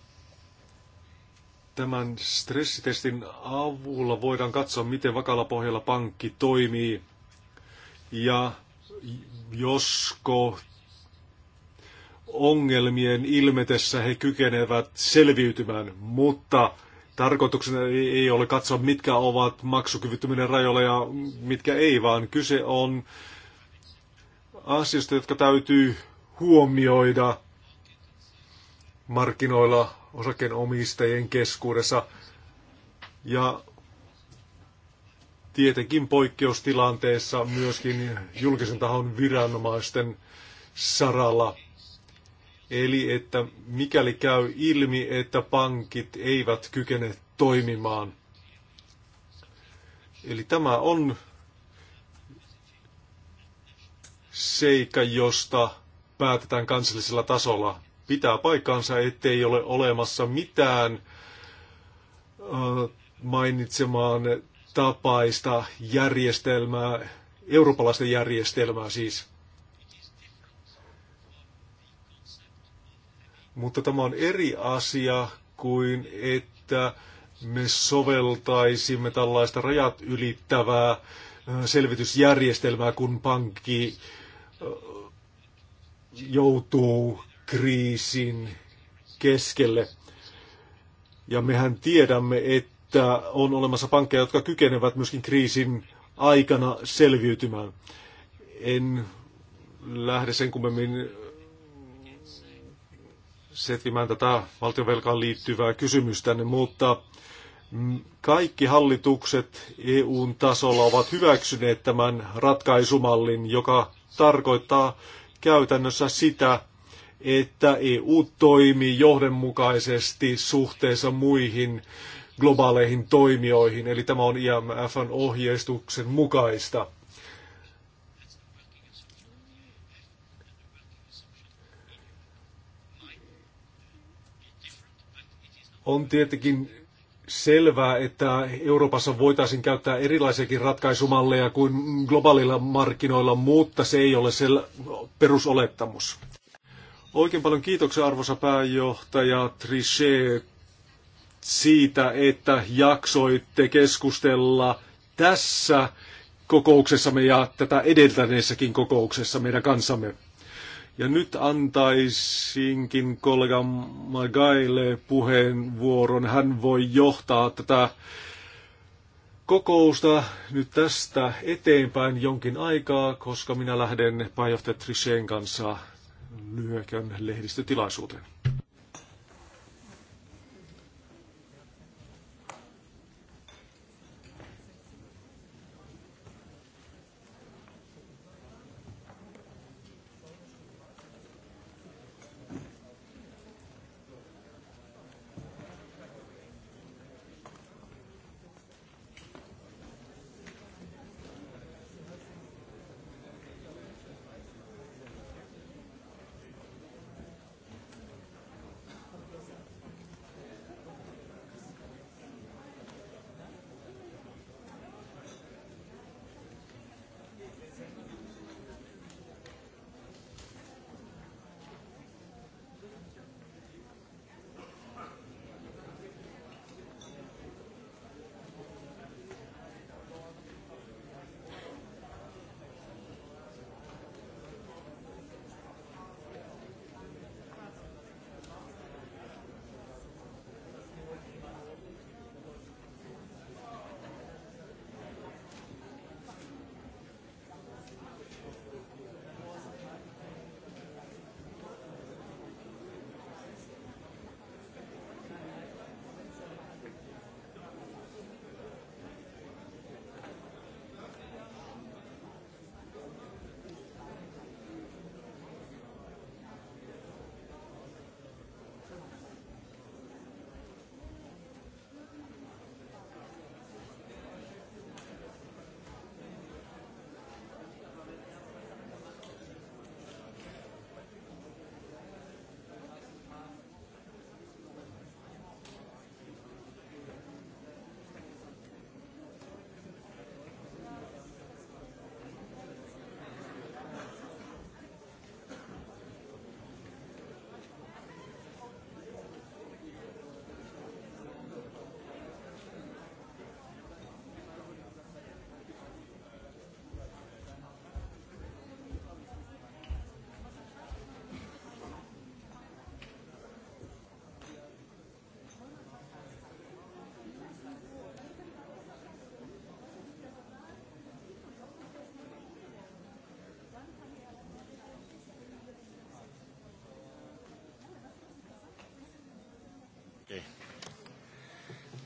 Tämän stressitestin avulla voidaan katsoa, miten vakalla pohjalla pankki toimii ja josko ongelmien ilmetessä he kykenevät selviytymään, mutta tarkoituksena ei ole katsoa, mitkä ovat maksukyvyttömyyden rajoilla ja mitkä ei, vaan kyse on asioista, jotka täytyy huomioida markkinoilla osakkeenomistajien keskuudessa. Ja tietenkin poikkeustilanteessa myöskin julkisen tahon viranomaisten saralla Eli että mikäli käy ilmi, että pankit eivät kykene toimimaan. Eli tämä on seikka, josta päätetään kansallisella tasolla. Pitää paikkaansa, ettei ole olemassa mitään mainitsemaan tapaista järjestelmää, eurooppalaista järjestelmää siis. Mutta tämä on eri asia kuin että me soveltaisimme tällaista rajat ylittävää selvitysjärjestelmää, kun pankki joutuu kriisin keskelle. Ja mehän tiedämme, että on olemassa pankkeja, jotka kykenevät myöskin kriisin aikana selviytymään. En lähde sen kummemmin setvimään tätä valtionvelkaan liittyvää kysymystä, niin, mutta mm, kaikki hallitukset EUn tasolla ovat hyväksyneet tämän ratkaisumallin, joka tarkoittaa käytännössä sitä, että EU toimii johdonmukaisesti suhteessa muihin globaaleihin toimijoihin, eli tämä on IMFn ohjeistuksen mukaista. On tietenkin selvää, että Euroopassa voitaisiin käyttää erilaisiakin ratkaisumalleja kuin globaalilla markkinoilla, mutta se ei ole se perusolettamus. Oikein paljon kiitoksia arvoisa pääjohtaja Trichet siitä, että jaksoitte keskustella tässä kokouksessamme ja tätä edeltäneessäkin kokouksessa meidän kanssamme. Ja nyt antaisinkin kollega Magaille puheenvuoron. Hän voi johtaa tätä kokousta nyt tästä eteenpäin jonkin aikaa, koska minä lähden pääjohtaja Trisheen kanssa lyhyekön lehdistötilaisuuteen.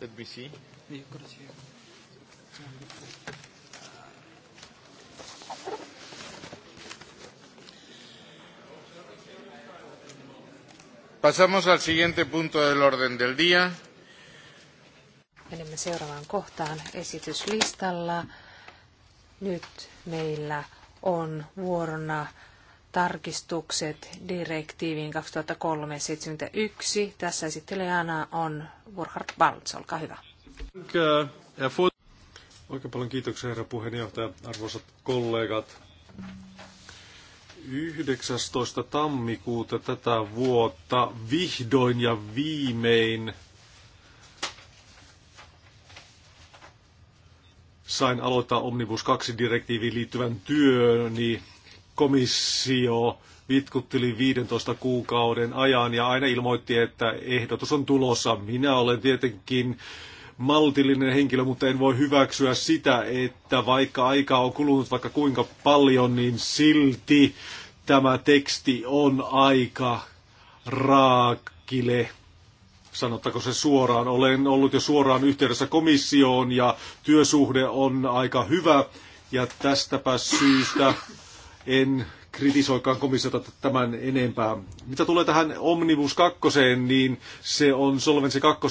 let me see? Pasamos al siguiente punto del orden del día. Menemme seuraavaan kohtaan esityslistalla. Nyt meillä on vuorona tarkistukset direktiiviin 2003-71. Tässä esittelijänä on Burkhard Baltz, olkaa hyvä. Oikein paljon kiitoksia herra puheenjohtaja, arvoisat kollegat. 19. tammikuuta tätä vuotta vihdoin ja viimein sain aloittaa Omnibus 2-direktiiviin liittyvän työni komissio vitkutteli 15 kuukauden ajan ja aina ilmoitti, että ehdotus on tulossa. Minä olen tietenkin maltillinen henkilö, mutta en voi hyväksyä sitä, että vaikka aikaa on kulunut vaikka kuinka paljon, niin silti tämä teksti on aika raakile. Sanottako se suoraan? Olen ollut jo suoraan yhteydessä komissioon ja työsuhde on aika hyvä. Ja tästäpä syystä en kritisoikaan komissiota tämän enempää. Mitä tulee tähän Omnibus 2, niin se on Solvency 2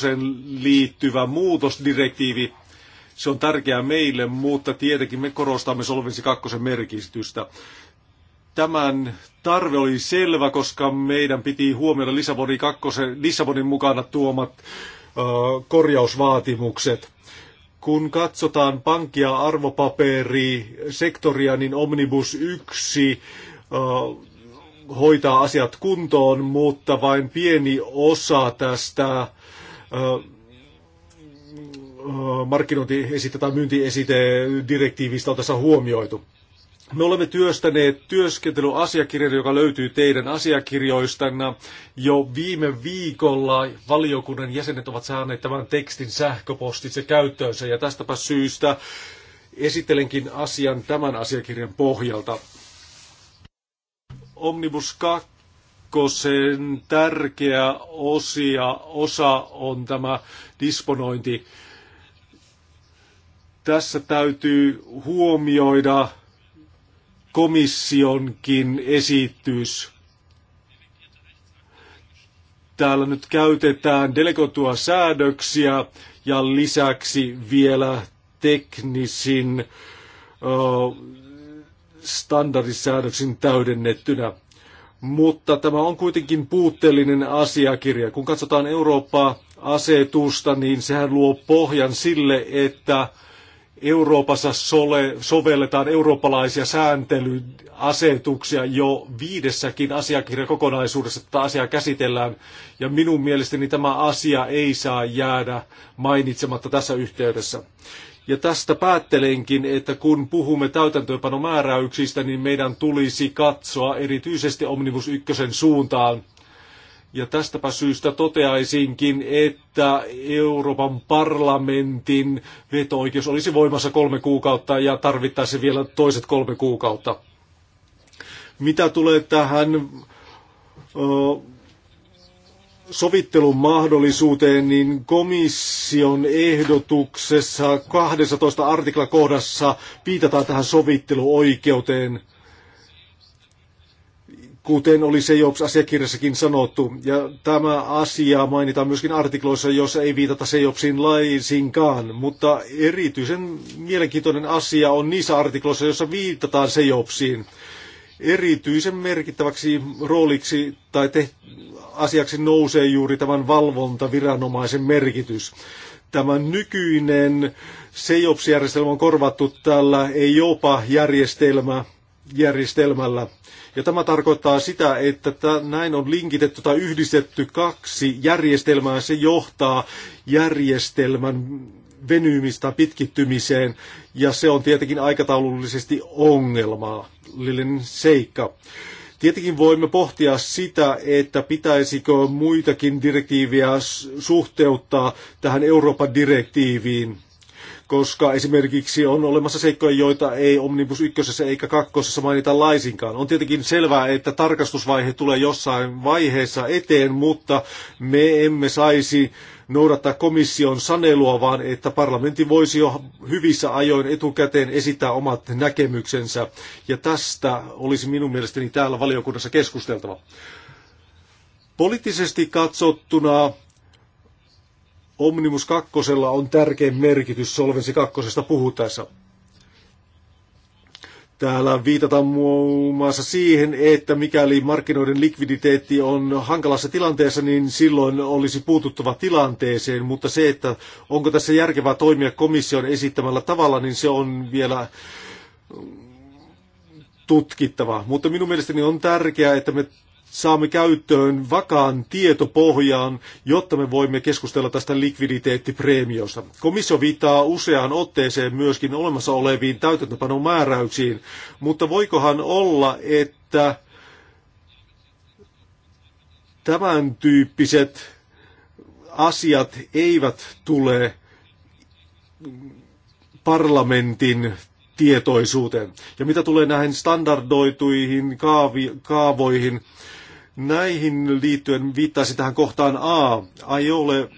liittyvä muutosdirektiivi. Se on tärkeää meille, mutta tietenkin me korostamme Solvency 2 merkitystä. Tämän tarve oli selvä, koska meidän piti huomioida Lissabonin, 2, Lissabonin mukana tuomat ö, korjausvaatimukset. Kun katsotaan pankkia ja arvopaperisektoria, niin Omnibus 1 äh, hoitaa asiat kuntoon, mutta vain pieni osa tästä äh, äh, markkinointi- tai myyntiesite direktiivistä on tässä huomioitu. Me olemme työstäneet työskentelyasiakirjan, joka löytyy teidän asiakirjoistanne, Jo viime viikolla valiokunnan jäsenet ovat saaneet tämän tekstin sähköpostitse käyttöönsä ja tästäpä syystä esittelenkin asian tämän asiakirjan pohjalta. Omnibus 2 tärkeä osia, osa on tämä disponointi. Tässä täytyy huomioida komissionkin esitys. Täällä nyt käytetään delegoitua säädöksiä ja lisäksi vielä teknisin standardisäädöksin täydennettynä. Mutta tämä on kuitenkin puutteellinen asiakirja. Kun katsotaan Eurooppaa asetusta, niin sehän luo pohjan sille, että Euroopassa sole, sovelletaan eurooppalaisia sääntelyasetuksia jo viidessäkin asiakirjakokonaisuudessa. Tätä asiaa käsitellään ja minun mielestäni tämä asia ei saa jäädä mainitsematta tässä yhteydessä. Ja tästä päättelenkin, että kun puhumme täytäntöönpanomääräyksistä, niin meidän tulisi katsoa erityisesti Omnibus 1 suuntaan. Ja tästäpä syystä toteaisinkin, että Euroopan parlamentin veto-oikeus olisi voimassa kolme kuukautta ja tarvittaisi vielä toiset kolme kuukautta. Mitä tulee tähän ö, sovittelun mahdollisuuteen, niin komission ehdotuksessa 12 artikla kohdassa viitataan tähän sovitteluoikeuteen – kuten oli se Jobs-asiakirjassakin sanottu. Ja tämä asia mainitaan myöskin artikloissa, jossa ei viitata se Jobsin laisinkaan. Mutta erityisen mielenkiintoinen asia on niissä artikloissa, joissa viitataan se Jobsiin. Erityisen merkittäväksi rooliksi tai teht- asiaksi nousee juuri tämän valvontaviranomaisen merkitys. Tämä nykyinen Sejops-järjestelmä on korvattu tällä ei jopa järjestelmä järjestelmällä. Ja tämä tarkoittaa sitä, että näin on linkitetty tai yhdistetty kaksi järjestelmää. Se johtaa järjestelmän venymistä pitkittymiseen ja se on tietenkin aikataulullisesti ongelmallinen seikka. Tietenkin voimme pohtia sitä, että pitäisikö muitakin direktiiviä suhteuttaa tähän Euroopan direktiiviin koska esimerkiksi on olemassa seikkoja, joita ei Omnibus 1 eikä 2 mainita laisinkaan. On tietenkin selvää, että tarkastusvaihe tulee jossain vaiheessa eteen, mutta me emme saisi noudattaa komission sanelua, vaan että parlamentti voisi jo hyvissä ajoin etukäteen esittää omat näkemyksensä. Ja tästä olisi minun mielestäni täällä valiokunnassa keskusteltava. Poliittisesti katsottuna Omnibus 2 on tärkein merkitys Solvensi 2 puhuttaessa. Täällä viitataan muun muassa siihen, että mikäli markkinoiden likviditeetti on hankalassa tilanteessa, niin silloin olisi puututtava tilanteeseen, mutta se, että onko tässä järkevää toimia komission esittämällä tavalla, niin se on vielä tutkittava. Mutta minun mielestäni on tärkeää, että me saamme käyttöön vakaan tietopohjaan, jotta me voimme keskustella tästä likviditeettipreemiosta. Komissio viittaa useaan otteeseen myöskin olemassa oleviin täytäntöpanomääräyksiin, mutta voikohan olla, että tämän tyyppiset asiat eivät tule parlamentin tietoisuuteen. Ja mitä tulee näihin standardoituihin kaavi, kaavoihin, Näihin liittyen viittaisi tähän kohtaan A. Ai ole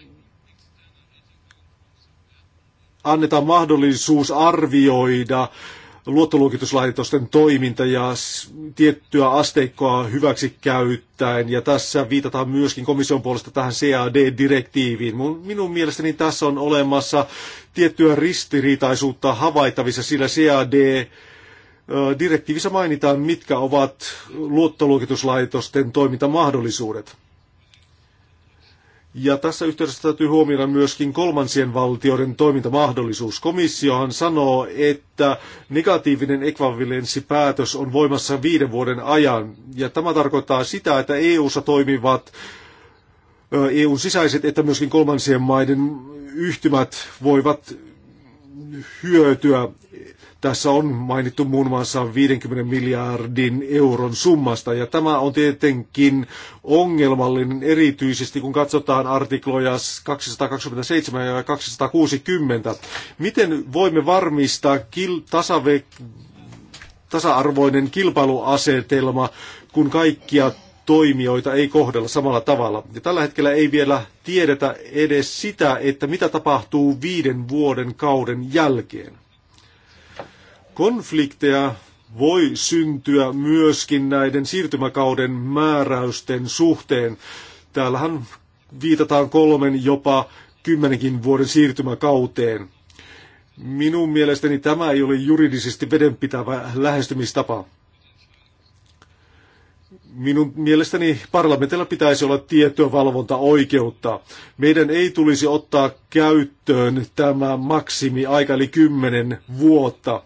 anneta mahdollisuus arvioida luottoluokituslaitosten toiminta ja tiettyä asteikkoa hyväksi käyttäen. Ja tässä viitataan myöskin komission puolesta tähän CAD-direktiiviin. Minun mielestäni tässä on olemassa tiettyä ristiriitaisuutta havaittavissa, sillä CAD direktiivissä mainitaan, mitkä ovat luottoluokituslaitosten toimintamahdollisuudet. Ja tässä yhteydessä täytyy huomioida myöskin kolmansien valtioiden toimintamahdollisuus. Komissiohan sanoo, että negatiivinen ekvivalenssipäätös on voimassa viiden vuoden ajan. Ja tämä tarkoittaa sitä, että EU-ssa toimivat EUn sisäiset että myöskin kolmansien maiden yhtymät voivat hyötyä tässä on mainittu muun muassa 50 miljardin euron summasta, ja tämä on tietenkin ongelmallinen erityisesti, kun katsotaan artikloja 227 ja 260. Miten voimme varmistaa kil- tasave- tasa-arvoinen kilpailuasetelma, kun kaikkia toimijoita ei kohdella samalla tavalla. Ja tällä hetkellä ei vielä tiedetä edes sitä, että mitä tapahtuu viiden vuoden kauden jälkeen. Konflikteja voi syntyä myöskin näiden siirtymäkauden määräysten suhteen. Täällähän viitataan kolmen jopa kymmenenkin vuoden siirtymäkauteen. Minun mielestäni tämä ei ole juridisesti vedenpitävä lähestymistapa. Minun mielestäni parlamentilla pitäisi olla valvontaoikeutta. Meidän ei tulisi ottaa käyttöön tämä aika eli kymmenen vuotta.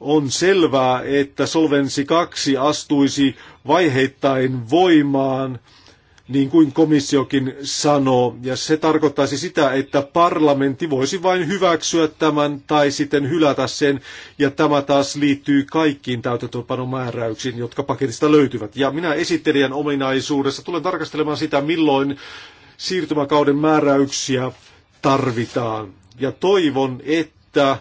On selvää, että Solvensi 2 astuisi vaiheittain voimaan, niin kuin komissiokin sanoo, ja se tarkoittaisi sitä, että parlamentti voisi vain hyväksyä tämän tai sitten hylätä sen, ja tämä taas liittyy kaikkiin täytäntöönpanomääräyksiin, jotka paketista löytyvät. Ja minä esittelijän ominaisuudessa tulen tarkastelemaan sitä, milloin siirtymäkauden määräyksiä tarvitaan. Ja toivon, että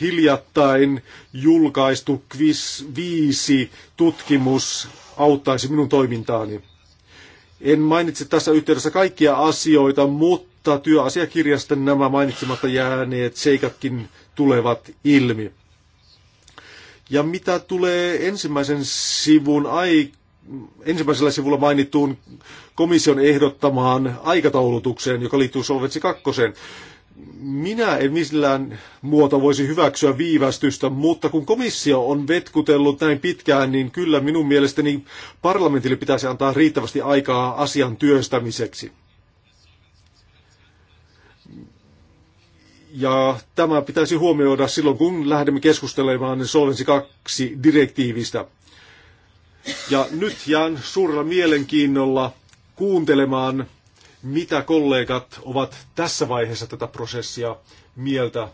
hiljattain julkaistu Quiz 5 tutkimus auttaisi minun toimintaani. En mainitse tässä yhteydessä kaikkia asioita, mutta työasiakirjasta nämä mainitsematta jääneet seikatkin tulevat ilmi. Ja mitä tulee ensimmäisen sivun ai, ensimmäisellä sivulla mainittuun komission ehdottamaan aikataulutukseen, joka liittyy Solvetsi 2 minä en millään muoto voisi hyväksyä viivästystä, mutta kun komissio on vetkutellut näin pitkään, niin kyllä minun mielestäni parlamentille pitäisi antaa riittävästi aikaa asian työstämiseksi. Ja tämä pitäisi huomioida silloin, kun lähdemme keskustelemaan Solvensi 2 direktiivistä. Ja nyt jään suurella mielenkiinnolla kuuntelemaan mitä kollegat ovat tässä vaiheessa tätä prosessia mieltä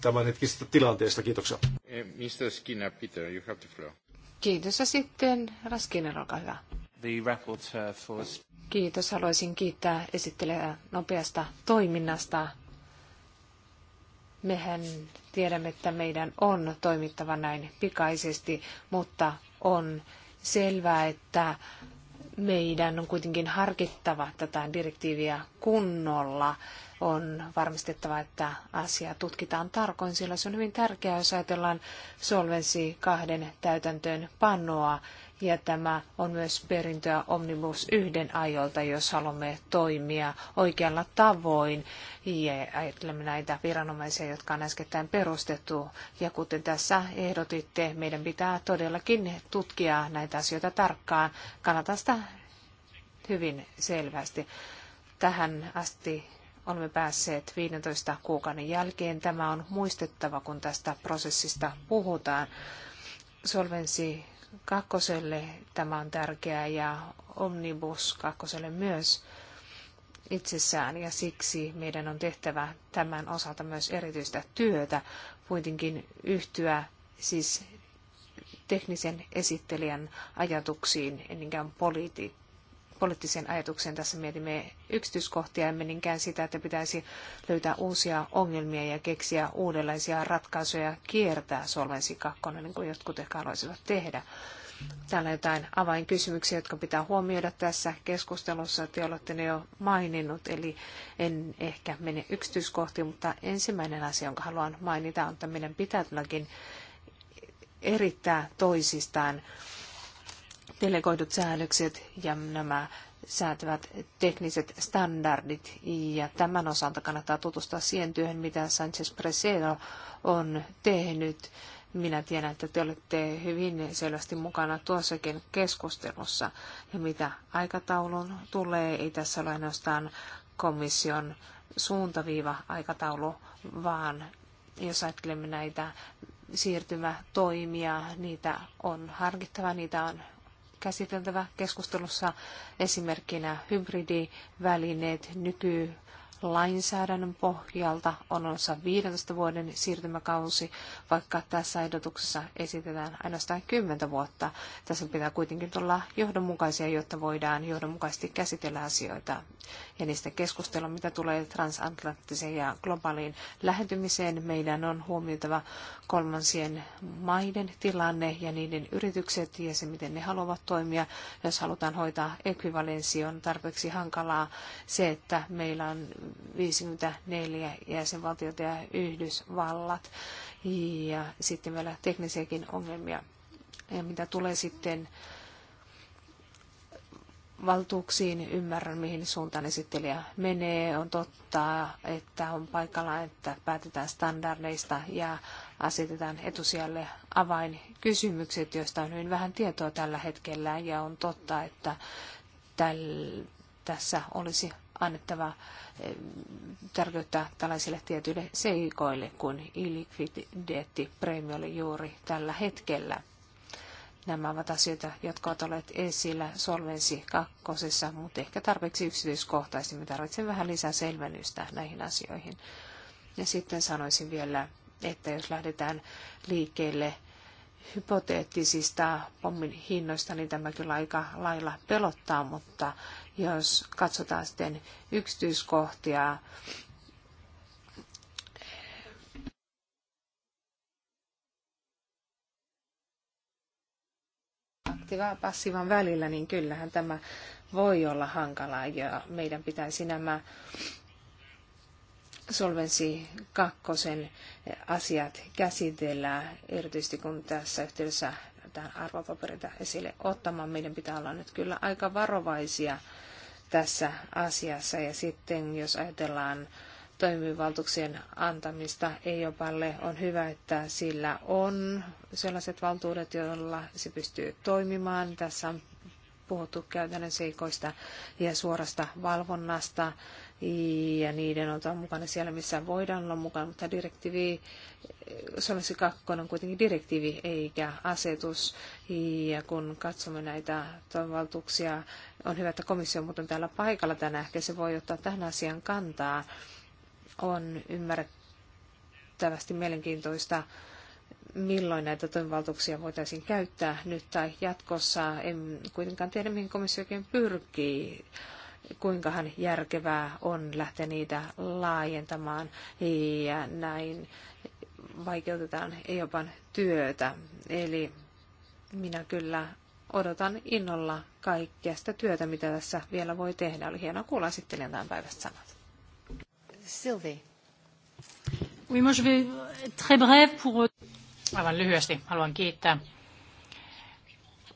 tämänhetkisestä tilanteesta. Kiitoksia. Eh, Mr. Skinner, Peter, you have the floor. Kiitos ja sitten Raskinen, olkaa hyvä. The rapporteur uh, for... Kiitos, haluaisin kiittää esittelijää nopeasta toiminnasta. Mehän tiedämme, että meidän on toimittava näin pikaisesti, mutta on selvää, että meidän on kuitenkin harkittava tätä direktiiviä kunnolla. On varmistettava, että asia tutkitaan tarkoin, sillä se on hyvin tärkeää, jos ajatellaan solvensi kahden täytäntöön panoa ja tämä on myös perintöä Omnibus yhden ajolta, jos haluamme toimia oikealla tavoin. Ja ajattelemme näitä viranomaisia, jotka on äskettäin perustettu. Ja kuten tässä ehdotitte, meidän pitää todellakin tutkia näitä asioita tarkkaan. Kannatan sitä hyvin selvästi. Tähän asti olemme päässeet 15 kuukauden jälkeen. Tämä on muistettava, kun tästä prosessista puhutaan. Solvensi kakkoselle tämä on tärkeää ja Omnibus kakkoselle myös itsessään ja siksi meidän on tehtävä tämän osalta myös erityistä työtä, kuitenkin yhtyä siis teknisen esittelijän ajatuksiin, ennenkään politiikkaan poliittiseen ajatukseen. Tässä mietimme yksityiskohtia, emme niinkään sitä, että pitäisi löytää uusia ongelmia ja keksiä uudenlaisia ratkaisuja kiertää Solvensi 2, niin kuin jotkut ehkä haluaisivat tehdä. Täällä on jotain avainkysymyksiä, jotka pitää huomioida tässä keskustelussa, te olette ne jo maininnut, eli en ehkä mene yksityiskohtiin, mutta ensimmäinen asia, jonka haluan mainita, on, että meidän pitää todellakin erittää toisistaan delegoidut säädökset ja nämä säätävät tekniset standardit. Ja tämän osalta kannattaa tutustua siihen työhön, mitä Sanchez Presero on tehnyt. Minä tiedän, että te olette hyvin selvästi mukana tuossakin keskustelussa. Ja mitä aikataulun tulee, ei tässä ole ainoastaan komission suuntaviiva-aikataulu, vaan jos ajattelemme näitä siirtymätoimia, niitä on harkittava, niitä on käsiteltävä keskustelussa esimerkkinä hybridivälineet, nyky lainsäädännön pohjalta on olemassa 15 vuoden siirtymäkausi, vaikka tässä ehdotuksessa esitetään ainoastaan 10 vuotta. Tässä pitää kuitenkin olla johdonmukaisia, jotta voidaan johdonmukaisesti käsitellä asioita ja niistä keskustella, mitä tulee transatlanttiseen ja globaaliin lähentymiseen. Meidän on huomioitava kolmansien maiden tilanne ja niiden yritykset ja se, miten ne haluavat toimia. Jos halutaan hoitaa ekvivalenssi, on tarpeeksi hankalaa se, että meillä on 54 jäsenvaltiota ja Yhdysvallat. Ja sitten vielä teknisiäkin ongelmia. Ja mitä tulee sitten valtuuksiin, ymmärrän mihin suuntaan esittelijä menee. On totta, että on paikalla, että päätetään standardeista ja asetetaan etusijalle avainkysymykset, joista on hyvin vähän tietoa tällä hetkellä. Ja on totta, että täl, tässä olisi annettava eh, tarkoittaa tällaisille tietyille seikoille, kun illikviditeettipreemio juuri tällä hetkellä. Nämä ovat asioita, jotka ovat olleet esillä Solvensi kakkosessa, mutta ehkä tarpeeksi yksityiskohtaisesti. Me tarvitsemme vähän lisää selvennystä näihin asioihin. Ja sitten sanoisin vielä, että jos lähdetään liikkeelle hypoteettisista pommin hinnoista, niin tämä kyllä aika lailla pelottaa, mutta jos katsotaan sitten yksityiskohtia, aktiva passivan välillä, niin kyllähän tämä voi olla hankalaa ja meidän pitäisi nämä Solvensi kakkosen asiat käsitellään, erityisesti kun tässä yhteydessä näitä arvopapereita esille ottamaan. Meidän pitää olla nyt kyllä aika varovaisia tässä asiassa. Ja sitten jos ajatellaan toimivaltuuksien antamista EIOPalle, on hyvä, että sillä on sellaiset valtuudet, joilla se pystyy toimimaan. Tässä on puhuttu käytännön seikoista ja suorasta valvonnasta ja niiden on oltava mukana siellä, missä voidaan olla mukana, mutta direktiivi, Suomessa kakkonen on kuitenkin direktiivi eikä asetus, ja kun katsomme näitä toimivaltuuksia, on hyvä, että komissio muuten täällä paikalla tänään, ehkä se voi ottaa tähän asian kantaa, on ymmärrettävästi mielenkiintoista, milloin näitä toimivaltuuksia voitaisiin käyttää nyt tai jatkossa. En kuitenkaan tiedä, mihin komissio oikein pyrkii hän järkevää on lähteä niitä laajentamaan ja näin vaikeutetaan Eiopan työtä. Eli minä kyllä odotan innolla kaikkea sitä työtä, mitä tässä vielä voi tehdä. Oli hienoa kuulla sitten tämän päivästä sanat. Sylvie. Oui, moi je vais très bref pour... Aivan lyhyesti haluan kiittää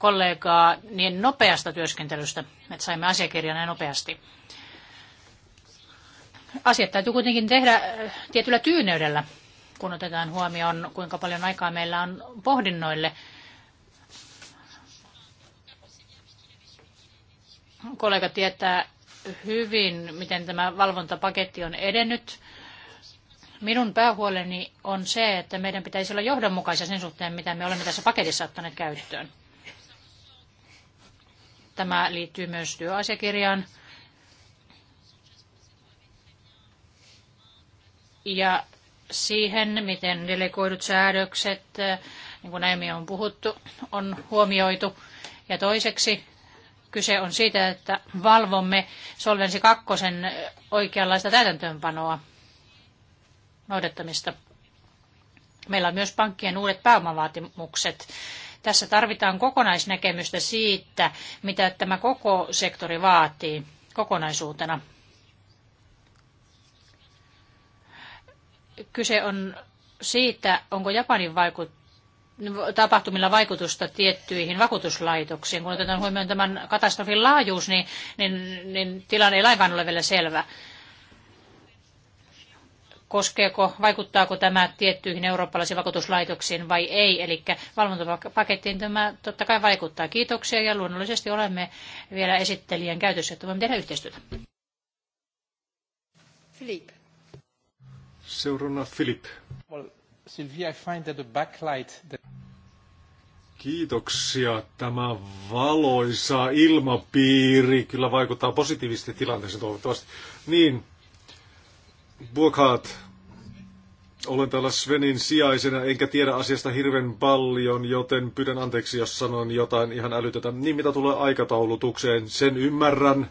kollegaa niin nopeasta työskentelystä, että saimme asiakirjan näin nopeasti. Asiat täytyy kuitenkin tehdä äh, tietyllä tyyneydellä, kun otetaan huomioon, kuinka paljon aikaa meillä on pohdinnoille. Kollega tietää hyvin, miten tämä valvontapaketti on edennyt. Minun päähuoleni on se, että meidän pitäisi olla johdonmukaisia sen suhteen, mitä me olemme tässä paketissa ottaneet käyttöön. Tämä liittyy myös työasiakirjaan. Ja siihen, miten delegoidut säädökset, niin kuin aiemmin on puhuttu, on huomioitu. Ja toiseksi kyse on siitä, että valvomme Solvensi kakkosen oikeanlaista täytäntöönpanoa noudattamista. Meillä on myös pankkien uudet pääomavaatimukset. Tässä tarvitaan kokonaisnäkemystä siitä, mitä tämä koko sektori vaatii kokonaisuutena. Kyse on siitä, onko Japanin vaikut tapahtumilla vaikutusta tiettyihin vakuutuslaitoksiin. Kun otetaan huomioon tämän katastrofin laajuus, niin, niin, niin tilanne ei lainkaan ole vielä selvä koskeeko, vaikuttaako tämä tiettyihin eurooppalaisiin vakuutuslaitoksiin vai ei. Eli valvontapakettiin tämä totta kai vaikuttaa. Kiitoksia ja luonnollisesti olemme vielä esittelijän käytössä, että voimme tehdä yhteistyötä. Philippe. Seurana Philip. Well, I find that the backlight... Kiitoksia. Tämä valoisa ilmapiiri kyllä vaikuttaa positiivisesti tilanteeseen toivottavasti. Niin, Burkhardt, olen täällä Svenin sijaisena, enkä tiedä asiasta hirveän paljon, joten pyydän anteeksi, jos sanon jotain ihan älytötä. Niin mitä tulee aikataulutukseen, sen ymmärrän.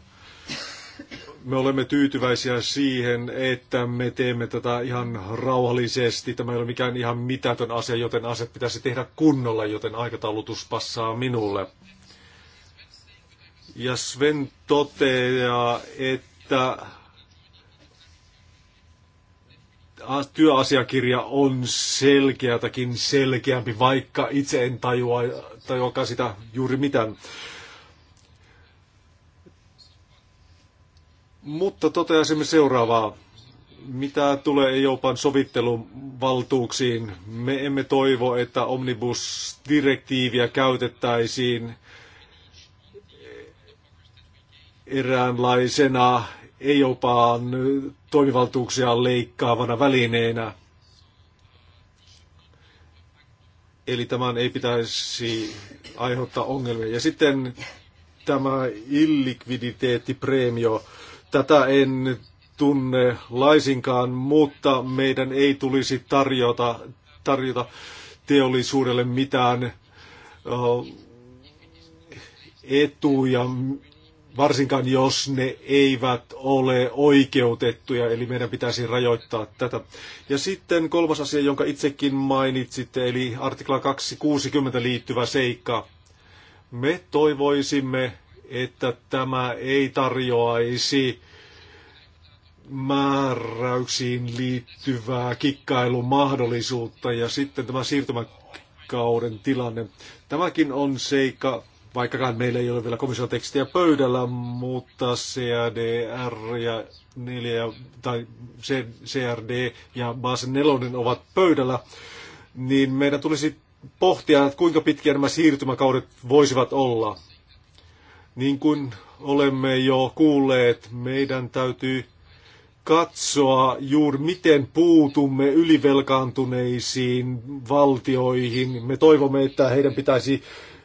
Me olemme tyytyväisiä siihen, että me teemme tätä ihan rauhallisesti. Tämä ei ole mikään ihan mitätön asia, joten asiat pitäisi tehdä kunnolla, joten aikataulutus passaa minulle. Ja Sven toteaa, että työasiakirja on selkeätäkin selkeämpi, vaikka itse en tajua, tajuakaan sitä juuri mitään. Mutta toteaisimme seuraavaa. Mitä tulee Euroopan sovitteluvaltuuksiin, me emme toivo, että omnibusdirektiiviä käytettäisiin eräänlaisena ei jopa toimivaltuuksia leikkaavana välineenä. Eli tämän ei pitäisi aiheuttaa ongelmia. Ja sitten tämä illikviditeettipreemio. Tätä en tunne laisinkaan, mutta meidän ei tulisi tarjota, tarjota teollisuudelle mitään etuja varsinkaan jos ne eivät ole oikeutettuja, eli meidän pitäisi rajoittaa tätä. Ja sitten kolmas asia, jonka itsekin mainitsitte, eli artikla 260 liittyvä seikka. Me toivoisimme, että tämä ei tarjoaisi määräyksiin liittyvää kikkailumahdollisuutta mahdollisuutta ja sitten tämä siirtymäkauden tilanne. Tämäkin on seikka, Vaikkakaan meillä ei ole vielä komission tekstiä pöydällä, mutta CRDR ja 4, tai CRD ja Basel 4 ovat pöydällä, niin meidän tulisi pohtia, että kuinka pitkiä nämä siirtymäkaudet voisivat olla. Niin kuin olemme jo kuulleet, meidän täytyy katsoa juuri miten puutumme ylivelkaantuneisiin valtioihin. Me toivomme, että heidän pitäisi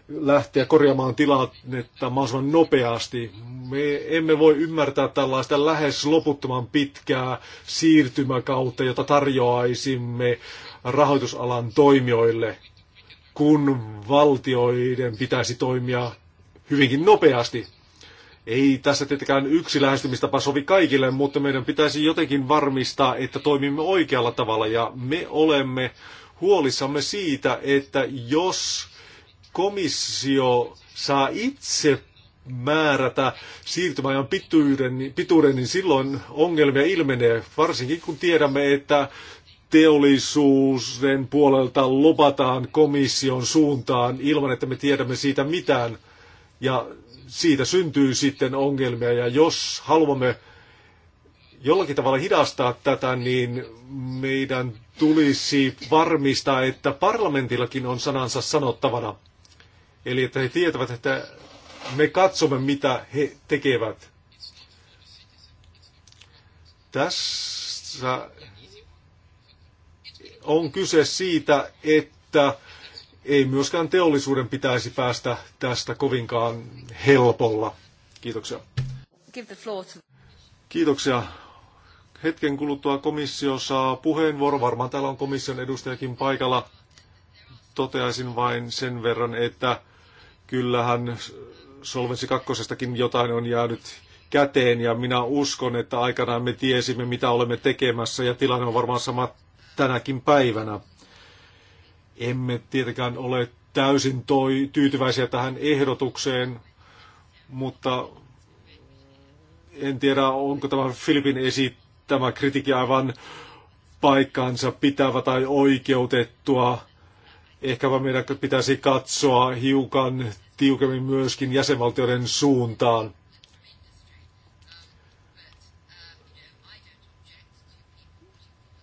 lähteä korjaamaan tilannetta mahdollisimman nopeasti. Me emme voi ymmärtää tällaista lähes loputtoman pitkää siirtymäkautta, jota tarjoaisimme rahoitusalan toimijoille, kun valtioiden pitäisi toimia hyvinkin nopeasti. Ei tässä tietenkään yksi lähestymistapa sovi kaikille, mutta meidän pitäisi jotenkin varmistaa, että toimimme oikealla tavalla. Ja me olemme huolissamme siitä, että jos komissio saa itse määrätä siirtymäajan pituuden, pituuden, niin silloin ongelmia ilmenee, varsinkin kun tiedämme, että teollisuuden puolelta lopataan komission suuntaan ilman, että me tiedämme siitä mitään. Ja siitä syntyy sitten ongelmia. Ja jos haluamme jollakin tavalla hidastaa tätä, niin meidän tulisi varmistaa, että parlamentillakin on sanansa sanottavana. Eli että he tietävät, että me katsomme, mitä he tekevät. Tässä on kyse siitä, että ei myöskään teollisuuden pitäisi päästä tästä kovinkaan helpolla. Kiitoksia. Kiitoksia. Hetken kuluttua komissio saa puheenvuoro. Varmaan täällä on komission edustajakin paikalla. Toteaisin vain sen verran, että kyllähän Solvensi kakkosestakin jotain on jäänyt käteen ja minä uskon, että aikanaan me tiesimme, mitä olemme tekemässä ja tilanne on varmaan sama tänäkin päivänä. Emme tietenkään ole täysin toi, tyytyväisiä tähän ehdotukseen, mutta en tiedä, onko tämä Filipin esittämä kritiikki aivan paikkaansa pitävä tai oikeutettua Ehkäpä meidän pitäisi katsoa hiukan tiukemmin myöskin jäsenvaltioiden suuntaan.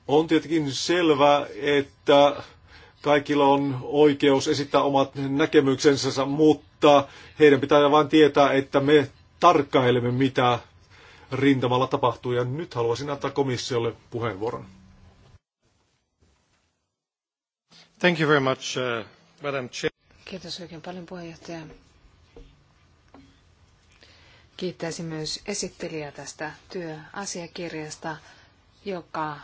On tietenkin selvää, että kaikilla on oikeus esittää omat näkemyksensä, mutta heidän pitää vain tietää, että me tarkkailemme, mitä rintamalla tapahtuu. Ja nyt haluaisin antaa komissiolle puheenvuoron. Thank you very much, uh, Madam Chair. Kiitos oikein paljon puheenjohtaja. Kiittäisin myös esittelijää tästä työasiakirjasta, joka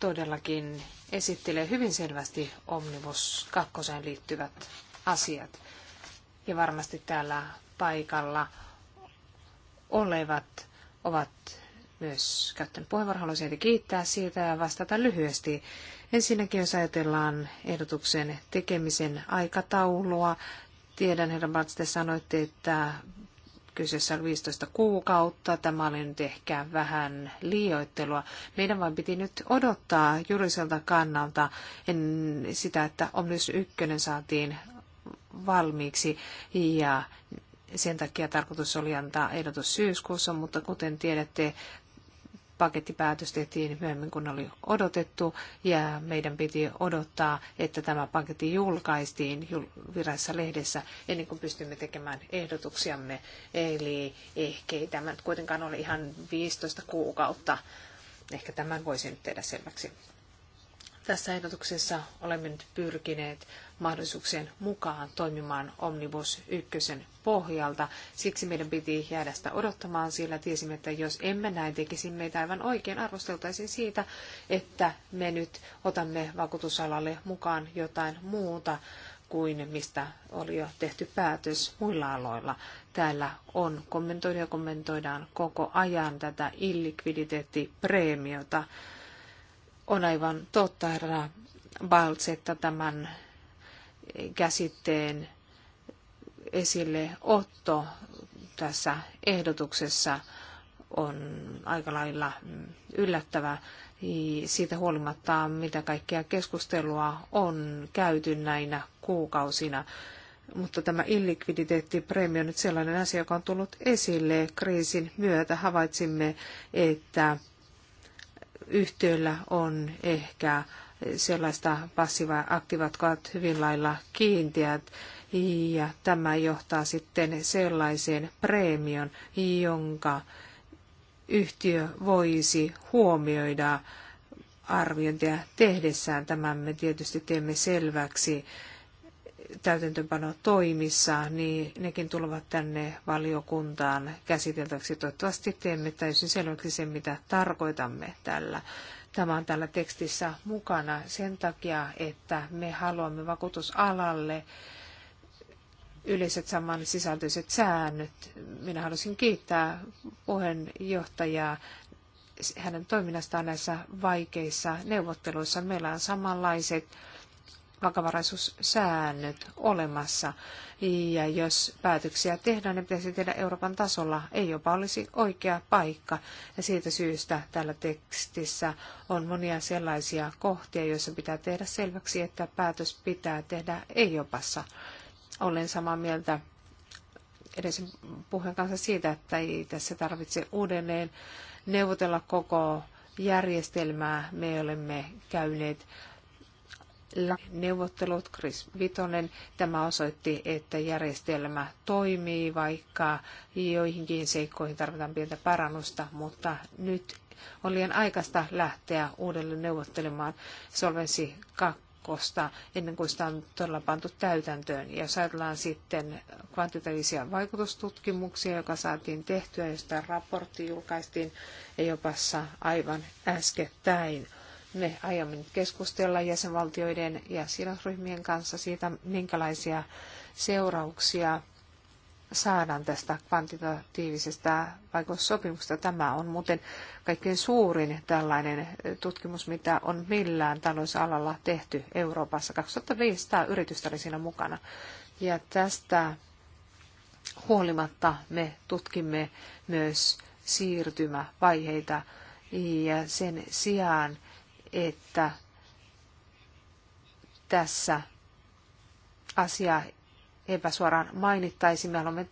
todellakin esittelee hyvin selvästi Omnibus 2 liittyvät asiat. Ja varmasti täällä paikalla olevat ovat myös käyttänyt puheenvuoron. Haluaisin kiittää siitä ja vastata lyhyesti Ensinnäkin jos ajatellaan ehdotuksen tekemisen aikataulua, tiedän herra Bartz, te sanoitte, että kyseessä on 15 kuukautta. Tämä oli nyt ehkä vähän liioittelua. Meidän vain piti nyt odottaa juridiselta kannalta en sitä, että Omnys 1 saatiin valmiiksi ja sen takia tarkoitus oli antaa ehdotus syyskuussa, mutta kuten tiedätte, pakettipäätös tehtiin myöhemmin kuin oli odotettu ja meidän piti odottaa, että tämä paketti julkaistiin virassa lehdessä ennen kuin pystymme tekemään ehdotuksiamme. Eli ehkä ei tämä nyt kuitenkaan ole ihan 15 kuukautta. Ehkä tämän voisi nyt tehdä selväksi. Tässä ehdotuksessa olemme nyt pyrkineet mahdollisuuksien mukaan toimimaan Omnibus 1 pohjalta. Siksi meidän piti jäädä sitä odottamaan, sillä tiesimme, että jos emme näin tekisi, meitä aivan oikein arvosteltaisiin siitä, että me nyt otamme vakuutusalalle mukaan jotain muuta kuin mistä oli jo tehty päätös muilla aloilla. Täällä on kommentoida ja kommentoidaan koko ajan tätä illikviditeettipreemiota. premiota on aivan totta, herra Balts, että tämän käsitteen esille otto tässä ehdotuksessa on aika lailla yllättävä siitä huolimatta, mitä kaikkea keskustelua on käyty näinä kuukausina. Mutta tämä illikviditeettipreemio on nyt sellainen asia, joka on tullut esille kriisin myötä. Havaitsimme, että Yhtiöllä on ehkä sellaista passiva aktiivaa, jotka ovat hyvin lailla kiinteät. Ja tämä johtaa sitten sellaiseen preemion, jonka yhtiö voisi huomioida arviointia tehdessään. Tämän me tietysti teemme selväksi täytäntöpanotoimissa, niin nekin tulevat tänne valiokuntaan käsiteltäväksi. Toivottavasti teemme täysin selväksi sen, mitä tarkoitamme tällä. Tämä on tällä tekstissä mukana sen takia, että me haluamme vakuutusalalle yleiset saman sisältöiset säännöt. Minä haluaisin kiittää puheenjohtajaa hänen toiminnastaan näissä vaikeissa neuvotteluissa. Meillä on samanlaiset vakavaraisuussäännöt olemassa. Ja jos päätöksiä tehdään, ne pitäisi tehdä Euroopan tasolla. Ei jopa olisi oikea paikka. Ja siitä syystä tällä tekstissä on monia sellaisia kohtia, joissa pitää tehdä selväksi, että päätös pitää tehdä ei jopassa. Olen samaa mieltä edellisen puheen kanssa siitä, että ei tässä tarvitse uudelleen neuvotella koko järjestelmää. Me olemme käyneet neuvottelut, Chris Vitonen, tämä osoitti, että järjestelmä toimii, vaikka joihinkin seikkoihin tarvitaan pientä parannusta, mutta nyt on liian aikaista lähteä uudelleen neuvottelemaan Solvensi 2 ennen kuin sitä on todella pantu täytäntöön. Ja jos ajatellaan sitten kvantitatiivisia vaikutustutkimuksia, joka saatiin tehtyä, josta raportti julkaistiin Ejopassa aivan äskettäin me aiomme nyt keskustella jäsenvaltioiden ja sidosryhmien kanssa siitä, minkälaisia seurauksia saadaan tästä kvantitatiivisesta vaikutussopimuksesta. Tämä on muuten kaikkein suurin tällainen tutkimus, mitä on millään talousalalla tehty Euroopassa. 2500 yritystä oli siinä mukana. Ja tästä huolimatta me tutkimme myös siirtymävaiheita ja sen sijaan että tässä asia epäsuoraan mainittaisiin. Me haluamme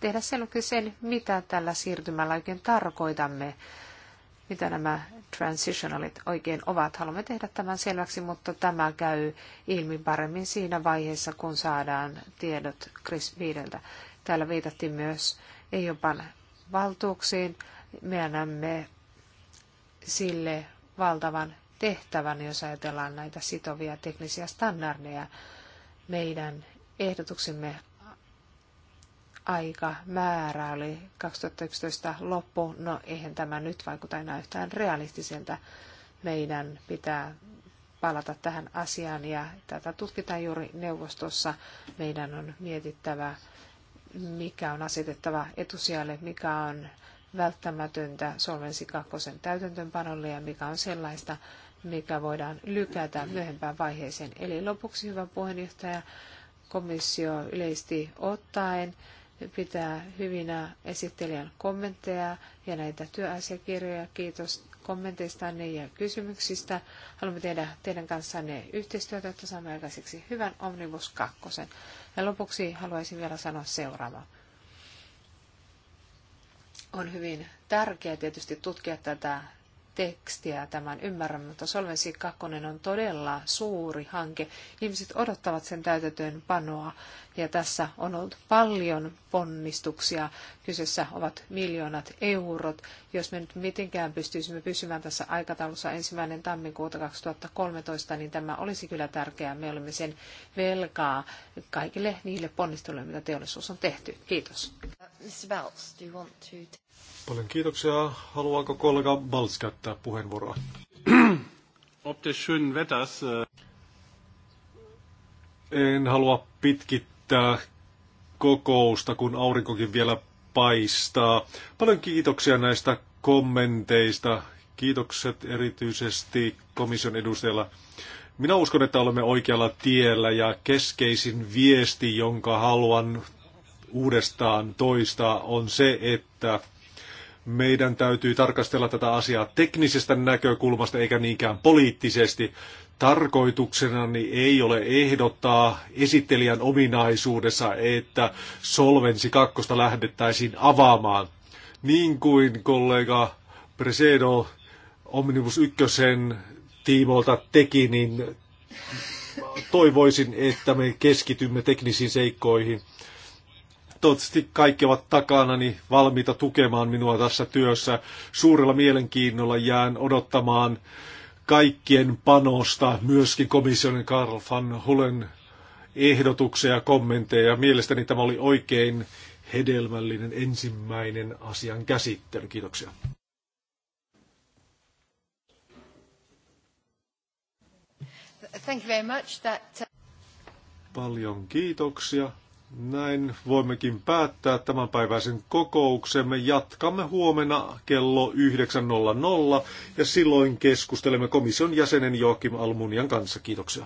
tehdä selväksi sen, mitä tällä siirtymällä oikein tarkoitamme, mitä nämä transitionalit oikein ovat. Haluamme tehdä tämän selväksi, mutta tämä käy ilmi paremmin siinä vaiheessa, kun saadaan tiedot Chris Viideltä. Täällä viitattiin myös Eiopan valtuuksiin. Me annamme sille valtavan tehtävän, jos ajatellaan näitä sitovia teknisiä standardeja. Meidän ehdotuksemme aika määrä oli 2011 loppu. No eihän tämä nyt vaikuta enää yhtään realistiselta. Meidän pitää palata tähän asiaan ja tätä tutkitaan juuri neuvostossa. Meidän on mietittävä, mikä on asetettava etusijalle, mikä on välttämätöntä Solvensi 2 täytäntöönpanolle ja mikä on sellaista, mikä voidaan lykätä myöhempään vaiheeseen. Eli lopuksi, hyvä puheenjohtaja, komissio yleisesti ottaen pitää hyvinä esittelijän kommentteja ja näitä työasiakirjoja. Kiitos kommenteistanne ja kysymyksistä. Haluamme tehdä teidän kanssanne yhteistyötä, että saamme aikaiseksi hyvän Omnibus 2. Ja lopuksi haluaisin vielä sanoa seuraava. On hyvin tärkeää tietysti tutkia tätä tekstiä tämän ymmärrämme, mutta Solvensi 2 on todella suuri hanke. Ihmiset odottavat sen täytetön panoa ja tässä on ollut paljon ponnistuksia. Kyseessä ovat miljoonat eurot. Jos me nyt mitenkään pystyisimme pysymään tässä aikataulussa ensimmäinen tammikuuta 2013, niin tämä olisi kyllä tärkeää. Me olemme sen velkaa kaikille niille ponnisteluille, mitä teollisuus on tehty. Kiitos. Mr. do you want to... Paljon kiitoksia. Haluaako kollega Baltz käyttää puheenvuoroa? Ob Wetters. Äh, en halua pitkittää kokousta, kun aurinkokin vielä paistaa. Paljon kiitoksia näistä kommenteista. Kiitokset erityisesti komission edustajalla. Minä uskon, että olemme oikealla tiellä ja keskeisin viesti, jonka haluan uudestaan toistaa, on se, että meidän täytyy tarkastella tätä asiaa teknisestä näkökulmasta eikä niinkään poliittisesti. Tarkoituksenani ei ole ehdottaa esittelijän ominaisuudessa, että Solvensi 2 lähdettäisiin avaamaan. Niin kuin kollega Presedo Omnibus 1 tiimoilta teki, niin toivoisin, että me keskitymme teknisiin seikkoihin toivottavasti kaikki ovat takanani niin valmiita tukemaan minua tässä työssä. Suurella mielenkiinnolla jään odottamaan kaikkien panosta, myöskin komission Karl van Hulen ehdotuksia ja kommentteja. Mielestäni tämä oli oikein hedelmällinen ensimmäinen asian käsittely. Kiitoksia. Thank you very much. That... Uh, Paljon kiitoksia. Näin voimmekin päättää tämänpäiväisen kokouksemme. Jatkamme huomenna kello 9.00 ja silloin keskustelemme komission jäsenen Joakim Almunian kanssa. Kiitoksia.